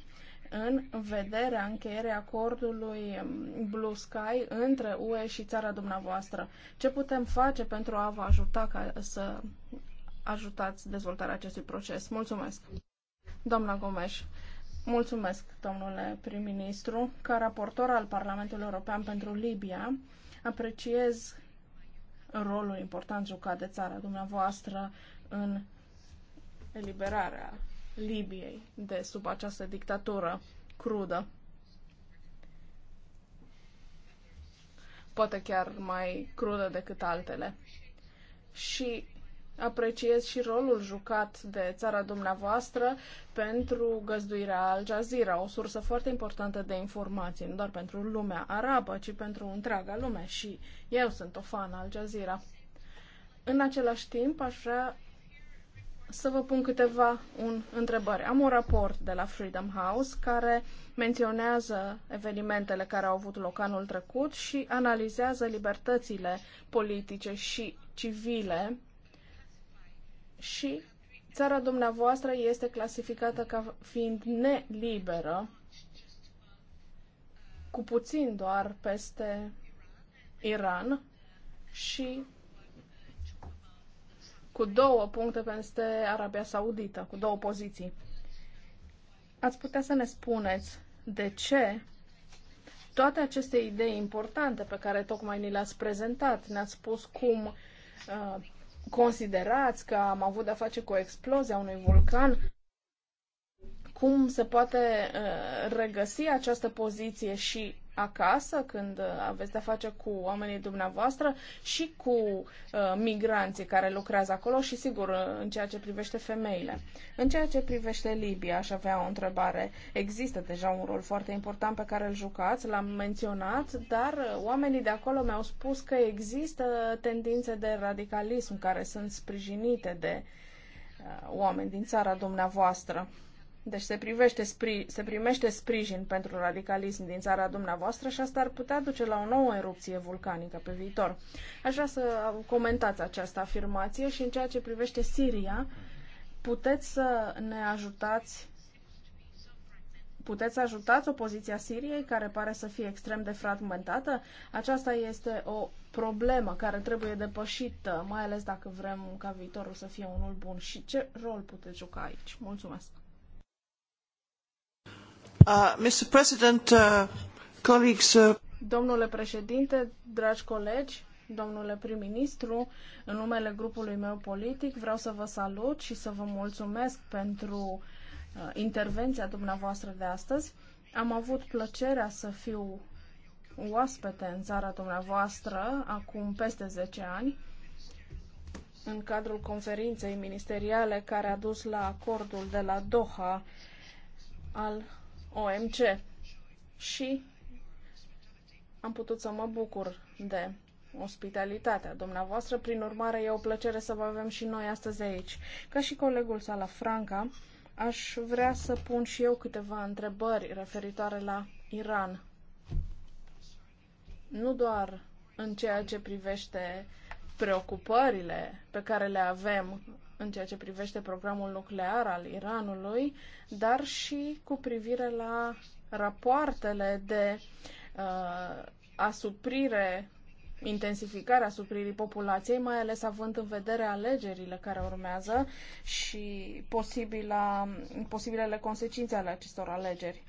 în vederea încheierii acordului um, Blue Sky între UE și țara dumneavoastră. Ce putem face pentru a vă ajuta ca să ajutați dezvoltarea acestui proces? Mulțumesc! Doamna Gomes, mulțumesc, domnule prim-ministru. Ca raportor al Parlamentului European pentru Libia, apreciez rolul important jucat de țara dumneavoastră în eliberarea Libiei de sub această dictatură crudă. Poate chiar mai crudă decât altele. Și apreciez și rolul jucat de țara dumneavoastră pentru găzduirea Al Jazeera, o sursă foarte importantă de informații, nu doar pentru lumea arabă, ci pentru întreaga lume și eu sunt o fan Al Jazeera. În același timp, aș vrea să vă pun câteva un, întrebări. Am un raport de la Freedom House care menționează evenimentele care au avut loc anul trecut și analizează libertățile politice și civile și țara dumneavoastră este clasificată ca fiind neliberă, cu puțin doar peste Iran și cu două puncte peste Arabia Saudită, cu două poziții. Ați putea să ne spuneți de ce toate aceste idei importante pe care tocmai ni le-ați prezentat, ne-ați spus cum uh, considerați că am avut de-a face cu a unui vulcan? Cum se poate uh, regăsi această poziție și acasă, când uh, aveți de-a face cu oamenii dumneavoastră și cu uh, migranții care lucrează acolo și, sigur, uh, în ceea ce privește femeile. În ceea ce privește Libia, aș avea o întrebare. Există deja un rol foarte important pe care îl jucați, l-am menționat, dar uh, oamenii de acolo mi-au spus că există tendințe de radicalism care sunt sprijinite de uh, oameni din țara dumneavoastră. Deci se, privește spri, se primește sprijin pentru radicalism din țara dumneavoastră și asta ar putea duce la o nouă erupție vulcanică pe viitor. Aș vrea să comentați această afirmație și în ceea ce privește Siria, puteți să ne ajutați Puteți ajutați opoziția Siriei, care pare să fie extrem de fragmentată? Aceasta este o problemă care trebuie depășită, mai ales dacă vrem ca viitorul să fie unul bun. Și ce rol puteți juca aici? Mulțumesc! Uh, uh, uh, domnule președinte, dragi colegi, domnule prim-ministru, în numele grupului meu politic vreau să vă salut și să vă mulțumesc pentru intervenția dumneavoastră de astăzi. Am avut plăcerea să fiu oaspete în țara dumneavoastră acum peste 10 ani în cadrul conferinței ministeriale care a dus la acordul de la Doha al OMC și am putut să mă bucur de ospitalitatea dumneavoastră. Prin urmare, e o plăcere să vă avem și noi astăzi aici. Ca și colegul Sala Franca, aș vrea să pun și eu câteva întrebări referitoare la Iran. Nu doar în ceea ce privește preocupările pe care le avem în ceea ce privește programul nuclear al Iranului, dar și cu privire la rapoartele de uh, asuprire, intensificarea asupririi populației, mai ales având în vedere alegerile care urmează și posibila, posibilele consecințe ale acestor alegeri.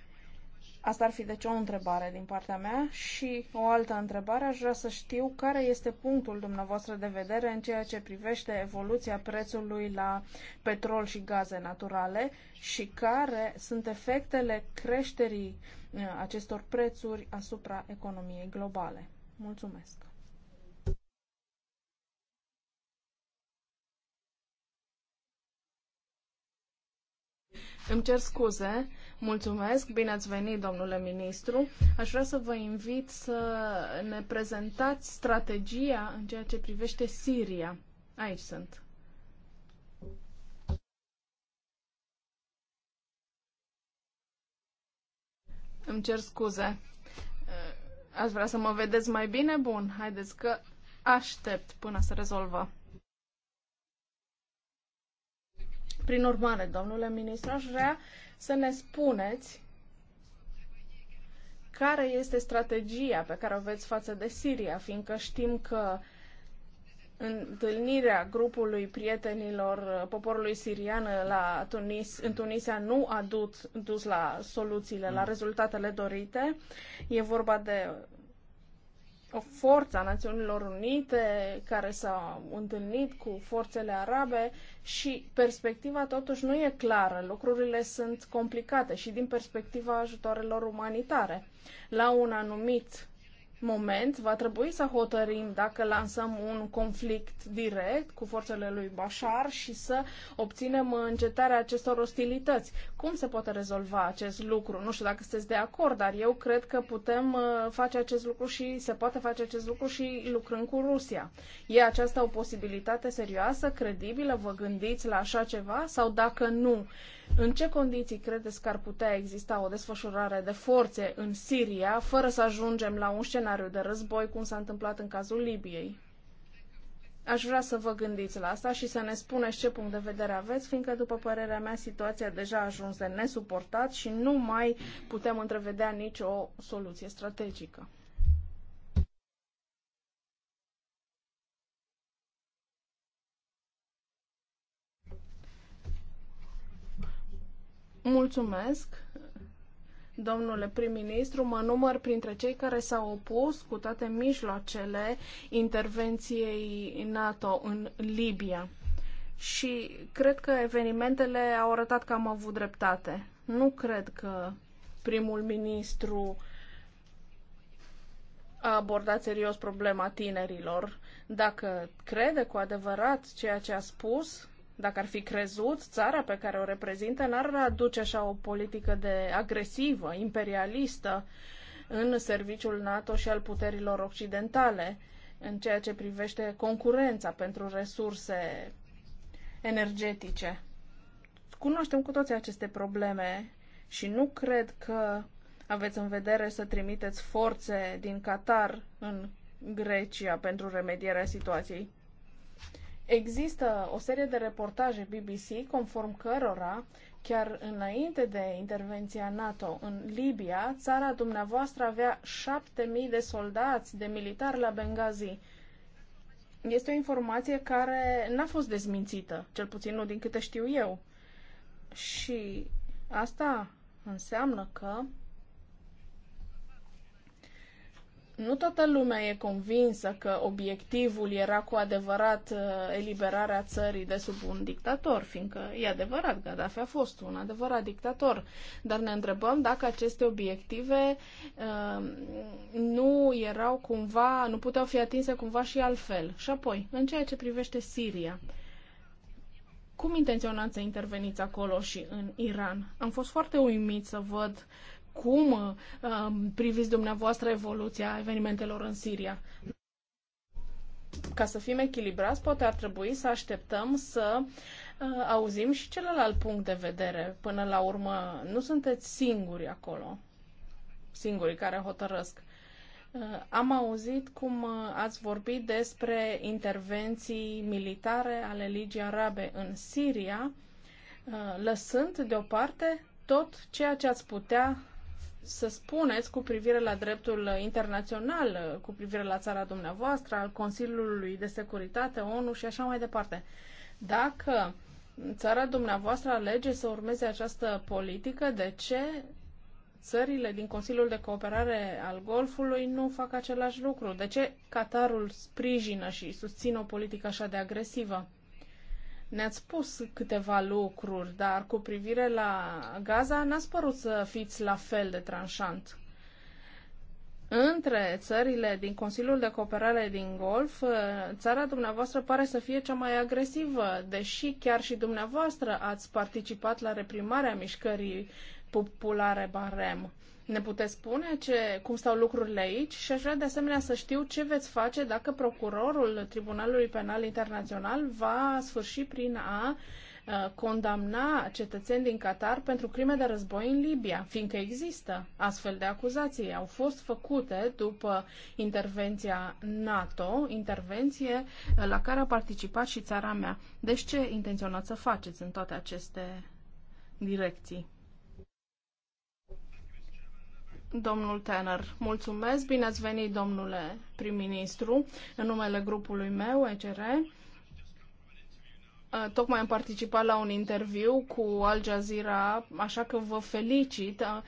Asta ar fi deci o întrebare din partea mea și o altă întrebare. Aș vrea să știu care este punctul dumneavoastră de vedere în ceea ce privește evoluția prețului la petrol și gaze naturale și care sunt efectele creșterii uh, acestor prețuri asupra economiei globale. Mulțumesc! Îmi cer scuze, Mulțumesc, bine ați venit, domnule ministru. Aș vrea să vă invit să ne prezentați strategia în ceea ce privește Siria. Aici sunt. Îmi cer scuze. Ați vrea să mă vedeți mai bine? Bun, haideți că aștept până se rezolvă. Prin urmare, domnule ministru, aș vrea să ne spuneți care este strategia pe care o veți față de Siria, fiindcă știm că întâlnirea grupului prietenilor poporului sirian la Tunis, în Tunisia nu a dus, dus la soluțiile, la mm. rezultatele dorite. E vorba de forța Națiunilor Unite care s-a întâlnit cu forțele arabe și perspectiva totuși nu e clară. Lucrurile sunt complicate și din perspectiva ajutoarelor umanitare. La un anumit moment va trebui să hotărim dacă lansăm un conflict direct cu forțele lui Bashar și să obținem încetarea acestor ostilități. Cum se poate rezolva acest lucru? Nu știu dacă sunteți de acord, dar eu cred că putem uh, face acest lucru și se poate face acest lucru și lucrând cu Rusia. E aceasta o posibilitate serioasă, credibilă? Vă gândiți la așa ceva? Sau dacă nu, în ce condiții credeți că ar putea exista o desfășurare de forțe în Siria, fără să ajungem la un scenariu de război, cum s-a întâmplat în cazul Libiei? Aș vrea să vă gândiți la asta și să ne spuneți ce punct de vedere aveți, fiindcă, după părerea mea, situația deja a ajuns de nesuportat și nu mai putem întrevedea nicio soluție strategică. Mulțumesc, domnule prim-ministru. Mă număr printre cei care s-au opus cu toate mijloacele intervenției NATO în Libia. Și cred că evenimentele au arătat că am avut dreptate. Nu cred că primul ministru a abordat serios problema tinerilor. Dacă crede cu adevărat ceea ce a spus, dacă ar fi crezut, țara pe care o reprezintă n-ar aduce așa o politică de agresivă, imperialistă, în serviciul NATO și al puterilor occidentale, în ceea ce privește concurența pentru resurse energetice. Cunoaștem cu toții aceste probleme și nu cred că aveți în vedere să trimiteți forțe din Qatar în Grecia pentru remedierea situației. Există o serie de reportaje BBC conform cărora, chiar înainte de intervenția NATO în Libia, țara dumneavoastră avea 7.000 de soldați, de militari la Benghazi. Este o informație care n-a fost dezmințită, cel puțin nu din câte știu eu. Și asta înseamnă că nu toată lumea e convinsă că obiectivul era cu adevărat uh, eliberarea țării de sub un dictator, fiindcă e adevărat, Gaddafi a fost un adevărat dictator, dar ne întrebăm dacă aceste obiective uh, nu erau cumva, nu puteau fi atinse cumva și altfel. Și apoi, în ceea ce privește Siria, cum intenționați să interveniți acolo și în Iran? Am fost foarte uimit să văd cum um, priviți dumneavoastră evoluția evenimentelor în Siria? Ca să fim echilibrați, poate ar trebui să așteptăm să uh, auzim și celălalt punct de vedere. Până la urmă, nu sunteți singuri acolo, singurii care hotărăsc. Uh, am auzit cum uh, ați vorbit despre intervenții militare ale Ligii Arabe în Siria, lăsând deoparte tot ceea ce ați putea să spuneți cu privire la dreptul internațional, cu privire la țara dumneavoastră, al Consiliului de Securitate, ONU și așa mai departe. Dacă țara dumneavoastră alege să urmeze această politică, de ce țările din Consiliul de Cooperare al Golfului nu fac același lucru? De ce Qatarul sprijină și susține o politică așa de agresivă? Ne-ați spus câteva lucruri, dar cu privire la Gaza n-ați părut să fiți la fel de tranșant. Între țările din Consiliul de Cooperare din Golf, ă, țara dumneavoastră pare să fie cea mai agresivă, deși chiar și dumneavoastră ați participat la reprimarea mișcării populare Barem. Ne puteți spune ce, cum stau lucrurile aici și aș vrea de asemenea să știu ce veți face dacă procurorul Tribunalului Penal Internațional va sfârși prin a uh, condamna cetățeni din Qatar pentru crime de război în Libia, fiindcă există astfel de acuzații. Au fost făcute după intervenția NATO, intervenție uh, la care a participat și țara mea. Deci ce intenționați să faceți în toate aceste direcții? Domnul Tanner, mulțumesc, bine ați venit, domnule prim-ministru, în numele grupului meu, ECR. Uh, tocmai am participat la un interviu cu Al Jazeera, așa că vă felicit. Uh,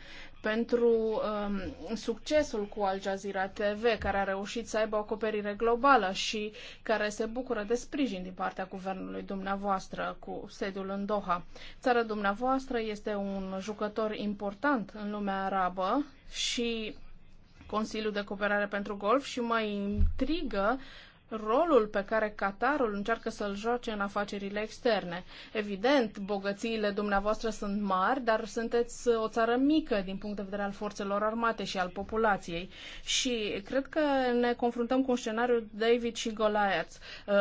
pentru um, succesul cu Al Jazeera TV, care a reușit să aibă o acoperire globală și care se bucură de sprijin din partea guvernului dumneavoastră cu sediul în Doha. Țara dumneavoastră este un jucător important în lumea arabă și Consiliul de Cooperare pentru Golf și mai intrigă uh, rolul pe care Qatarul încearcă să-l joace în afacerile externe. Evident, bogățiile dumneavoastră sunt mari, dar sunteți o țară mică din punct de vedere al forțelor armate și al populației. Și cred că ne confruntăm cu un scenariu David și Goliath. Uh,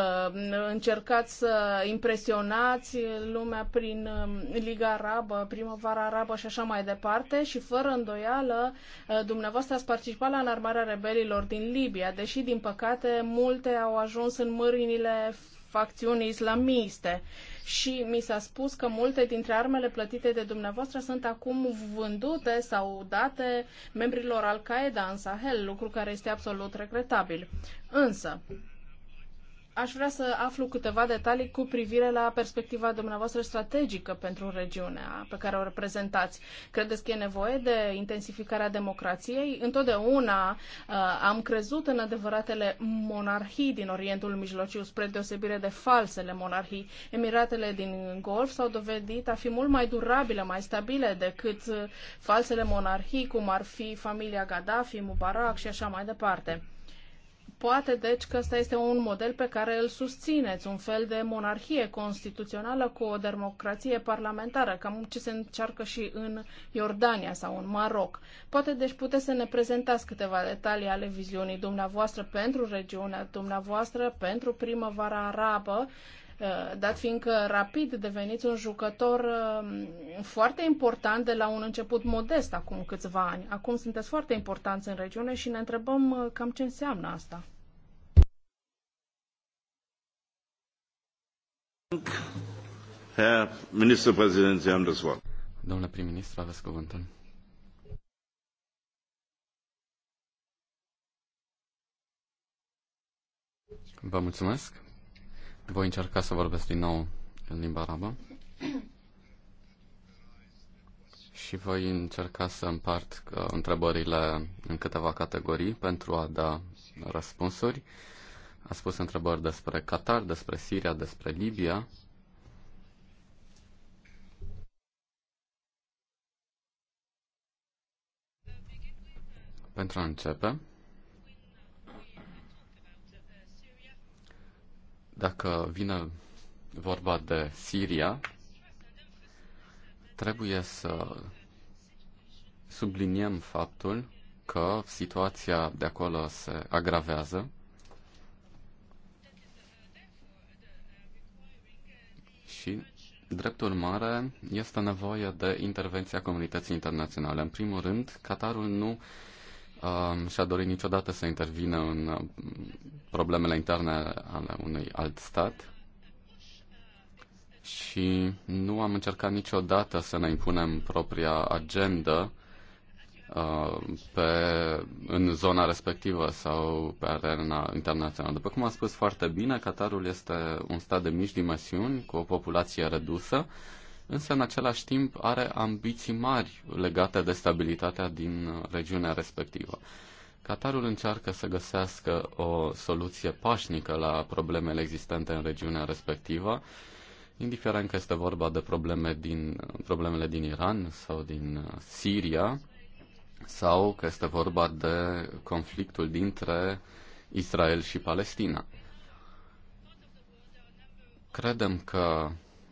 încercați să impresionați lumea prin um, Liga Arabă, Primăvara Arabă și așa mai departe și fără îndoială uh, dumneavoastră ați participat la înarmarea rebelilor din Libia, deși din păcate multe au ajuns în mâinile facțiunii islamiste și mi s-a spus că multe dintre armele plătite de dumneavoastră sunt acum vândute sau date membrilor Al-Qaeda în Sahel, lucru care este absolut regretabil. Însă, Aș vrea să aflu câteva detalii cu privire la perspectiva dumneavoastră strategică pentru regiunea pe care o reprezentați. Credeți că e nevoie de intensificarea democrației? Întotdeauna uh, am crezut în adevăratele monarhii din Orientul Mijlociu, spre deosebire de falsele monarhii. Emiratele din Golf s-au dovedit a fi mult mai durabile, mai stabile decât uh, falsele monarhii, cum ar fi familia Gaddafi, Mubarak și așa mai departe. Poate deci că ăsta este un model pe care îl susțineți, un fel de monarhie constituțională cu o democrație parlamentară, cam ce se încearcă și în Iordania sau în Maroc. Poate deci puteți să ne prezentați câteva detalii ale viziunii dumneavoastră pentru regiunea dumneavoastră, pentru primăvara arabă, eh, dat fiindcă rapid deveniți un jucător eh, foarte important de la un început modest acum câțiva ani. Acum sunteți foarte importanți în regiune și ne întrebăm eh, cam ce înseamnă asta. Herr Ministerpräsident, Sie haben das Wort. Domnule prim-ministru, aveți cuvântul. Vă mulțumesc. Voi încerca să vorbesc din nou în limba arabă și voi încerca să împart uh, întrebările în câteva categorii pentru a da răspunsuri ați spus întrebări despre Qatar, despre Siria, despre Libia. Pentru a începe, dacă vine vorba de Siria, trebuie să subliniem faptul că situația de acolo se agravează și, drept urmare, este nevoie de intervenția comunității internaționale. În primul rând, Qatarul nu uh, și-a dorit niciodată să intervină în um, problemele interne ale unui alt stat și nu am încercat niciodată să ne impunem propria agendă pe, în zona respectivă sau pe arena internațională. După cum a spus foarte bine, Qatarul este un stat de mici dimensiuni, cu o populație redusă, însă în același timp are ambiții mari legate de stabilitatea din regiunea respectivă. Qatarul încearcă să găsească o soluție pașnică la problemele existente în regiunea respectivă, indiferent că este vorba de probleme din, problemele din Iran sau din Siria, sau că este vorba de conflictul dintre Israel și Palestina. Credem că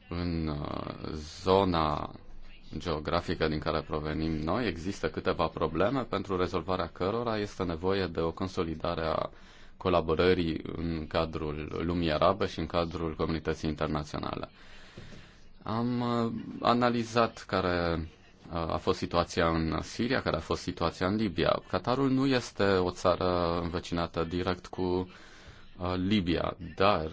în uh, zona geografică din care provenim noi există câteva probleme pentru rezolvarea cărora este nevoie de o consolidare a colaborării în cadrul lumii arabe și în cadrul comunității internaționale. Am uh, analizat care a fost situația în Siria, care a fost situația în Libia. Qatarul nu este o țară învecinată direct cu uh, Libia, dar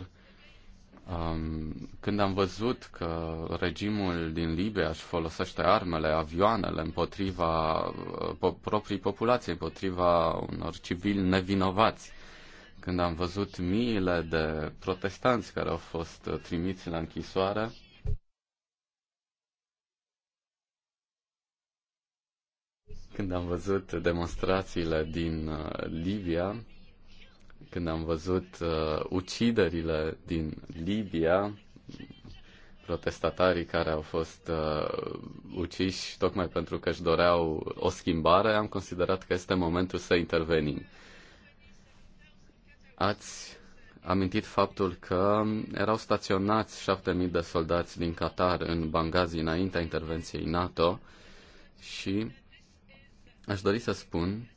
um, când am văzut că regimul din Libia își folosește armele, avioanele împotriva uh, po- proprii populații, împotriva unor civili nevinovați, când am văzut miile de protestanți care au fost uh, trimiți la închisoare, Când am văzut demonstrațiile din uh, Libia, când am văzut uh, uciderile din Libia, protestatarii care au fost uh, uciși tocmai pentru că își doreau o schimbare, am considerat că este momentul să intervenim. Ați amintit faptul că erau staționați 7000 de soldați din Qatar în Bangazi înaintea intervenției NATO și Aș dori să spun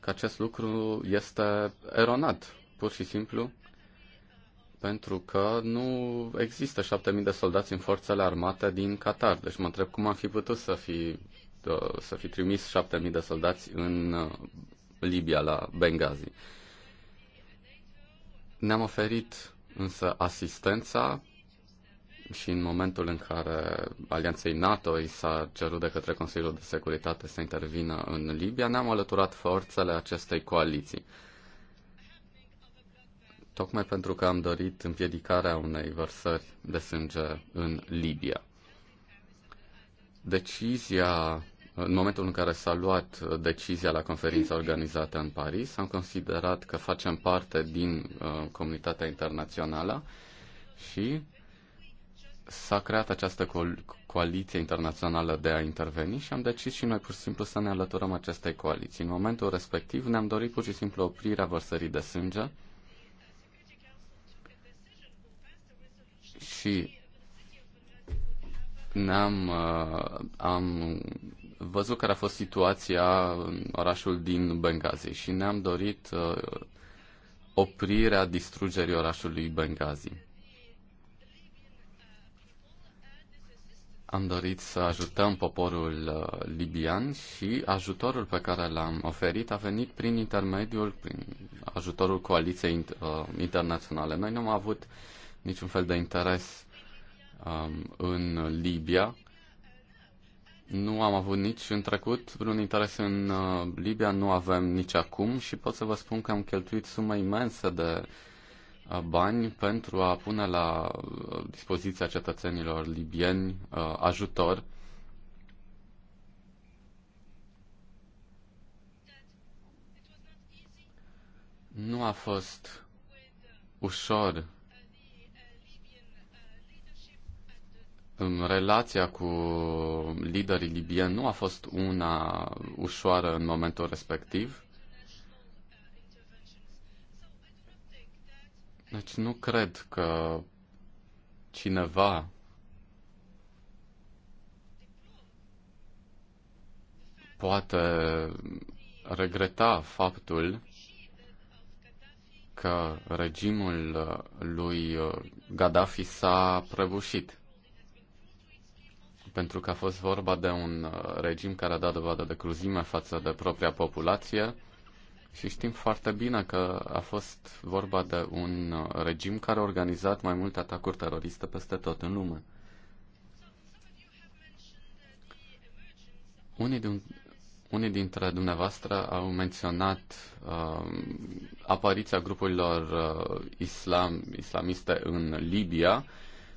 că acest lucru este eronat, pur și simplu, pentru că nu există 7.000 de soldați în forțele armate din Qatar. Deci mă întreb cum am fi putut să fi, uh, să fi trimis 7.000 de soldați în uh, Libia, la Benghazi. Ne-am oferit însă asistența și în momentul în care alianței NATO i s-a cerut de către Consiliul de Securitate să intervină în Libia, ne-am alăturat forțele acestei coaliții. Tocmai pentru că am dorit împiedicarea unei vărsări de sânge în Libia. Decizia, în momentul în care s-a luat decizia la conferința organizată în Paris, am considerat că facem parte din uh, comunitatea internațională și s-a creat această co- coaliție internațională de a interveni și am decis și noi pur și simplu să ne alăturăm acestei coaliții. În momentul respectiv ne-am dorit pur și simplu oprirea vărsării de sânge și ne-am uh, am văzut care a fost situația în orașul din Benghazi și ne-am dorit uh, oprirea distrugerii orașului Benghazi. Am dorit să ajutăm poporul uh, libian și ajutorul pe care l-am oferit a venit prin intermediul, prin ajutorul coaliției uh, internaționale. Noi nu am avut niciun fel de interes um, în Libia. Nu am avut nici în trecut vreun interes în uh, Libia, nu avem nici acum și pot să vă spun că am cheltuit sume imense de uh, Uh, bani pentru a pune la uh, dispoziția cetățenilor libieni uh, ajutor Nu a fost ușor în relația cu liderii libieni nu a fost una ușoară în momentul respectiv Deci nu cred că cineva poate regreta faptul că regimul lui Gaddafi s-a prăbușit. Pentru că a fost vorba de un regim care a dat dovadă de cruzime față de propria populație, și știm foarte bine că a fost vorba de un regim care a organizat mai multe atacuri teroriste peste tot în lume. Unii, din, unii dintre dumneavoastră au menționat uh, apariția grupurilor uh, islam, islamiste în Libia,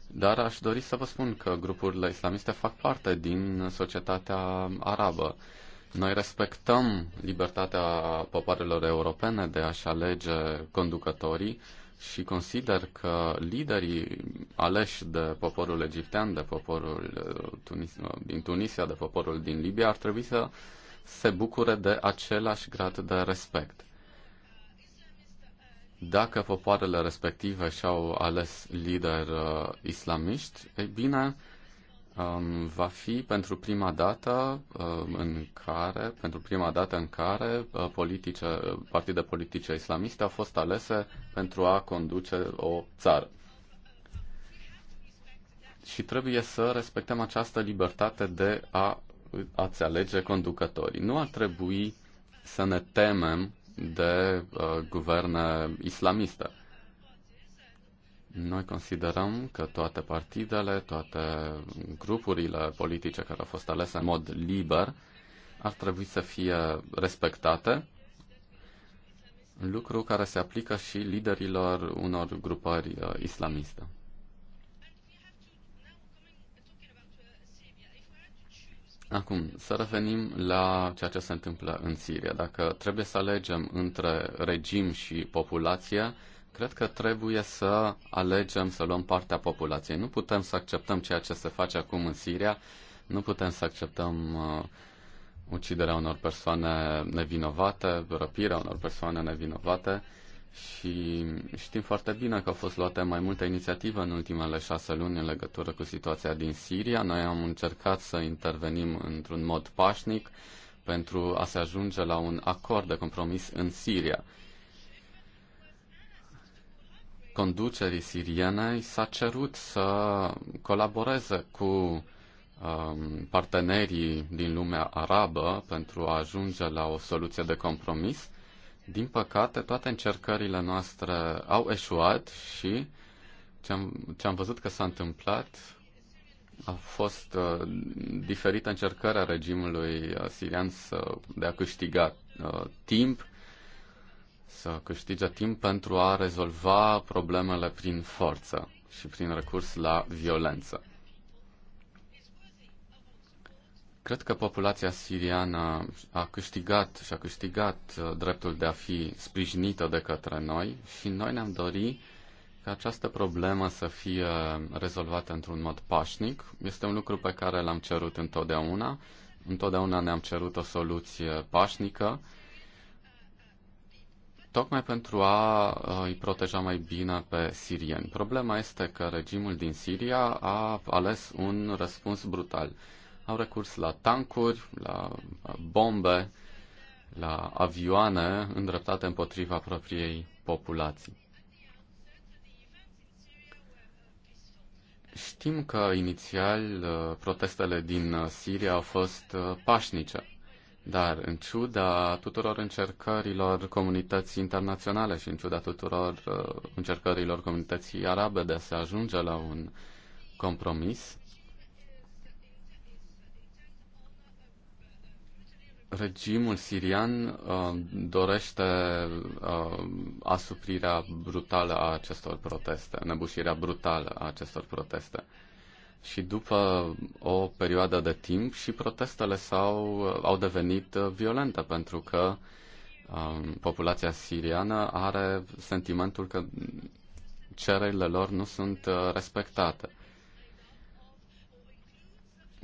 dar aș dori să vă spun că grupurile islamiste fac parte din societatea arabă. Uh, noi respectăm libertatea popoarelor europene de a-și alege conducătorii și consider că liderii aleși de poporul egiptean, de poporul uh, Tunis, uh, din Tunisia, de poporul din Libia, ar trebui să se bucure de același grad de respect. Dacă popoarele respective și-au ales lideri uh, islamiști, ei bine, uh, um, va fi pentru prima dată uh, în care, pentru prima dată în care uh, politice, partide politice islamiste au fost alese pentru a conduce o țară. Și trebuie să respectăm această libertate de a ați alege conducătorii. Nu ar trebui să ne temem de uh, guverne islamiste. Noi considerăm că toate partidele, toate grupurile politice care au fost alese în mod liber ar trebui să fie respectate, lucru care se aplică și liderilor unor grupări uh, islamiste. Acum, să revenim la ceea ce se întâmplă în Siria. Dacă trebuie să alegem între regim și populație, Cred că trebuie să alegem să luăm partea populației. Nu putem să acceptăm ceea ce se face acum în Siria, nu putem să acceptăm uh, uciderea unor persoane nevinovate, răpirea unor persoane nevinovate și știm foarte bine că au fost luate mai multe inițiative în ultimele șase luni în legătură cu situația din Siria. Noi am încercat să intervenim într-un mod pașnic pentru a se ajunge la un acord de compromis în Siria conducerii siriene s-a cerut să colaboreze cu um, partenerii din lumea arabă pentru a ajunge la o soluție de compromis. Din păcate, toate încercările noastre au eșuat și ce am, ce am văzut că s-a întâmplat a fost uh, diferită încercarea regimului regimului uh, sirian să, de a câștiga uh, timp, să câștige timp pentru a rezolva problemele prin forță și prin recurs la violență. Cred că populația siriană a câștigat și a câștigat uh, dreptul de a fi sprijinită de către noi și noi ne-am dorit ca această problemă să fie rezolvată într-un mod pașnic. Este un lucru pe care l-am cerut întotdeauna. Întotdeauna ne-am cerut o soluție pașnică tocmai pentru a uh, îi proteja mai bine pe sirieni. Problema este că regimul din Siria a ales un răspuns brutal. Au recurs la tancuri, la uh, bombe, la avioane îndreptate împotriva propriei populații. Știm că inițial uh, protestele din Siria au fost pașnice, dar în ciuda tuturor încercărilor comunității internaționale și în ciuda tuturor uh, încercărilor comunității arabe de a se ajunge la un compromis, regimul sirian uh, dorește uh, asuprirea brutală a acestor proteste, înăbușirea brutală a acestor proteste. Uh, și după o perioadă de timp și protestele s-au, au devenit violente pentru că um, populația siriană are sentimentul că cererile lor nu sunt uh, respectate.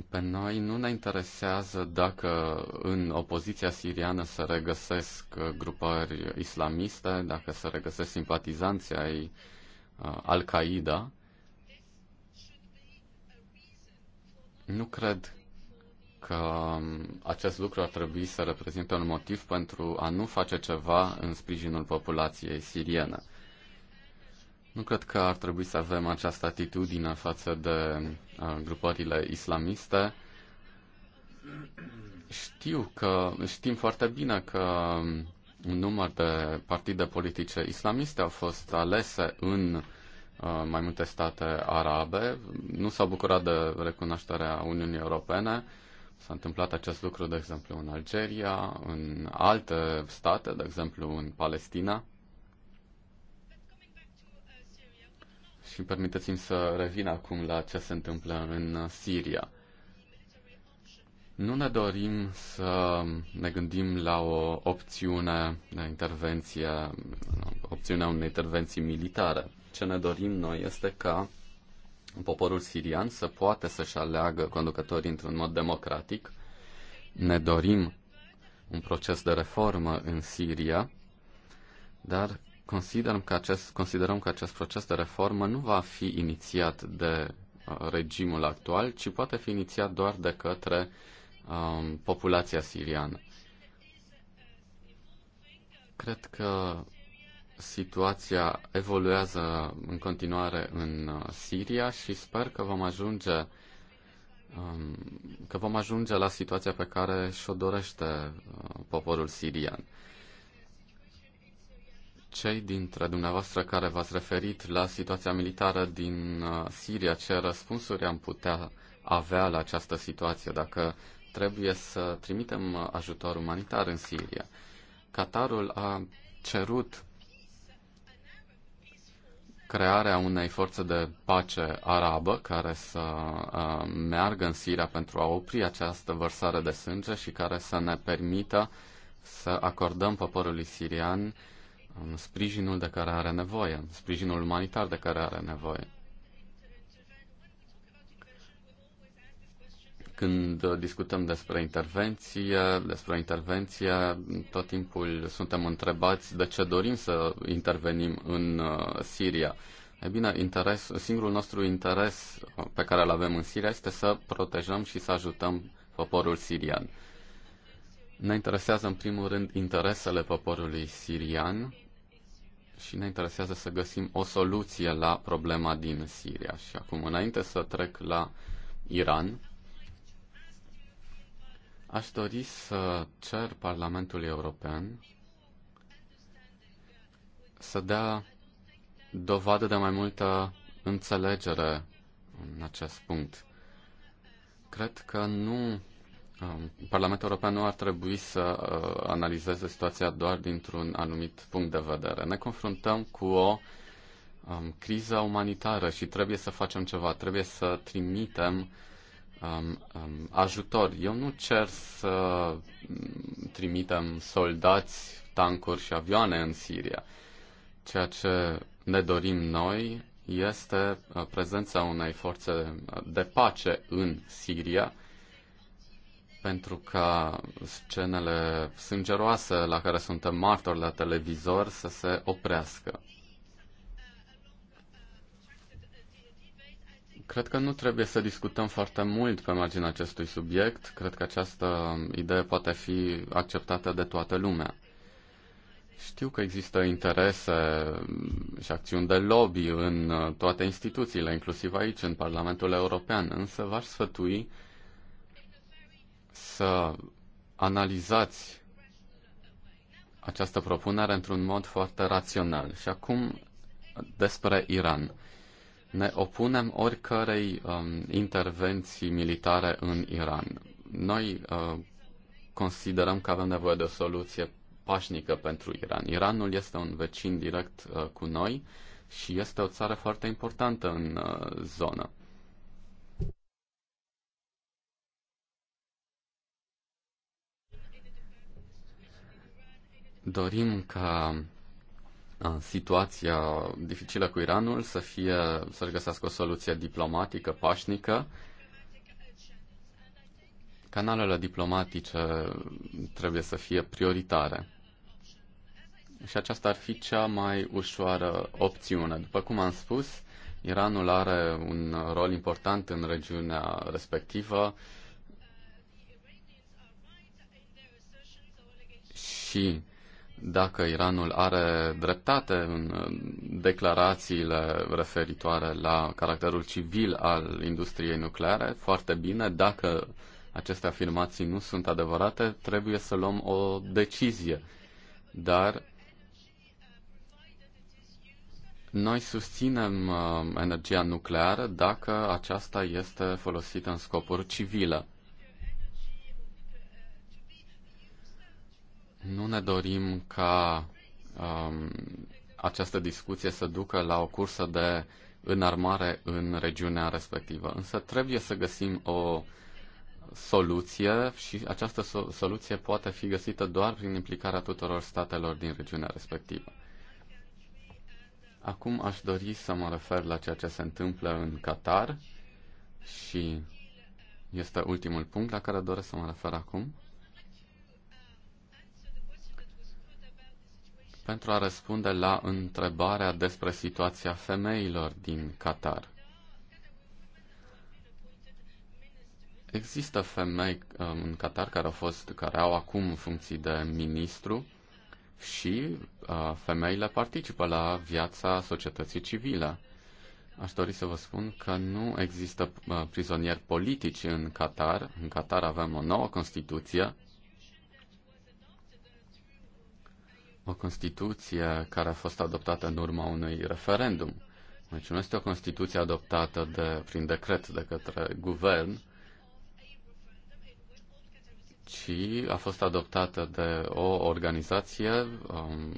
Pe noi nu ne interesează dacă în opoziția siriană se regăsesc uh, grupări islamiste, dacă se regăsesc simpatizanții ai uh, Al-Qaeda, Nu cred că acest lucru ar trebui să reprezinte un motiv pentru a nu face ceva în sprijinul populației siriene. Nu cred că ar trebui să avem această atitudine față de uh, grupările islamiste. Știu că știm foarte bine că un număr de partide politice islamiste au fost alese în Uh, mai multe state arabe. Nu s-au bucurat de recunoașterea Uniunii Europene. S-a întâmplat acest lucru, de exemplu, în Algeria, în alte state, de exemplu, în Palestina. Și permiteți-mi să revin acum la ce se întâmplă în Siria. Nu ne dorim să ne gândim la o opțiune de intervenție, opțiunea unei intervenții militare. Ce ne dorim noi este ca poporul sirian să poată să-și aleagă conducătorii într-un mod democratic. Ne dorim un proces de reformă în Siria, dar considerăm că acest, considerăm că acest proces de reformă nu va fi inițiat de uh, regimul actual, ci poate fi inițiat doar de către um, populația siriană. Cred că situația evoluează în continuare în uh, Siria și sper că vom ajunge um, că vom ajunge la situația pe care și-o dorește uh, poporul sirian. Cei dintre dumneavoastră care v-ați referit la situația militară din uh, Siria, ce răspunsuri am putea avea la această situație dacă trebuie să trimitem ajutor umanitar în Siria? Qatarul a cerut crearea unei forțe de pace arabă care să uh, meargă în Siria pentru a opri această vărsare de sânge și care să ne permită să acordăm poporului sirian um, sprijinul de care are nevoie, sprijinul umanitar de care are nevoie. Când discutăm despre intervenție, despre intervenție, tot timpul suntem întrebați de ce dorim să intervenim în uh, Siria. E bine, interes, singurul nostru interes uh, pe care îl avem în Siria este să protejăm și să ajutăm poporul sirian. Ne interesează în primul rând interesele poporului sirian și ne interesează să găsim o soluție la problema din Siria. Și acum, înainte să trec la Iran, Aș dori să cer Parlamentului European să dea dovadă de mai multă înțelegere în acest punct. Cred că nu. Um, Parlamentul European nu ar trebui să uh, analizeze situația doar dintr-un anumit punct de vedere. Ne confruntăm cu o um, criză umanitară și trebuie să facem ceva, trebuie să trimitem um, um, ajutor. Eu nu cer să trimitem soldați, tancuri și avioane în Siria. Ceea ce ne dorim noi este uh, prezența unei forțe de pace în Siria, pentru ca scenele sângeroase la care suntem martori la televizor să se oprească. Cred că nu trebuie să discutăm foarte mult pe marginea acestui subiect. Cred că această idee poate fi acceptată de toată lumea. Știu că există interese și acțiuni de lobby în toate instituțiile, inclusiv aici, în Parlamentul European, însă v-aș sfătui să analizați această propunere într-un mod foarte rațional. Și acum despre Iran ne opunem oricărei um, intervenții militare în Iran. Noi uh, considerăm că avem nevoie de o soluție pașnică pentru Iran. Iranul este un vecin direct uh, cu noi și este o țară foarte importantă în uh, zonă. Dorim ca situația dificilă cu Iranul să fie, să-și găsească o soluție diplomatică, pașnică. Canalele diplomatice trebuie să fie prioritare. Și aceasta ar fi cea mai ușoară opțiune. După cum am spus, Iranul are un rol important în regiunea respectivă și dacă Iranul are dreptate în declarațiile referitoare la caracterul civil al industriei nucleare, foarte bine. Dacă aceste afirmații nu sunt adevărate, trebuie să luăm o decizie. Dar noi susținem uh, energia nucleară dacă aceasta este folosită în scopuri civile. Nu ne dorim ca um, această discuție să ducă la o cursă de înarmare în regiunea respectivă, însă trebuie să găsim o soluție și această soluție poate fi găsită doar prin implicarea tuturor statelor din regiunea respectivă. Acum aș dori să mă refer la ceea ce se întâmplă în Qatar și este ultimul punct la care doresc să mă refer acum. pentru a răspunde la întrebarea despre situația femeilor din Qatar. Există femei um, în Qatar care au fost, care au acum funcții de ministru și uh, femeile participă la viața societății civile. Aș dori să vă spun că nu există uh, prizonieri politici în Qatar. În Qatar avem o nouă Constituție o Constituție care a fost adoptată în urma unui referendum. Deci nu este o Constituție adoptată de, prin decret de către guvern, ci a fost adoptată de o organizație um,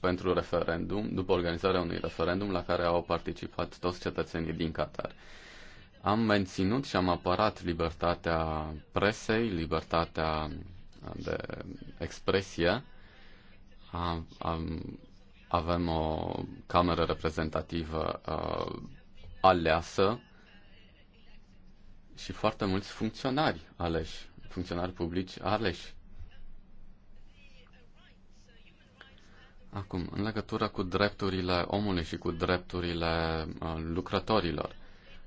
pentru referendum, după organizarea unui referendum la care au participat toți cetățenii din Qatar. Am menținut și am apărat libertatea presei, libertatea de expresie, am, am, avem o cameră reprezentativă uh, aleasă și foarte mulți funcționari aleși, funcționari publici aleși. Acum, în legătură cu drepturile omului și cu drepturile uh, lucrătorilor.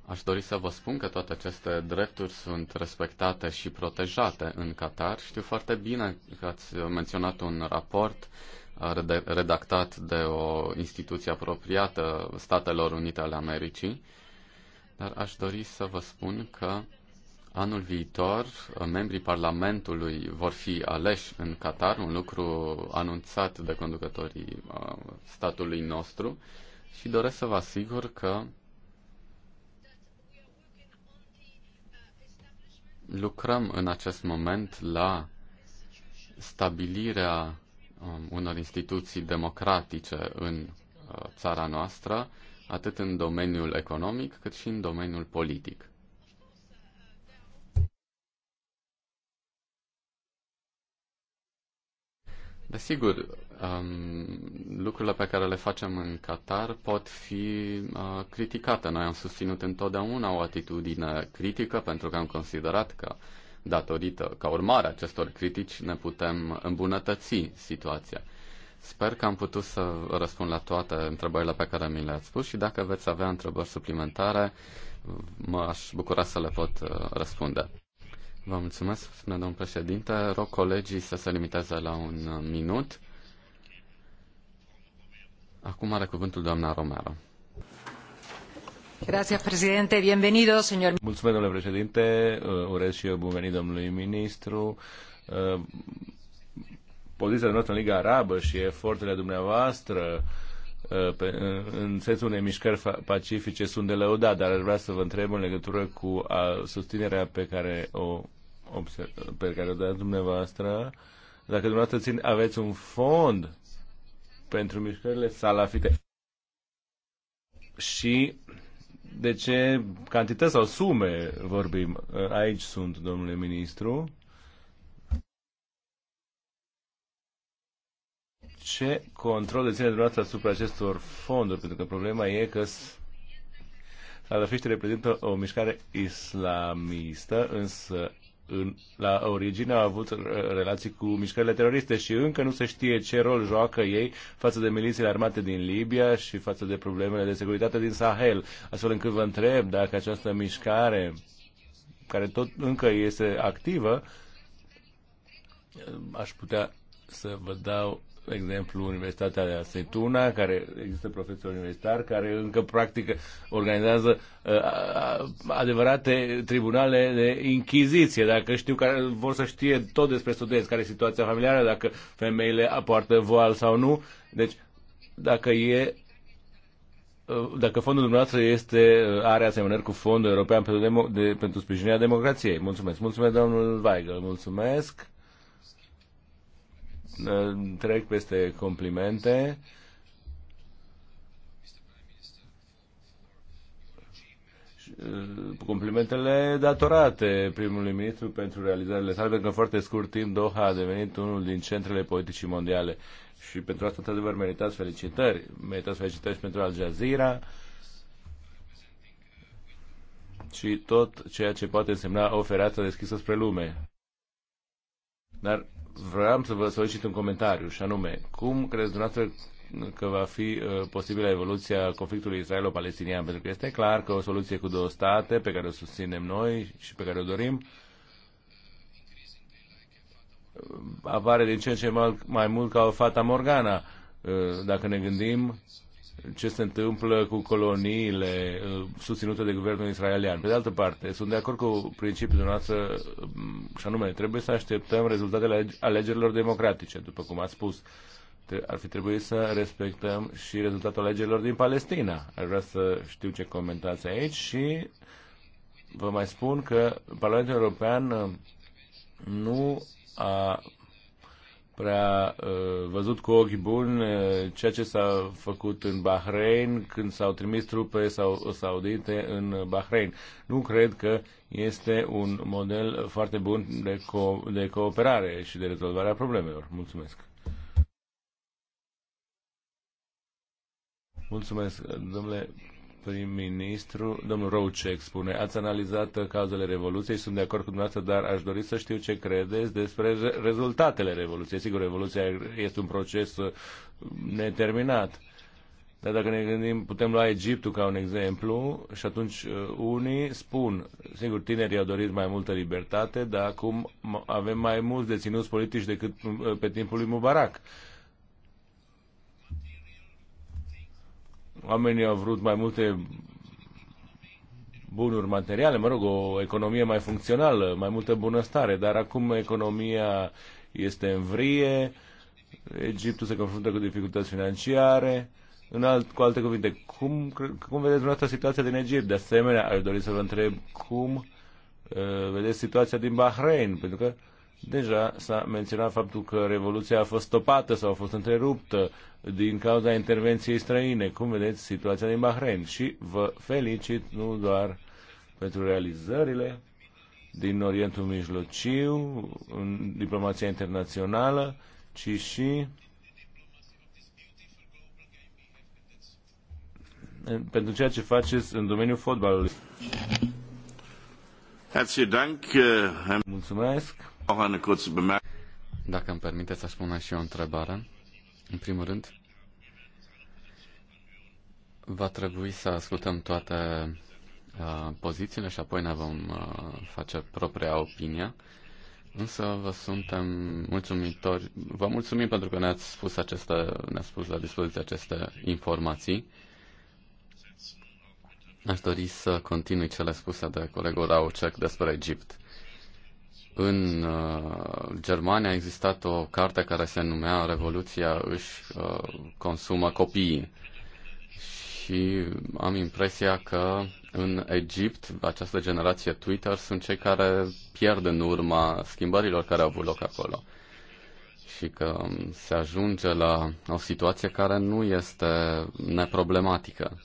Aș dori să vă spun că toate aceste drepturi sunt respectate și protejate în Qatar. Știu foarte bine că ați menționat un raport uh, redactat de o instituție apropiată Statelor Unite ale Americii, dar aș dori să vă spun că anul viitor uh, membrii Parlamentului vor fi aleși în Qatar, un lucru anunțat de conducătorii uh, statului nostru și doresc să vă asigur că Lucrăm în acest moment la stabilirea um, unor instituții democratice în uh, țara noastră, atât în domeniul economic cât și în domeniul politic. Desigur, um, lucrurile pe care le facem în Qatar pot fi uh, criticate. Noi am susținut întotdeauna o atitudine critică pentru că am considerat că datorită, ca urmare acestor critici, ne putem îmbunătăți situația. Sper că am putut să răspund la toate întrebările pe care mi le-ați spus și dacă veți avea întrebări suplimentare, mă aș bucura să le pot uh, răspunde. Vă mulțumesc, spune domnul președinte. Rog colegii să se limiteze la un minut. Acum are cuvântul doamna Romero. Gracias, presidente. Bienvenido, señor. Mulțumesc, domnule președinte. Urez și eu bun venit domnului ministru poziția noastră în Liga Arabă și eforturile dumneavoastră pe, în sensul unei mișcări pacifice sunt de lăudat, dar aș vrea să vă întreb în legătură cu a, susținerea pe care o pe care o dați dumneavoastră, dacă dumneavoastră ține, aveți un fond pentru mișcările salafite și de ce cantități sau sume vorbim. Aici sunt, domnule ministru. Ce control deține dumneavoastră asupra acestor fonduri? Pentru că problema e că Salafiștii reprezintă o mișcare islamistă, însă în, la origine au avut relații cu mișcările teroriste și încă nu se știe ce rol joacă ei față de milițiile armate din Libia și față de problemele de securitate din Sahel. Astfel încât vă întreb dacă această mișcare, care tot încă este activă, aș putea să vă dau exemplu, Universitatea de Asetuna, care există profesori universitari care încă practică, organizează uh, adevărate tribunale de inchiziție, dacă știu care vor să știe tot despre studenți, care e situația familiară, dacă femeile poartă voal sau nu. Deci, dacă e uh, dacă fondul dumneavoastră este, uh, are asemănări cu Fondul European pentru, demo, de, pentru sprijinirea democrației. Mulțumesc. Mulțumesc, domnul Weigel. Mulțumesc trec peste complimente. complimentele datorate primului ministru pentru realizările sale, pentru că în foarte scurt timp Doha a devenit unul din centrele politicii mondiale. Și pentru asta, într-adevăr, meritați felicitări. Meritați felicitări și pentru Al Jazeera și tot ceea ce poate însemna o fereastră deschisă spre lume. Dar vreau să vă solicit un comentariu, și anume, cum crezi dumneavoastră că va fi uh, posibilă evoluția conflictului israelo-palestinian? Pentru că este clar că o soluție cu două state, pe care o susținem noi și pe care o dorim, uh, apare din ce în ce mai, mai mult ca o fata morgana, uh, dacă ne gândim ce se întâmplă cu coloniile uh, susținute de guvernul israelian. Pe de altă parte, sunt de acord cu principiul noastră um, și anume, trebuie să așteptăm rezultatele alegerilor democratice, după cum a spus. Ar fi trebuit să respectăm și rezultatul alegerilor din Palestina. Aș vrea să știu ce comentați aici și vă mai spun că Parlamentul European uh, nu a prea uh, văzut cu ochi buni uh, ceea ce s-a făcut în Bahrain când s-au trimis trupe sau saudite în Bahrain. Nu cred că este un model foarte bun de, co- de cooperare și de rezolvare a problemelor. Mulțumesc. Mulțumesc, domnule prim-ministru, domnul Roucek spune, ați analizat cauzele Revoluției, sunt de acord cu dumneavoastră, dar aș dori să știu ce credeți despre rezultatele Revoluției. Sigur, Revoluția este un proces uh, neterminat. Dar dacă ne gândim, putem lua Egiptul ca un exemplu și atunci uh, unii spun, sigur, tinerii au dorit mai multă libertate, dar acum avem mai mulți deținuți politici decât uh, pe timpul lui Mubarak. oamenii au vrut mai multe bunuri materiale, mă rog, o economie mai funcțională, mai multă bunăstare, dar acum economia este în vrie, Egiptul se confruntă cu dificultăți financiare, în alt, cu alte cuvinte, cum, cum vedeți dumneavoastră situația din Egipt? De asemenea, aș dori să vă întreb cum uh, vedeți situația din Bahrain, pentru că uh, Deja s-a menționat faptul că revoluția a fost stopată sau a fost întreruptă din cauza intervenției străine. Cum vedeți situația din Bahrain? Și vă felicit nu doar pentru realizările din Orientul Mijlociu, în diplomația internațională, ci și pentru ceea ce faceți în domeniul fotbalului. Mulțumesc! Dacă îmi permiteți să spun și o întrebare. În primul rând, va trebui să ascultăm toate uh, pozițiile și apoi ne vom uh, face propria opinie. Însă vă suntem mulțumitori, vă mulțumim pentru că ne-ați spus, aceste, ne-ați spus la dispoziție aceste informații. Aș dori să continui cele spuse de colegul Raucek despre Egipt. În uh, Germania a existat o carte care se numea Revoluția își uh, consumă copiii și am impresia că în Egipt, această generație Twitter sunt cei care pierd în urma schimbărilor care au avut loc acolo și că um, se ajunge la o situație care nu este neproblematică.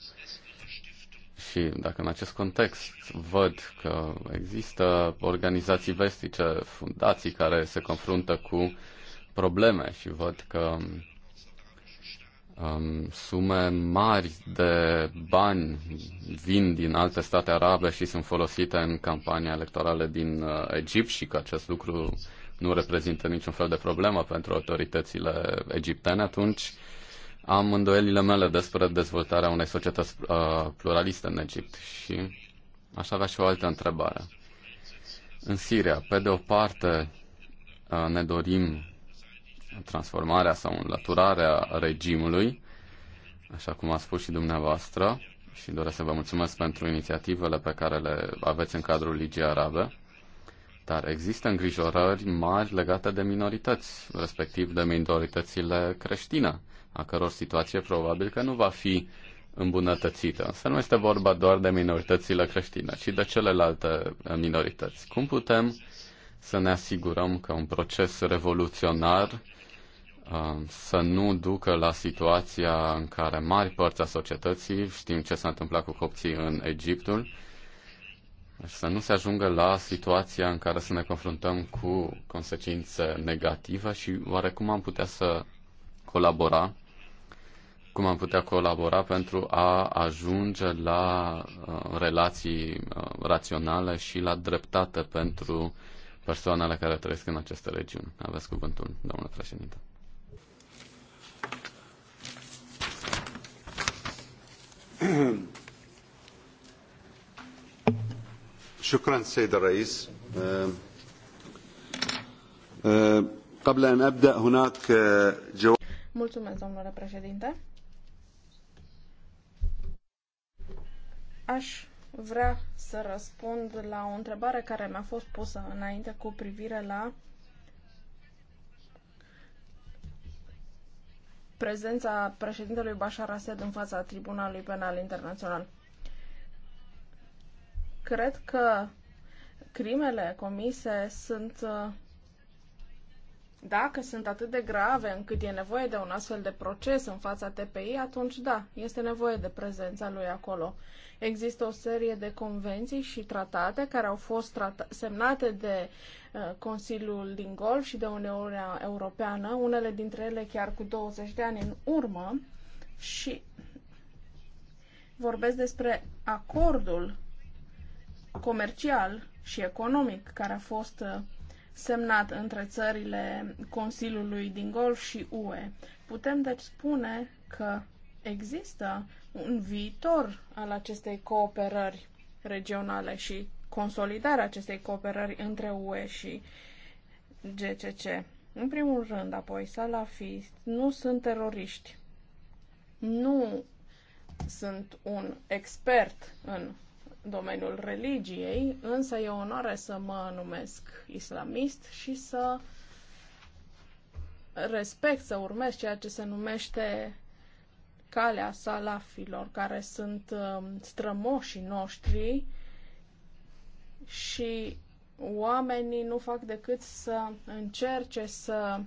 Și dacă în acest context văd că există organizații vestice, fundații care se confruntă cu probleme și văd că um, sume mari de bani vin din alte state arabe și sunt folosite în campania electorală din uh, Egipt și că acest lucru nu reprezintă niciun fel de problemă pentru autoritățile egiptene, atunci uh, am îndoielile mele despre dezvoltarea unei societăți uh, pluraliste în Egipt și aș avea și o altă întrebare. În Siria, pe de o parte, uh, ne dorim transformarea sau înlăturarea regimului, așa cum a spus și dumneavoastră, și doresc să vă mulțumesc pentru inițiativele pe care le aveți în cadrul Ligii Arabe, dar există îngrijorări mari legate de minorități, respectiv de minoritățile creștine a căror situație probabil că nu va fi îmbunătățită. Să nu este vorba doar de minoritățile creștine, ci de celelalte eh, minorități. Cum putem să ne asigurăm că un proces revoluționar eh, să nu ducă la situația în care mari părți a societății, știm ce s-a întâmplat cu copții în Egiptul, deci să nu se ajungă la situația în care să ne confruntăm cu consecințe negative și oarecum am putea să colabora, cum am putea colabora pentru a ajunge la uh, relații uh, raționale și la dreptate pentru persoanele care trăiesc în aceste regiuni. Aveți cuvântul, domnule președinte. شكراً سيد الرئيس قبل أن أبدأ هناك جواب Mulțumesc, domnule președinte. Aș vrea să răspund la o întrebare care mi-a fost pusă înainte cu privire la prezența președintelui Bashar Assad în fața Tribunalului Penal Internațional. Cred că crimele comise sunt uh, dacă sunt atât de grave încât e nevoie de un astfel de proces în fața TPI, atunci da, este nevoie de prezența lui acolo. Există o serie de convenții și tratate care au fost semnate de uh, Consiliul din Golf și de Uniunea Europeană, unele dintre ele chiar cu 20 de ani în urmă, și vorbesc despre acordul comercial și economic care a fost uh, semnat între țările Consiliului din Golf și UE. Putem deci spune că există un viitor al acestei cooperări regionale și consolidarea acestei cooperări între UE și GCC. În primul rând, apoi, salafiști nu sunt teroriști. Nu sunt un expert în domeniul religiei, însă e onoare să mă numesc islamist și să respect, să urmez ceea ce se numește calea salafilor, care sunt um, strămoșii noștri și oamenii nu fac decât să încerce să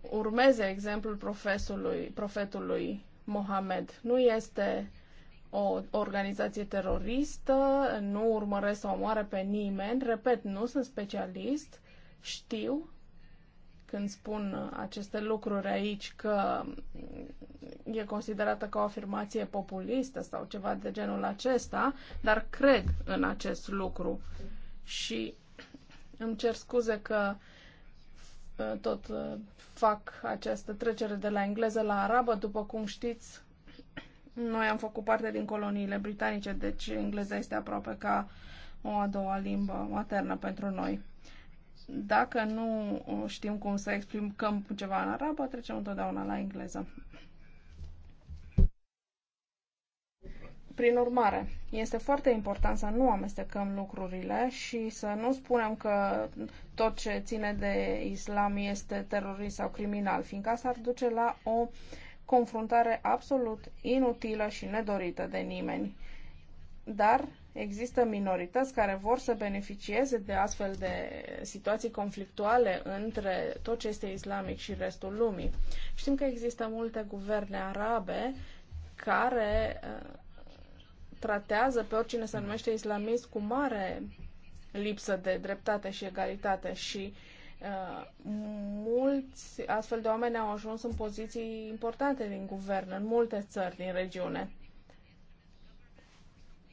urmeze exemplul profesului, profetului Mohamed. Nu este o organizație teroristă, nu urmăresc să omoare pe nimeni. Repet, nu sunt specialist, știu când spun aceste lucruri aici că e considerată ca o afirmație populistă sau ceva de genul acesta, dar cred în acest lucru și îmi cer scuze că uh, tot uh, fac această trecere de la engleză la arabă. După cum știți, noi am făcut parte din coloniile britanice, deci engleza este aproape ca o a doua limbă maternă pentru noi. Dacă nu știm cum să explicăm ceva în arabă, trecem întotdeauna la engleză. Prin urmare, este foarte important să nu amestecăm lucrurile și să nu spunem că tot ce ține de islam este terorist sau criminal, fiindcă asta ar duce la o uh, confruntare absolut inutilă și nedorită de nimeni. Dar există minorități care vor să beneficieze de astfel de situații conflictuale între tot ce este islamic și restul lumii. Știm că există multe guverne arabe care uh, tratează pe oricine se numește islamist cu mare lipsă de dreptate și egalitate și uh, mulți astfel de oameni au ajuns în poziții importante din guvern, în multe țări din regiune.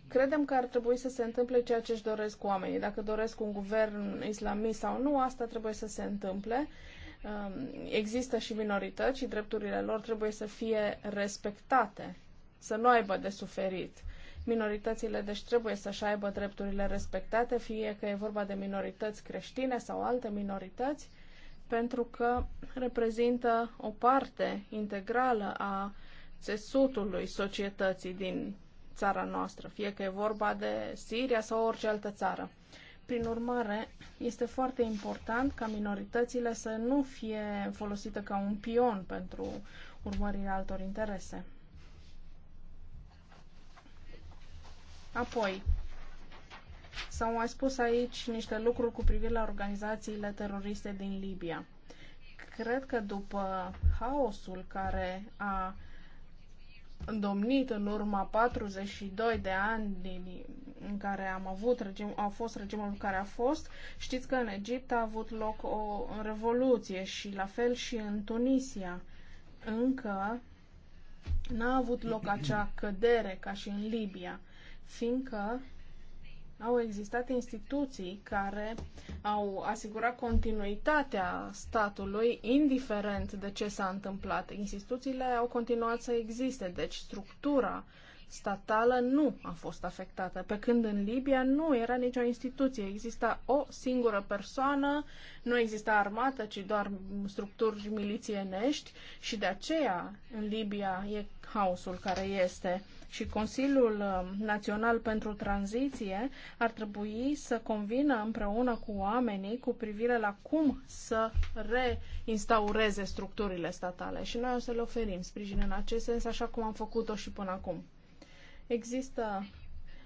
Credem că ar trebui să se întâmple ceea ce își doresc oamenii. Dacă doresc un guvern islamist sau nu, asta trebuie să se întâmple. Um, există și minorități și drepturile lor trebuie să fie respectate, să nu aibă de suferit Minoritățile deci trebuie să-și aibă drepturile respectate, fie că e vorba de minorități creștine sau alte minorități, pentru că reprezintă o parte integrală a țesutului societății din țara noastră, fie că e vorba de Siria sau orice altă țară. Prin urmare, este foarte important ca minoritățile să nu fie folosite ca un pion pentru urmărirea altor interese. Apoi, s-au mai spus aici niște lucruri cu privire la organizațiile teroriste din Libia. Cred că după haosul care a domnit în urma 42 de ani din, în care am avut regim, a fost regimul care a fost, știți că în Egipt a avut loc o revoluție și la fel și în Tunisia. Încă n-a avut loc acea cădere ca și în Libia fiindcă au existat instituții care au asigurat continuitatea statului, indiferent de ce s-a întâmplat. Instituțiile au continuat să existe, deci structura statală nu a fost afectată, pe când în Libia nu era nicio instituție, exista o singură persoană, nu exista armată, ci doar structuri milițienești și de aceea în Libia e haosul care este. Și Consiliul um, Național pentru Tranziție ar trebui să convină împreună cu oamenii cu privire la cum să reinstaureze structurile statale. Și noi o să le oferim sprijin în acest sens, așa cum am făcut-o și până acum. Există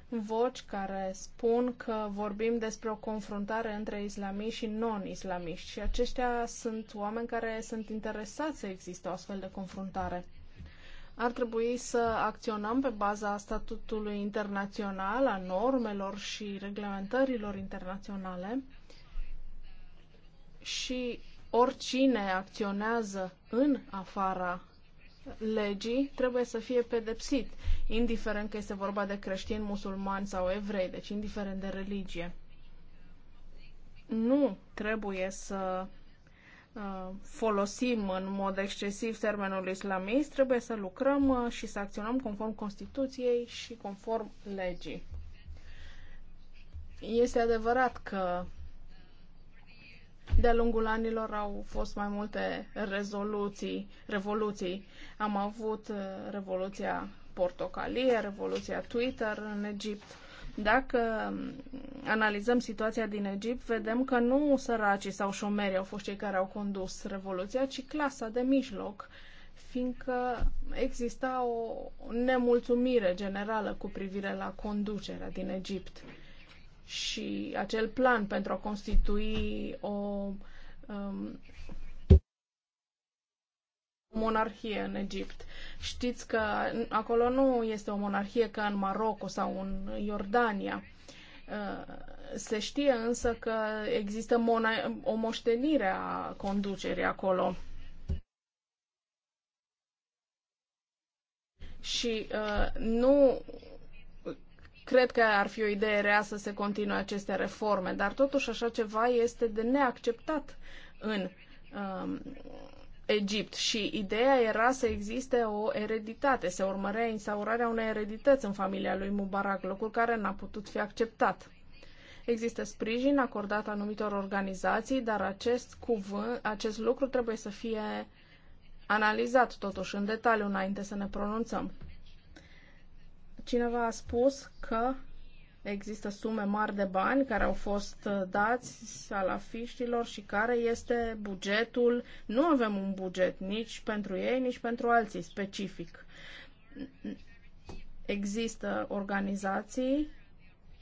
voci care spun că vorbim despre o confruntare între islamiști și non-islamiști și aceștia sunt oameni care sunt interesați să există o astfel de confruntare. Ar trebui să acționăm pe baza statutului internațional, a normelor și reglementărilor internaționale și oricine acționează în afara legii trebuie să fie pedepsit, indiferent că este vorba de creștini, musulmani sau evrei, deci indiferent de religie. Nu trebuie să uh, folosim în mod excesiv termenul islamist, trebuie să lucrăm uh, și să acționăm conform Constituției și conform legii. Este adevărat că de-a lungul anilor au fost mai multe rezoluții, revoluții. Am avut uh, revoluția portocalie, revoluția Twitter în Egipt. Dacă um, analizăm situația din Egipt, vedem că nu săracii sau șomerii au fost cei care au condus revoluția, ci clasa de mijloc, fiindcă exista o nemulțumire generală cu privire la conducerea din Egipt și acel plan pentru a constitui o um, monarhie în Egipt. Știți că acolo nu este o monarhie ca în Maroc sau în Iordania. Uh, se știe însă că există o moștenire a conducerii acolo. Și uh, nu Cred că ar fi o idee rea să se continue aceste reforme, dar totuși așa ceva este de neacceptat în um, Egipt și ideea era să existe o ereditate, se urmărea instaurarea unei eredități în familia lui Mubarak, locul care n-a putut fi acceptat. Există sprijin acordat anumitor organizații, dar acest cuvânt, acest lucru trebuie să fie analizat totuși în detaliu înainte să ne pronunțăm. Cineva a spus că există sume mari de bani care au fost uh, dați salafiștilor și care este bugetul. Nu avem un buget nici pentru ei, nici pentru alții specific. Există organizații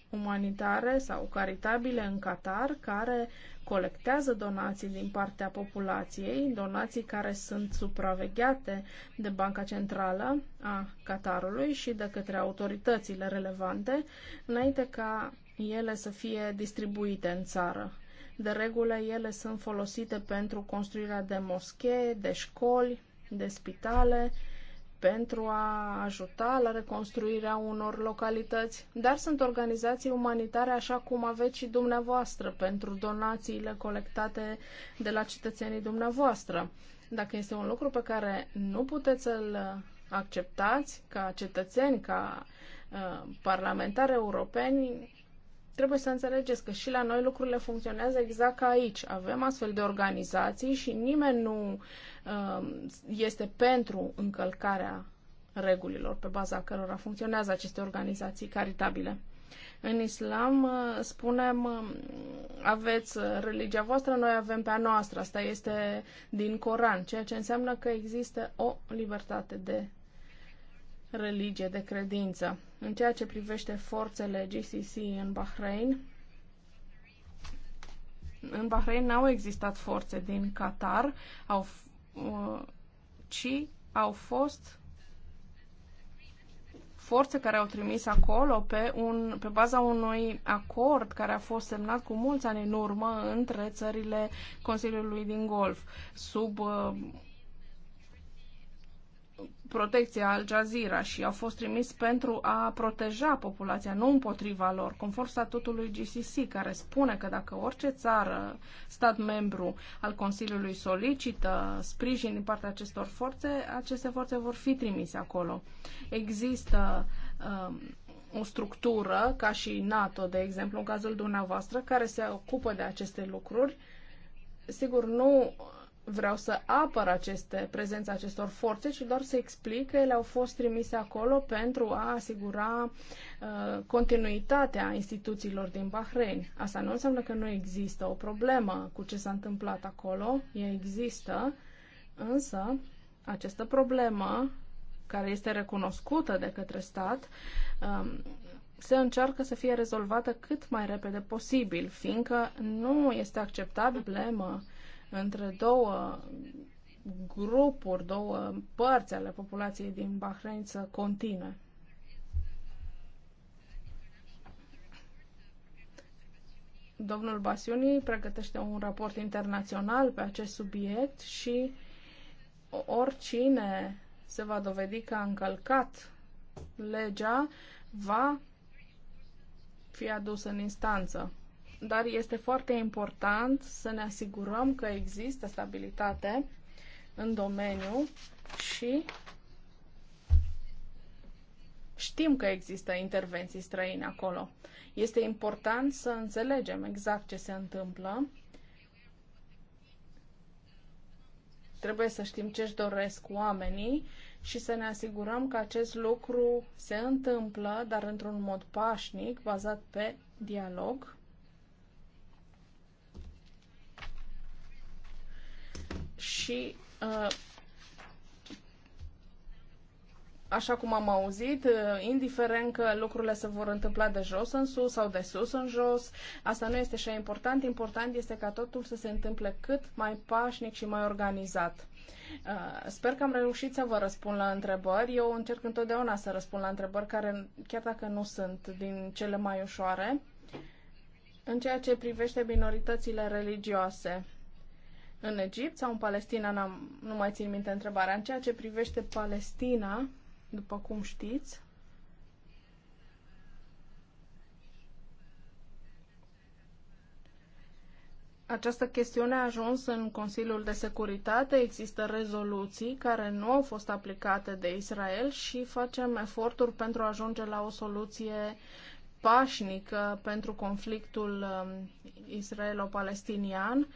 umanitare sau caritabile în Qatar care colectează donații din partea populației, donații care sunt supravegheate de Banca Centrală a Qatarului și de către autoritățile relevante, înainte ca ele să fie distribuite în țară. De regulă, ele sunt folosite pentru construirea de moschee, de școli, de spitale, pentru a ajuta la reconstruirea unor localități, dar sunt organizații umanitare așa cum aveți și dumneavoastră pentru donațiile colectate de la cetățenii dumneavoastră. Dacă este un lucru pe care nu puteți să-l acceptați ca cetățeni, ca uh, parlamentari europeni, Trebuie să înțelegeți că și la noi lucrurile funcționează exact ca aici. Avem astfel de organizații și nimeni nu um, este pentru încălcarea regulilor pe baza cărora funcționează aceste organizații caritabile. În islam uh, spunem um, aveți uh, religia voastră, noi avem pe a noastră. Asta este din Coran, ceea ce înseamnă că există o libertate de religie, de credință. În ceea ce privește forțele GCC în Bahrain, în Bahrain n-au existat forțe din Qatar, au, uh, ci au fost forțe care au trimis acolo pe, un, pe baza unui acord care a fost semnat cu mulți ani în urmă între țările Consiliului din Golf, sub uh, protecție Al Jazeera și au fost trimis pentru a proteja populația, nu împotriva lor, conform statutului GCC, care spune că dacă orice țară, stat membru al Consiliului solicită sprijin din partea acestor forțe, aceste forțe vor fi trimise acolo. Există um, o structură, ca și NATO, de exemplu, în cazul dumneavoastră, care se ocupă de aceste lucruri. Sigur, nu vreau să apăr aceste, prezența acestor forțe, ci doar să explic că ele au fost trimise acolo pentru a asigura uh, continuitatea instituțiilor din Bahrein. Asta nu înseamnă că nu există o problemă cu ce s-a întâmplat acolo, ea există, însă această problemă, care este recunoscută de către stat, um, se încearcă să fie rezolvată cât mai repede posibil, fiindcă nu este acceptabilă problemă uh, între două grupuri, două părți ale populației din Bahrain să continue. Domnul Basiuni pregătește un raport internațional pe acest subiect și oricine se va dovedi că a încălcat legea va fi adus în instanță dar este foarte important să ne asigurăm că există stabilitate în domeniu și știm că există intervenții străine acolo. Este important să înțelegem exact ce se întâmplă. Trebuie să știm ce își doresc oamenii și să ne asigurăm că acest lucru se întâmplă, dar într-un mod pașnic, bazat pe dialog și uh, așa cum am auzit, uh, indiferent că lucrurile se vor întâmpla de jos în sus sau de sus în jos, asta nu este așa important. Important este ca totul să se întâmple cât mai pașnic și mai organizat. Uh, sper că am reușit să vă răspund la întrebări. Eu încerc întotdeauna să răspund la întrebări care, chiar dacă nu sunt din cele mai ușoare, în ceea ce privește minoritățile religioase în Egipt sau în Palestina, n-am, nu mai țin minte întrebarea. În ceea ce privește Palestina, după cum știți, Această chestiune a ajuns în Consiliul de Securitate, există rezoluții care nu au fost aplicate de Israel și facem eforturi pentru a ajunge la o soluție pașnică pentru conflictul um, israelo-palestinian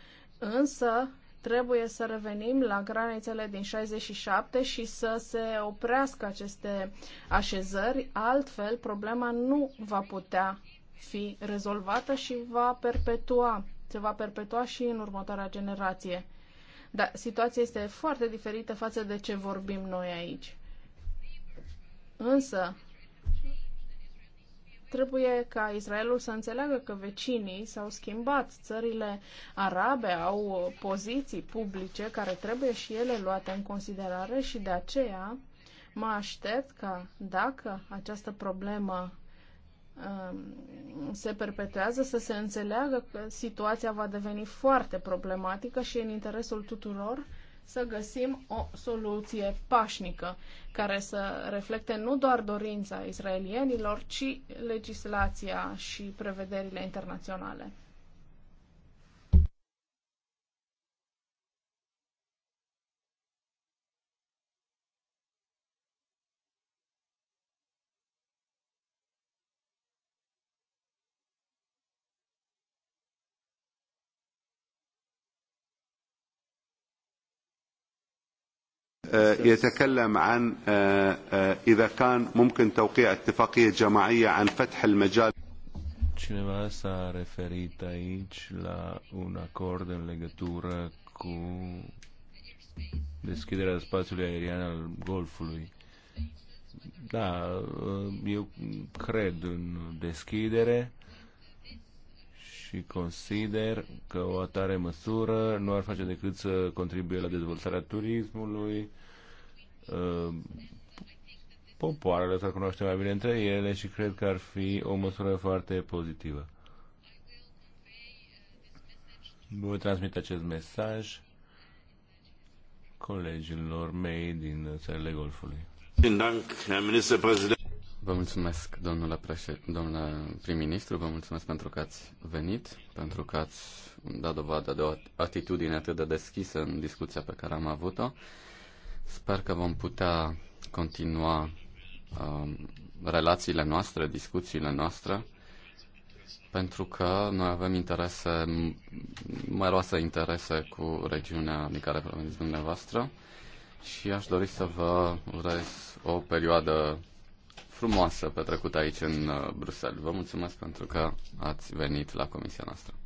Însă trebuie să revenim la granițele din 67 și să se oprească aceste așezări, altfel problema nu va putea fi rezolvată și va perpetua, se va perpetua și în următoarea generație. Dar situația este foarte diferită față de ce vorbim noi aici. Însă, Trebuie ca Israelul să înțeleagă că vecinii s-au schimbat. Țările arabe au poziții publice care trebuie și ele luate în considerare și de aceea mă aștept ca dacă această problemă um, se perpetuează, să se înțeleagă că situația va deveni foarte problematică și în interesul tuturor să găsim o soluție pașnică care să reflecte nu doar dorința israelienilor, ci legislația și prevederile internaționale. يتكلم عن إذا كان ممكن توقيع اتفاقية جماعية عن فتح المجال Cineva s-a referit aici la un acord în legătură cu deschiderea spațiului aerian al Golfului. Da, uh, eu cred în deschidere și consider că o atare măsură nu ar face decât să contribuie la dezvoltarea turismului, Uh, popoarele să cunoaște mai bine între ele și cred că ar fi o măsură foarte pozitivă. Voi transmite acest mesaj colegilor mei din țările Golfului. Vă mulțumesc, domnule, președ... domnule prim-ministru, vă mulțumesc pentru că ați venit, pentru că ați dat dovadă de o atitudine atât de deschisă în discuția pe care am avut-o. Sper că vom putea continua um, relațiile noastre, discuțiile noastre, pentru că noi avem interese, numeroase interese cu regiunea din care proveniți dumneavoastră și aș dori să vă urez o perioadă frumoasă petrecută aici în uh, Bruxelles. Vă mulțumesc pentru că ați venit la comisia noastră.